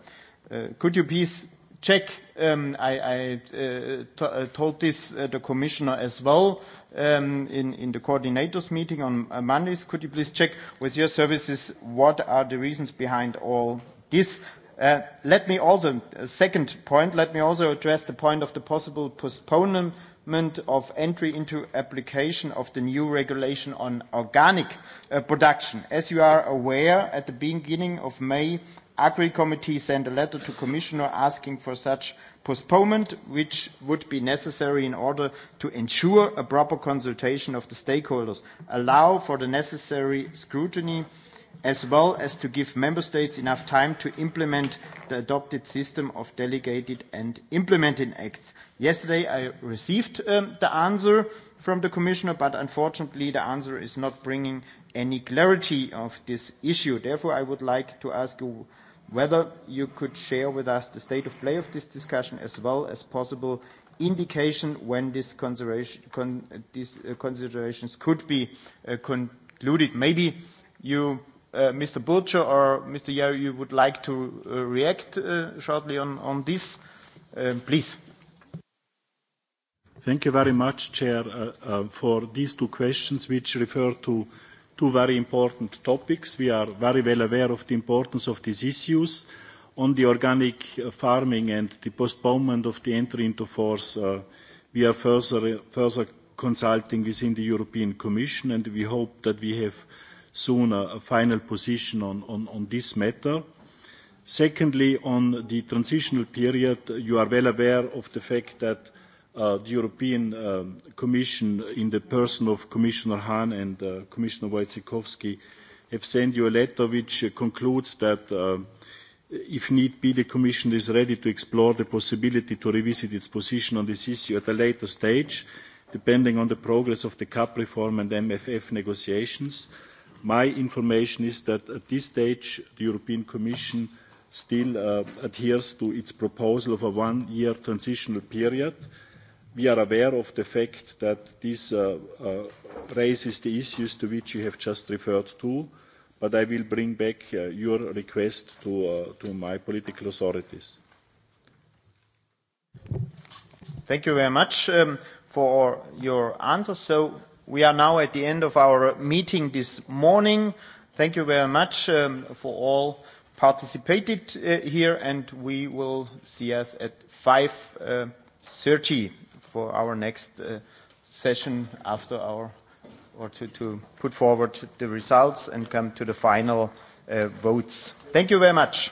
Uh, could you please check? Um, I, I uh, uh, told this uh, the commissioner as well um, in, in the coordinators meeting on uh, Mondays. Could you please check with your services what are the reasons behind all this? Uh, let me also, a uh, second point, let me also address the point of the possible postponement announcement of entry into application of the new regulation on organic uh, production. As you are aware, at the beginning of May, Agri Committee sent a letter to Commissioner asking for such postponement, which would be necessary in order to ensure a proper consultation of the stakeholders, allow for the necessary scrutiny uh, as well as to give member states enough time to implement the adopted system of delegated and implementing acts. Yesterday I received um, the answer from the Commissioner, but unfortunately the answer is not bringing any clarity of this issue. Therefore, I would like to ask you whether you could share with us the state of play of this discussion as well as possible indication when consideration, con, uh, these uh, considerations could be uh, concluded. Maybe you Uh, Mr. Burcher or Mr. Yeo, you would like to uh, react uh, shortly on, on this, uh, please. Thank you very much, Chair, uh, uh, for these two questions, which refer to two very important topics. We are very well aware of the importance of these issues. On the organic uh, farming and the postponement of the entry into force, Uh, we are further, further consulting within the European Commission, and we hope that we have soon a final position on, on, on this matter. Secondly, on the transitional period, you are well aware of the fact that uh, the European uh, Commission, in the person of Commissioner Hahn and uh, Commissioner Wojciechowski, have sent you a letter which uh, concludes that, uh, if need be, the Commission is ready to explore the possibility to revisit its position on this issue at a later stage, depending on the progress of the CAP reform and MFF negotiations. Uh, My information is that at this stage, the European Commission still uh, adheres to its proposal of a one-year transitional period. We are aware of the fact that this uh, uh, raises the issues to which you have just referred to, but I will bring back uh, your request to, uh, to my political authorities. Thank you very much um, for your answer. So We are now at the end of our meeting this morning. Thank you very much um, for all participated uh, here, and we will see us at 5:30 uh, for our next uh, session after our or to, to put forward the results and come to the final uh, votes. Thank you very much.